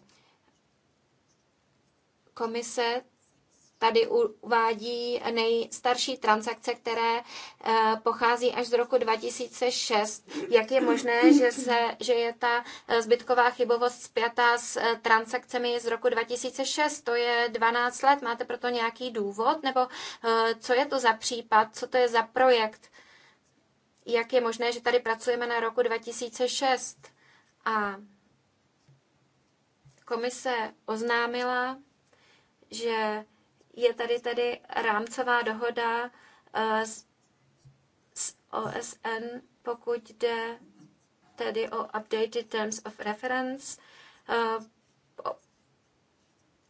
Speaker 2: Komise tady uvádí nejstarší transakce, které eh, pochází až z roku 2006. Jak je možné, že, se, že je ta eh, zbytková chybovost zpětá s eh, transakcemi z roku 2006? To je 12 let. Máte proto nějaký důvod? Nebo co je to za případ? Co to je za projekt? Jak je možné, že tady pracujeme na roku 2006? A komise oznámila, že je tady tedy rámcová dohoda z, eh, z OSN, pokud jde tedy o Updated Terms of Reference. Eh,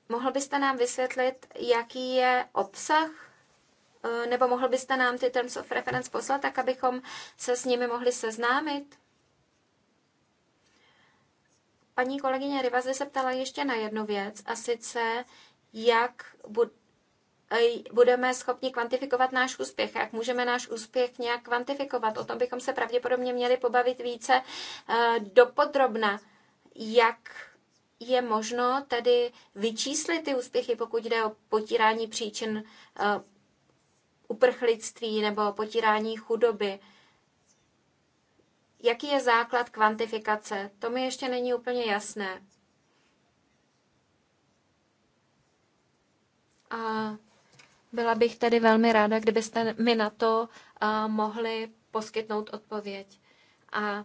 Speaker 2: mohl byste nám vysvětlit, jaký je obsah, eh, nebo mohl byste nám ty Terms of Reference poslat, tak abychom se s nimi mohli seznámit? Paní kolegyně Rivazy se ptala ještě na jednu věc, a sice, jak budeme schopni kvantifikovat náš úspěch, jak můžeme náš úspěch nějak kvantifikovat. O tom bychom se pravděpodobně měli pobavit více eh, dopodrobna, jak je možno tedy vyčíslit ty úspěchy, pokud jde o potírání příčin eh, uprchlictví nebo potírání chudoby. Jaký je základ kvantifikace? To mi ještě není úplně jasné. A byla bych tedy velmi ráda, kdybyste mi na to mohli poskytnout odpověď. A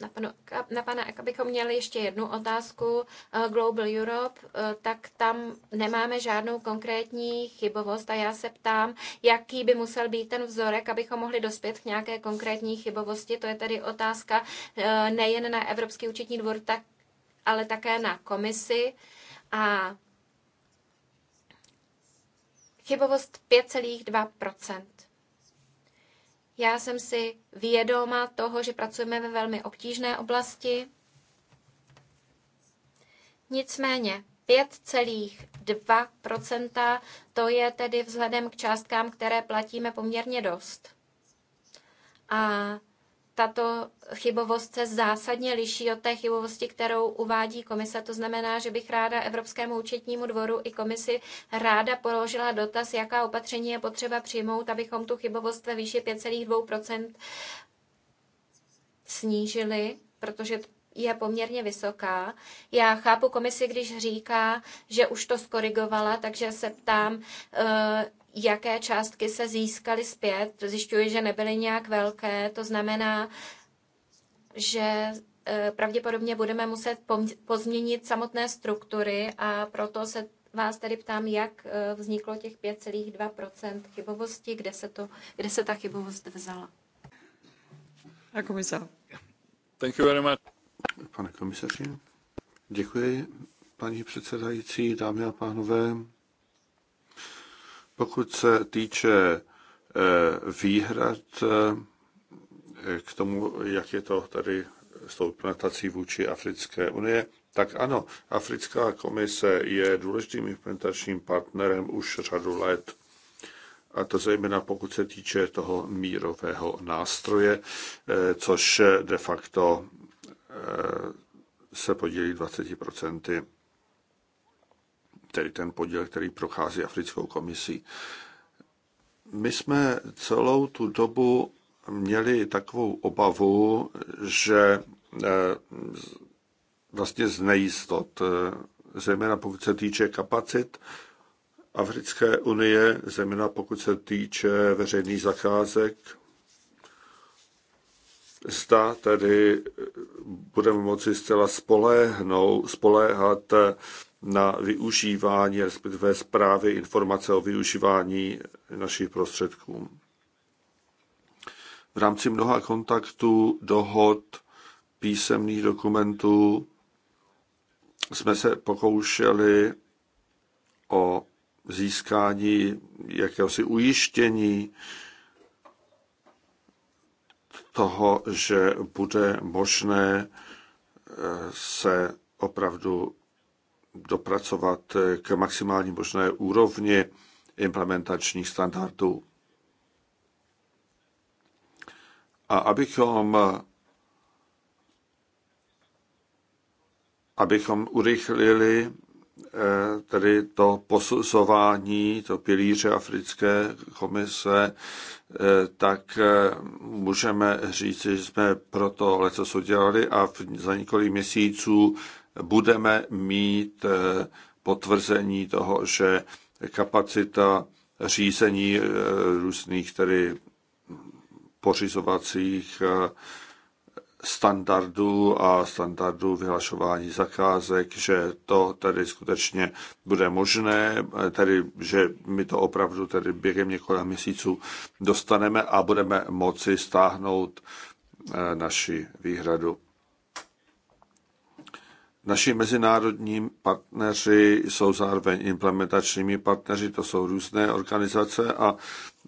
Speaker 2: na, panu, na pana Eka bychom měli ještě jednu otázku. Global Europe, tak tam nemáme žádnou konkrétní chybovost a já se ptám, jaký by musel být ten vzorek, abychom mohli dospět k nějaké konkrétní chybovosti. To je tedy otázka nejen na Evropský účetní dvor, tak, ale také na komisi. A Chybovost 5,2 Já jsem si vědoma toho, že pracujeme ve velmi obtížné oblasti. Nicméně 5,2 to je tedy vzhledem k částkám, které platíme poměrně dost. A tato chybovost se zásadně liší od té chybovosti, kterou uvádí komise. To znamená, že bych ráda Evropskému účetnímu dvoru i komisi ráda položila dotaz, jaká opatření je potřeba přijmout, abychom tu chybovost ve výši 5,2 snížili, protože je poměrně vysoká. Já chápu komisi, když říká, že už to skorigovala, takže se ptám, eh, jaké částky se získaly zpět. Zjišťuji, že nebyly nějak velké, to znamená, že e, pravděpodobně budeme muset pozměnit samotné struktury a proto se vás tedy ptám, jak e, vzniklo těch 5,2 chybovosti, kde se, to, kde se ta chybovost vzala. Herr
Speaker 4: Thank you very much. Pane komisaři, děkuji, paní předsedající, dámy a pánové. Pokud se týče eh, výhrad eh, k tomu, jak je to tady s tou implementací vůči Africké unie, tak ano, Africká komise je důležitým implementačním partnerem už řadu let. A to zejména pokud se týče toho mírového nástroje, eh, což de facto se podílí 20 tedy ten podíl, který prochází Africkou komisí. My jsme celou tu dobu měli takovou obavu, že eh, vlastně z nejistot, eh, zejména pokud se týče kapacit Africké unie, zejména pokud se týče veřejných zakázek, zda tedy budeme moci zcela spoléhnout, spoléhat eh, na využívání, respektive zprávy informace o využívání našich prostředků. V rámci mnoha kontaktů, dohod, písemných dokumentů jsme se pokoušeli o získání jakéhosi ujištění toho, že bude možné eh, se opravdu dopracovat k maximální možné úrovni implementačních standardů. A abychom abychom urychlili eh, tedy to posuzování, to pilíře Africké komise, eh, tak eh, můžeme říci, že jsme proto leco udělali a za několik měsíců budeme mít eh, potvrzení toho, že kapacita řízení eh, různých tedy pořizovacích eh, standardů a standardů vyhlašování zakázek, že to tedy skutečně bude možné, tedy že my to opravdu tedy během několika měsíců dostaneme a budeme moci stáhnout naši výhradu. Naši mezinárodní partneři jsou zároveň implementačními partneři, to jsou různé organizace a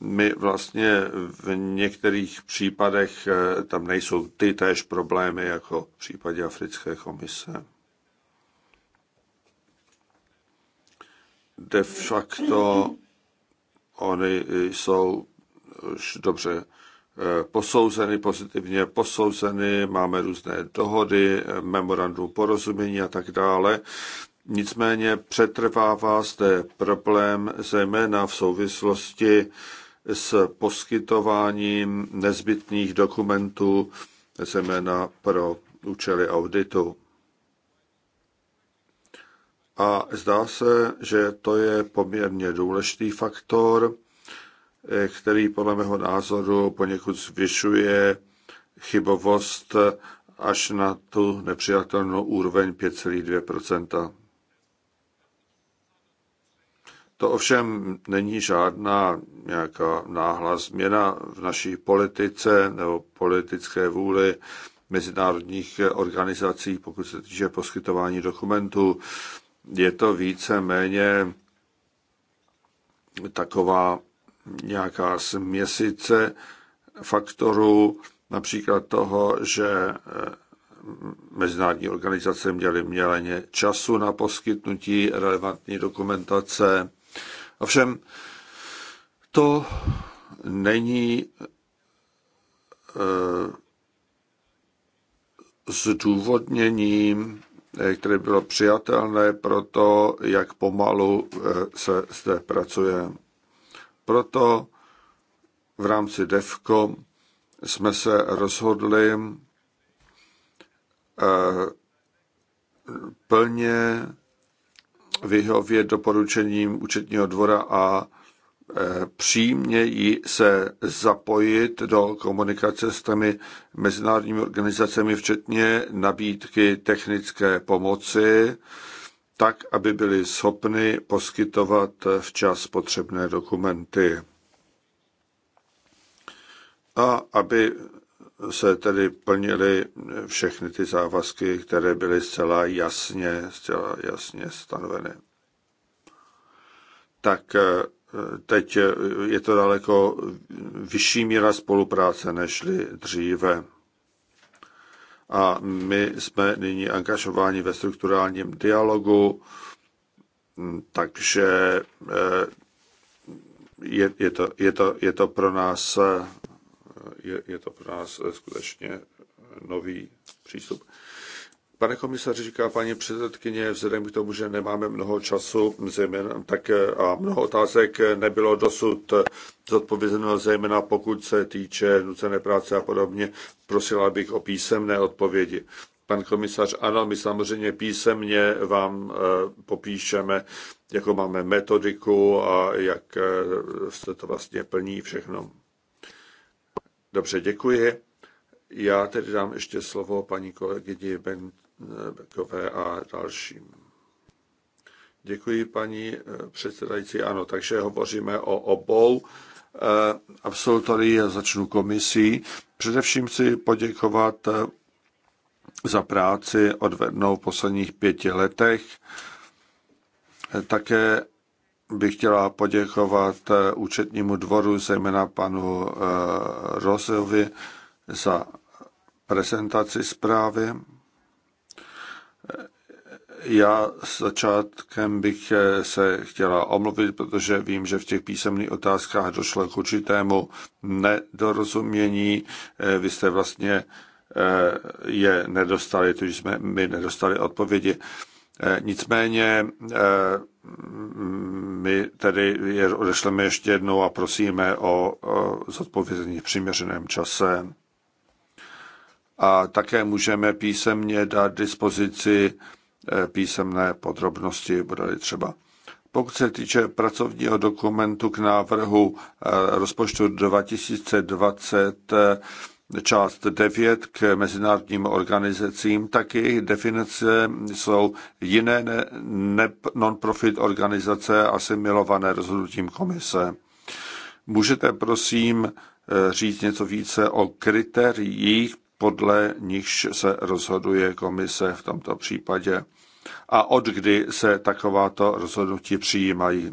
Speaker 4: my vlastně v některých případech eh, tam nejsou ty též problémy jako v případě Africké komise. De facto oni jsou už dobře Eh, posouzeny, pozitivně posouzeny, máme různé dohody, eh, memorandum porozumění a tak dále. Nicméně přetrvává zde problém zejména v souvislosti s poskytováním nezbytných dokumentů, zejména pro účely auditu. A zdá se, že to je poměrně důležitý faktor, který podle mého názoru poněkud zvyšuje chybovost až na tu nepřijatelnou úroveň 5,2 To ovšem není žádná nějaká náhlá změna v naší politice nebo politické vůli mezinárodních organizací, pokud se týče poskytování dokumentů. Je to více méně taková nějaká směsice faktorů, například toho, že eh, mezinárodní organizace měly měleně času na poskytnutí relevantní dokumentace. Ovšem, to není eh, zdůvodněním, eh, které bylo přijatelné pro to, jak pomalu se zde pracuje. Proto v rámci DEFCO jsme se rozhodli eh, plně vyhovět doporučením účetního dvora a eh, přímněji se zapojit do komunikace s těmi mezinárodními organizacemi, včetně nabídky technické pomoci tak, aby byly schopny poskytovat včas potřebné dokumenty. A aby se tedy plnily všechny ty závazky, které byly zcela jasně, zcela jasně stanoveny. Tak eh, teď je to daleko vyšší míra spolupráce nežli dříve a my jsme nyní angažováni ve strukturálním dialogu, mm, takže eh, je, je, to, je, to, je to pro nás eh, je, je to pro nás eh, skutečně nový přístup. Pane komisaři, říká paní předsedkyně, vzhledem k tomu, že nemáme mnoho času, zejména tak a mnoho otázek nebylo dosud zodpovězeno, zejména pokud se týče nucené práce a podobně, prosila bych o písemné odpovědi. Pan komisař, ano, my samozřejmě písemně vám eh, popíšeme, jako máme metodiku a jak eh, se to vlastně plní všechno. Dobře, děkuji. Já tedy dám ještě slovo paní kolegyni Ben Bekové a dalším. Děkuji, paní eh, předsedající. Ano, takže hovoříme o obou eh, absolutorii. Začnu komisí. Především chci poděkovat eh, za práci odvednou v posledních pěti letech. Také bych chtěla poděkovat účetnímu dvoru, zejména panu Rozovi, za prezentaci zprávy. Já s začátkem bych eh, se chtěla omluvit, protože vím, že v těch písemných otázkách došlo k určitému nedorozumění. Eh, vy jste vlastně eh, je nedostali, to jsme my nedostali odpovědi. Nicméně my tedy je odešleme ještě jednou a prosíme o zodpovězení v přiměřeném čase. A také můžeme písemně dát dispozici Eh, písemné podrobnosti budou třeba. Pokud se týče pracovního dokumentu k návrhu eh, rozpočtu 2020, eh, část 9 k mezinárodním organizacím, tak jejich definice jsou jiné ne, ne, non-profit organizace asimilované rozhodnutím komise. Můžete prosím říct něco více o kritériích podle nichž se rozhoduje komise v tomto případě a od kdy se takováto rozhodnutí přijímají.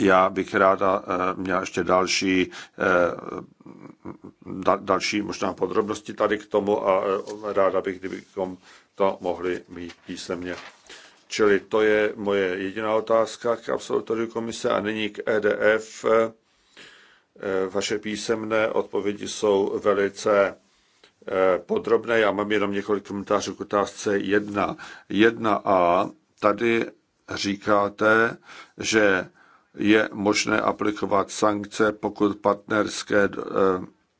Speaker 4: Já bych ráda eh, měl ještě další, eh, další možná podrobnosti tady k tomu a eh, ráda bych, kdybychom to mohli mít písemně. Čili to je moje jediná otázka k absolutoriu komise a nyní k EDF. Eh, vaše písemné odpovědi jsou velice eh, podrobné. Já mám jenom několik komentářů k otázce 1. 1a. Tady říkáte, že je možné aplikovat sankce, pokud partnerské eh,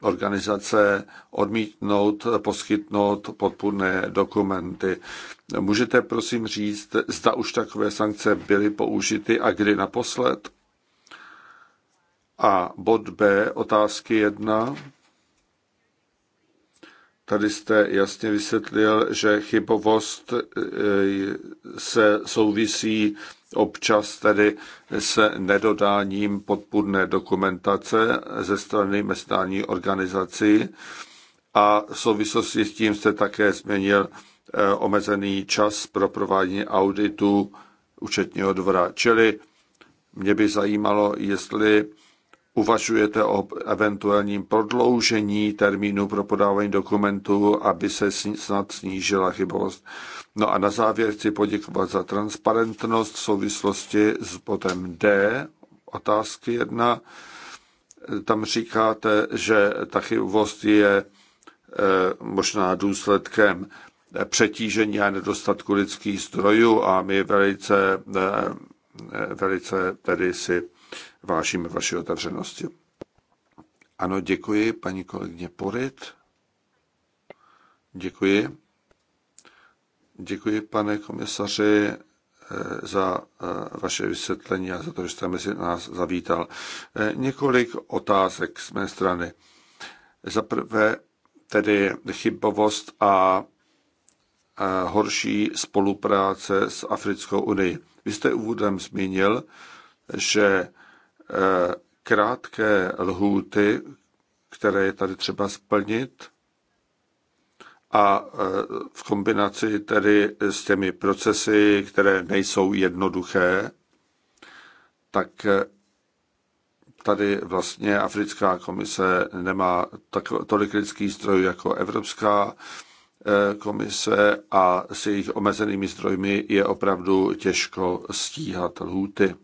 Speaker 4: organizace odmítnout poskytnout podpůrné dokumenty. Můžete prosím říct, zda už takové sankce byly použity a kdy naposled? A bod B, otázky 1. Tady jste jasně vysvětlil, že chybovost e, se souvisí občas tedy s nedodáním podpůrné dokumentace ze strany mezinárodní organizací a v souvislosti s tím jste také změnil e, omezený čas pro provádění auditu účetního dvora. Čili mě by zajímalo, jestli uvažujete o eventuálním prodloužení termínu pro podávání dokumentů, aby se snad snížila chybovost. No a na závěr chci poděkovat za transparentnost v souvislosti s bodem D, otázky 1. Tam říkáte, že ta chybovost je e, možná důsledkem přetížení a nedostatku lidských zdrojů a my velice, e, e, velice tedy si vážíme vaší otevřenosti. Ano, děkuji, paní kolegyně Porit. Děkuji. Děkuji, pane komisaři, eh, za eh, vaše vysvětlení a za to, že jste mezi nás zavítal. Eh, několik otázek z mé strany. Za prvé tedy chybovost a horší spolupráce s Africkou unii. Vy jste úvodem zmínil, že Eh, krátké lhůty, které je tady třeba splnit a eh, v kombinaci tedy s těmi procesy, které nejsou jednoduché, tak eh, tady vlastně Africká komise nemá tak, tolik lidských zdrojů jako Evropská komise a s jejich omezenými zdrojmi je opravdu těžko stíhat lhůty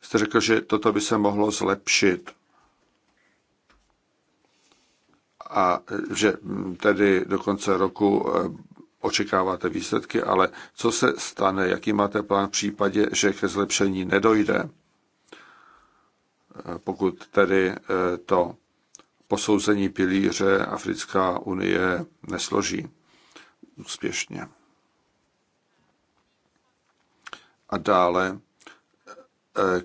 Speaker 4: jste řekl, že toto by se mohlo zlepšit. A že tedy do konce roku eh, očekáváte výsledky, ale co se stane, jaký máte plán v případě, že ke zlepšení nedojde, eh, pokud tedy eh, to posouzení pilíře Africká unie nesloží úspěšně. A dále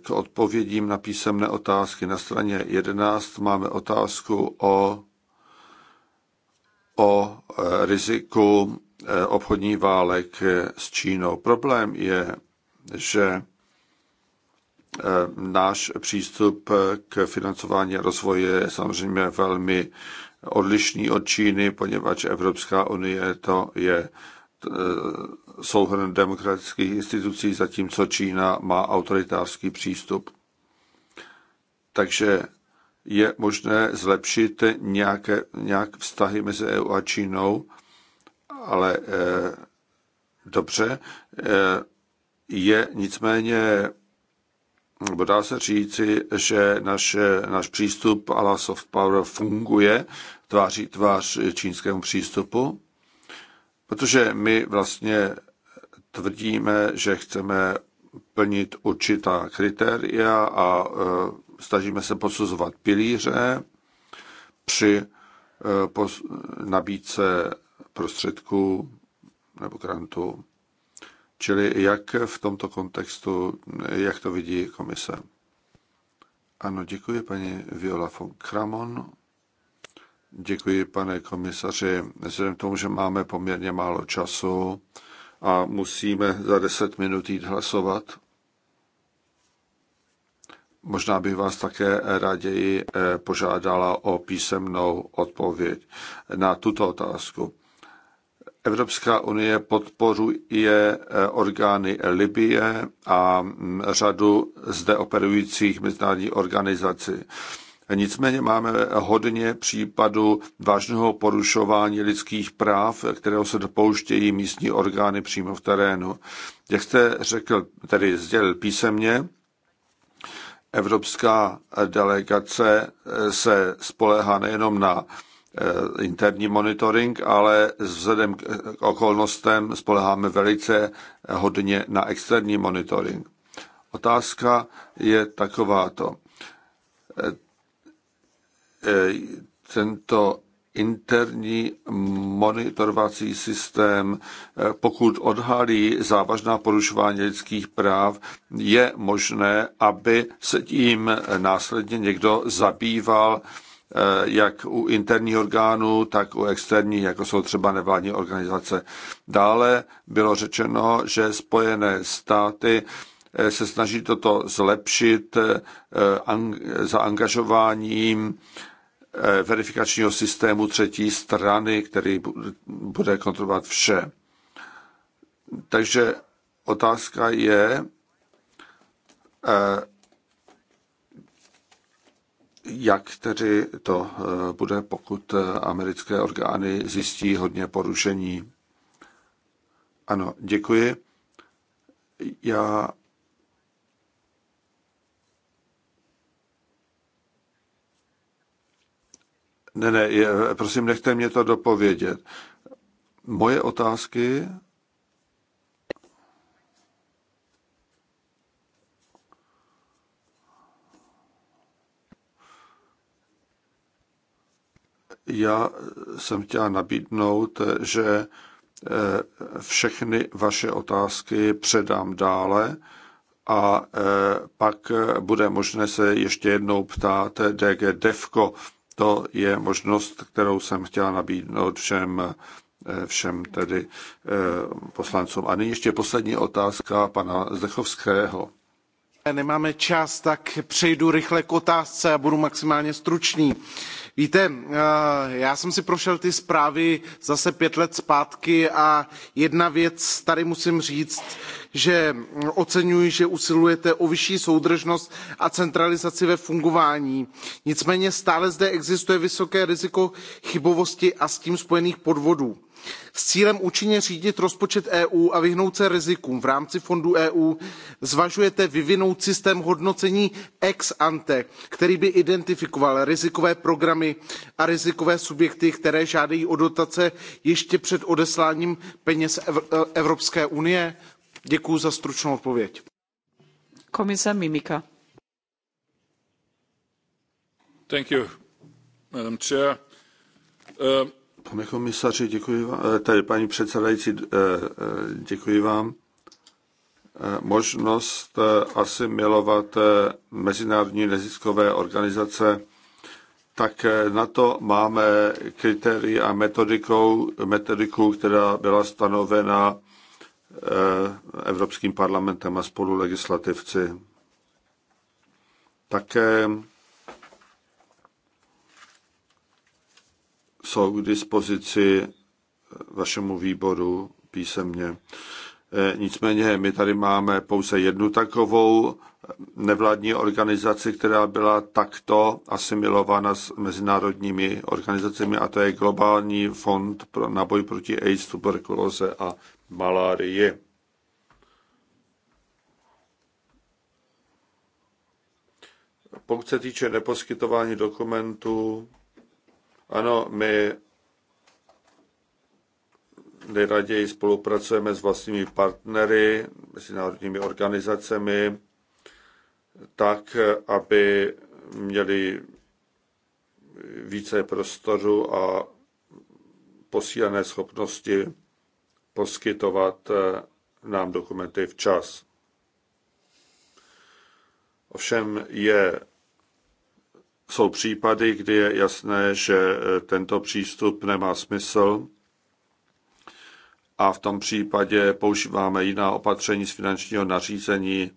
Speaker 4: k odpovědím na písemné otázky. Na straně 11 máme otázku o, o eh, riziku eh, obchodní válek eh, s Čínou. Problém je, že náš přístup k financování a rozvoji je samozřejmě velmi odlišný od Číny, poněvadž Evropská unie to je Eh, souhrn demokratických institucí, zatímco Čína má autoritářský přístup. Takže je možné zlepšit nějaké, nějak vztahy mezi EU a Čínou, ale eh, dobře, eh, je nicméně, nebo dá se říci, že náš naš přístup a la soft power funguje tváří tvář čínskému přístupu. Protože my vlastně tvrdíme, že chceme plnit určitá kritéria a e, snažíme se posuzovat pilíře při e, nabídce prostředků nebo grantů. Čili jak v tomto kontextu, jak to vidí komise? Ano, děkuji paní Viola von Kramon. Děkuji, pane komisaři. Vzhledem k tomu, že máme poměrně málo času a musíme za deset minut jít hlasovat, možná bych vás také raději eh, požádala o písemnou odpověď na tuto otázku. Evropská unie podporuje eh, orgány Libie a mm, řadu zde operujících mezinárodních organizací. Nicméně máme hodně případů vážného porušování lidských práv, kterého se dopouštějí místní orgány přímo v terénu. Jak jste řekl, tedy sdělil písemně, evropská delegace eh, se spolehá nejenom na eh, interní monitoring, ale vzhledem k eh, okolnostem spoleháme velice hodně na externí monitoring. Otázka je takováto tento interní monitorovací systém, pokud odhalí závažná porušování lidských práv, je možné, aby se tím následně někdo zabýval eh, jak u interních orgánů, tak u externích, jako jsou třeba nevládní organizace. Dále bylo řečeno, že Spojené státy eh, se snaží toto zlepšit eh, zaangažováním Eh, verifikačního systému třetí strany, který bude kontrolovat vše. Takže otázka je, eh, jak tedy to eh, bude, pokud americké orgány zjistí hodně porušení. Ano, děkuji. Já Ne, ne, prosím, nechte mě to dopovědět. Moje otázky já jsem chtěla nabídnout, že eh, všechny vaše otázky předám dále a eh, pak bude možné se ještě jednou ptát eh, DG Devko to je možnost, kterou jsem chtěla nabídnout všem, eh, všem tedy eh, poslancům. A nyní ještě poslední otázka pana Zdechovského.
Speaker 3: Nemáme čas, tak přejdu rychle k otázce a budu maximálně stručný Víte, eh, já jsem si prošel ty zprávy zase pět let zpátky a jedna věc tady musím říct, že oceňuji, že usilujete o vyšší soudržnost a centralizaci ve fungování. Nicméně stále zde existuje vysoké riziko chybovosti a s tím spojených podvodů s cílem účinně řídit rozpočet eu a vyhnout se rizikům v rámci fondů eu zvažujete vyvinout systém hodnocení ex ante který by identifikoval rizikové programy a rizikové subjekty které žádají o dotace ještě před odesláním peněz e- evropské unie? děkuji za stručnou odpověď.
Speaker 1: Komise Mimika.
Speaker 3: Thank
Speaker 4: you, Madam Chair. Uh, Pane komisaři, děkuji vám, eh, tady paní předsedající, eh, eh, děkuji vám. Možnost asi milovat mezinárodní neziskové organizace, tak na to máme kritérii a metodikou, metodiku, která byla stanovena Evropským parlamentem a spolulegislativci. Také jsou k dispozici eh, vašemu výboru písemně. Eh, nicméně my tady máme pouze jednu takovou eh, nevládní organizaci, která byla takto asimilována s mezinárodními organizacemi a to je Globální fond pro, na boj proti AIDS, tuberkulóze a malárii. Pokud se týče neposkytování dokumentů, ano, my nejraději spolupracujeme s vlastními partnery, mezinárodními organizacemi, tak, aby měli více prostoru a posílené schopnosti poskytovat eh, nám dokumenty včas. Ovšem je jsou případy, kdy je jasné, že eh, tento přístup nemá smysl a v tom případě používáme jiná opatření z finančního nařízení,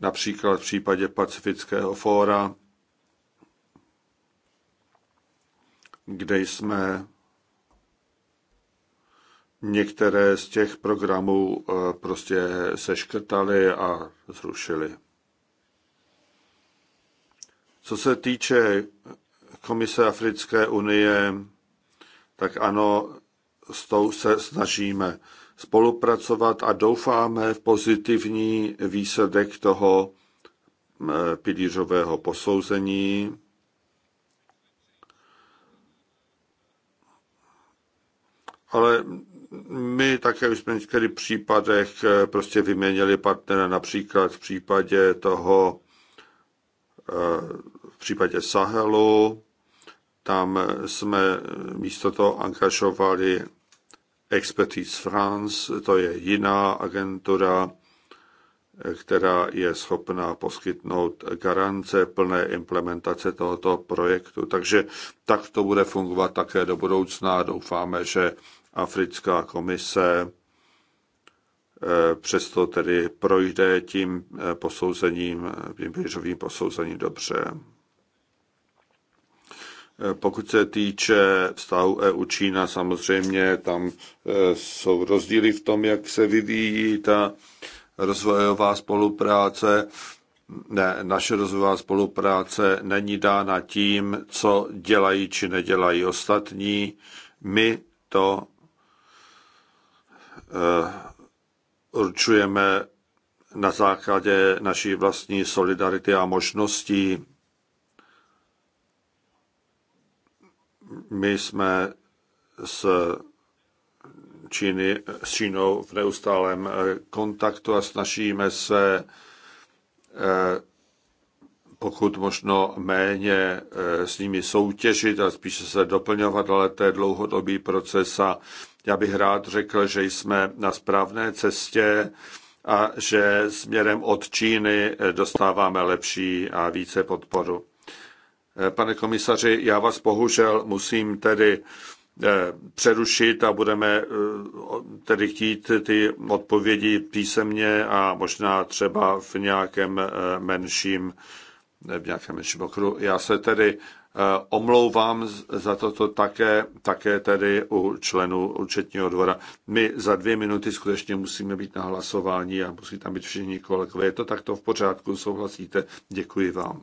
Speaker 4: například v případě Pacifického fóra, kde jsme některé z těch programů eh, prostě seškrtali a zrušili. Co se týče Komise Africké unie, tak ano, s tou se snažíme spolupracovat a doufáme v pozitivní výsledek toho eh, pilířového posouzení. Ale my také už jsme v některých případech eh, prostě vyměnili partnera, například v případě toho eh, případě Sahelu, tam jsme místo toho angažovali Expertise France, to je jiná agentura, která je schopná poskytnout garance plné implementace tohoto projektu. Takže tak to bude fungovat také do budoucna. Doufáme, že Africká komise eh, přesto tedy projde tím eh, posouzením, tím posouzením dobře. Pokud se týče vztahu EU-Čína, samozřejmě tam e, jsou rozdíly v tom, jak se vyvíjí ta rozvojová spolupráce. Ne, naše rozvojová spolupráce není dána tím, co dělají či nedělají ostatní. My to e, určujeme na základě naší vlastní solidarity a možností My jsme s, Číny, s Čínou v neustálém eh, kontaktu a snažíme se eh, pokud možno méně eh, s nimi soutěžit a spíše se doplňovat, ale to je dlouhodobý proces a já bych rád řekl, že jsme na správné cestě a že směrem od Číny dostáváme lepší a více podporu. Eh, pane komisaři, já vás bohužel musím tedy eh, přerušit a budeme eh, tedy chtít ty odpovědi písemně a možná třeba v nějakém menším v nějakém menším okru. Já se tedy omlouvám za toto také, také tedy u členů účetního dvora. My za dvě minuty skutečně musíme být na hlasování a musí tam být všichni kolegové. Je to takto v pořádku, souhlasíte? Děkuji vám.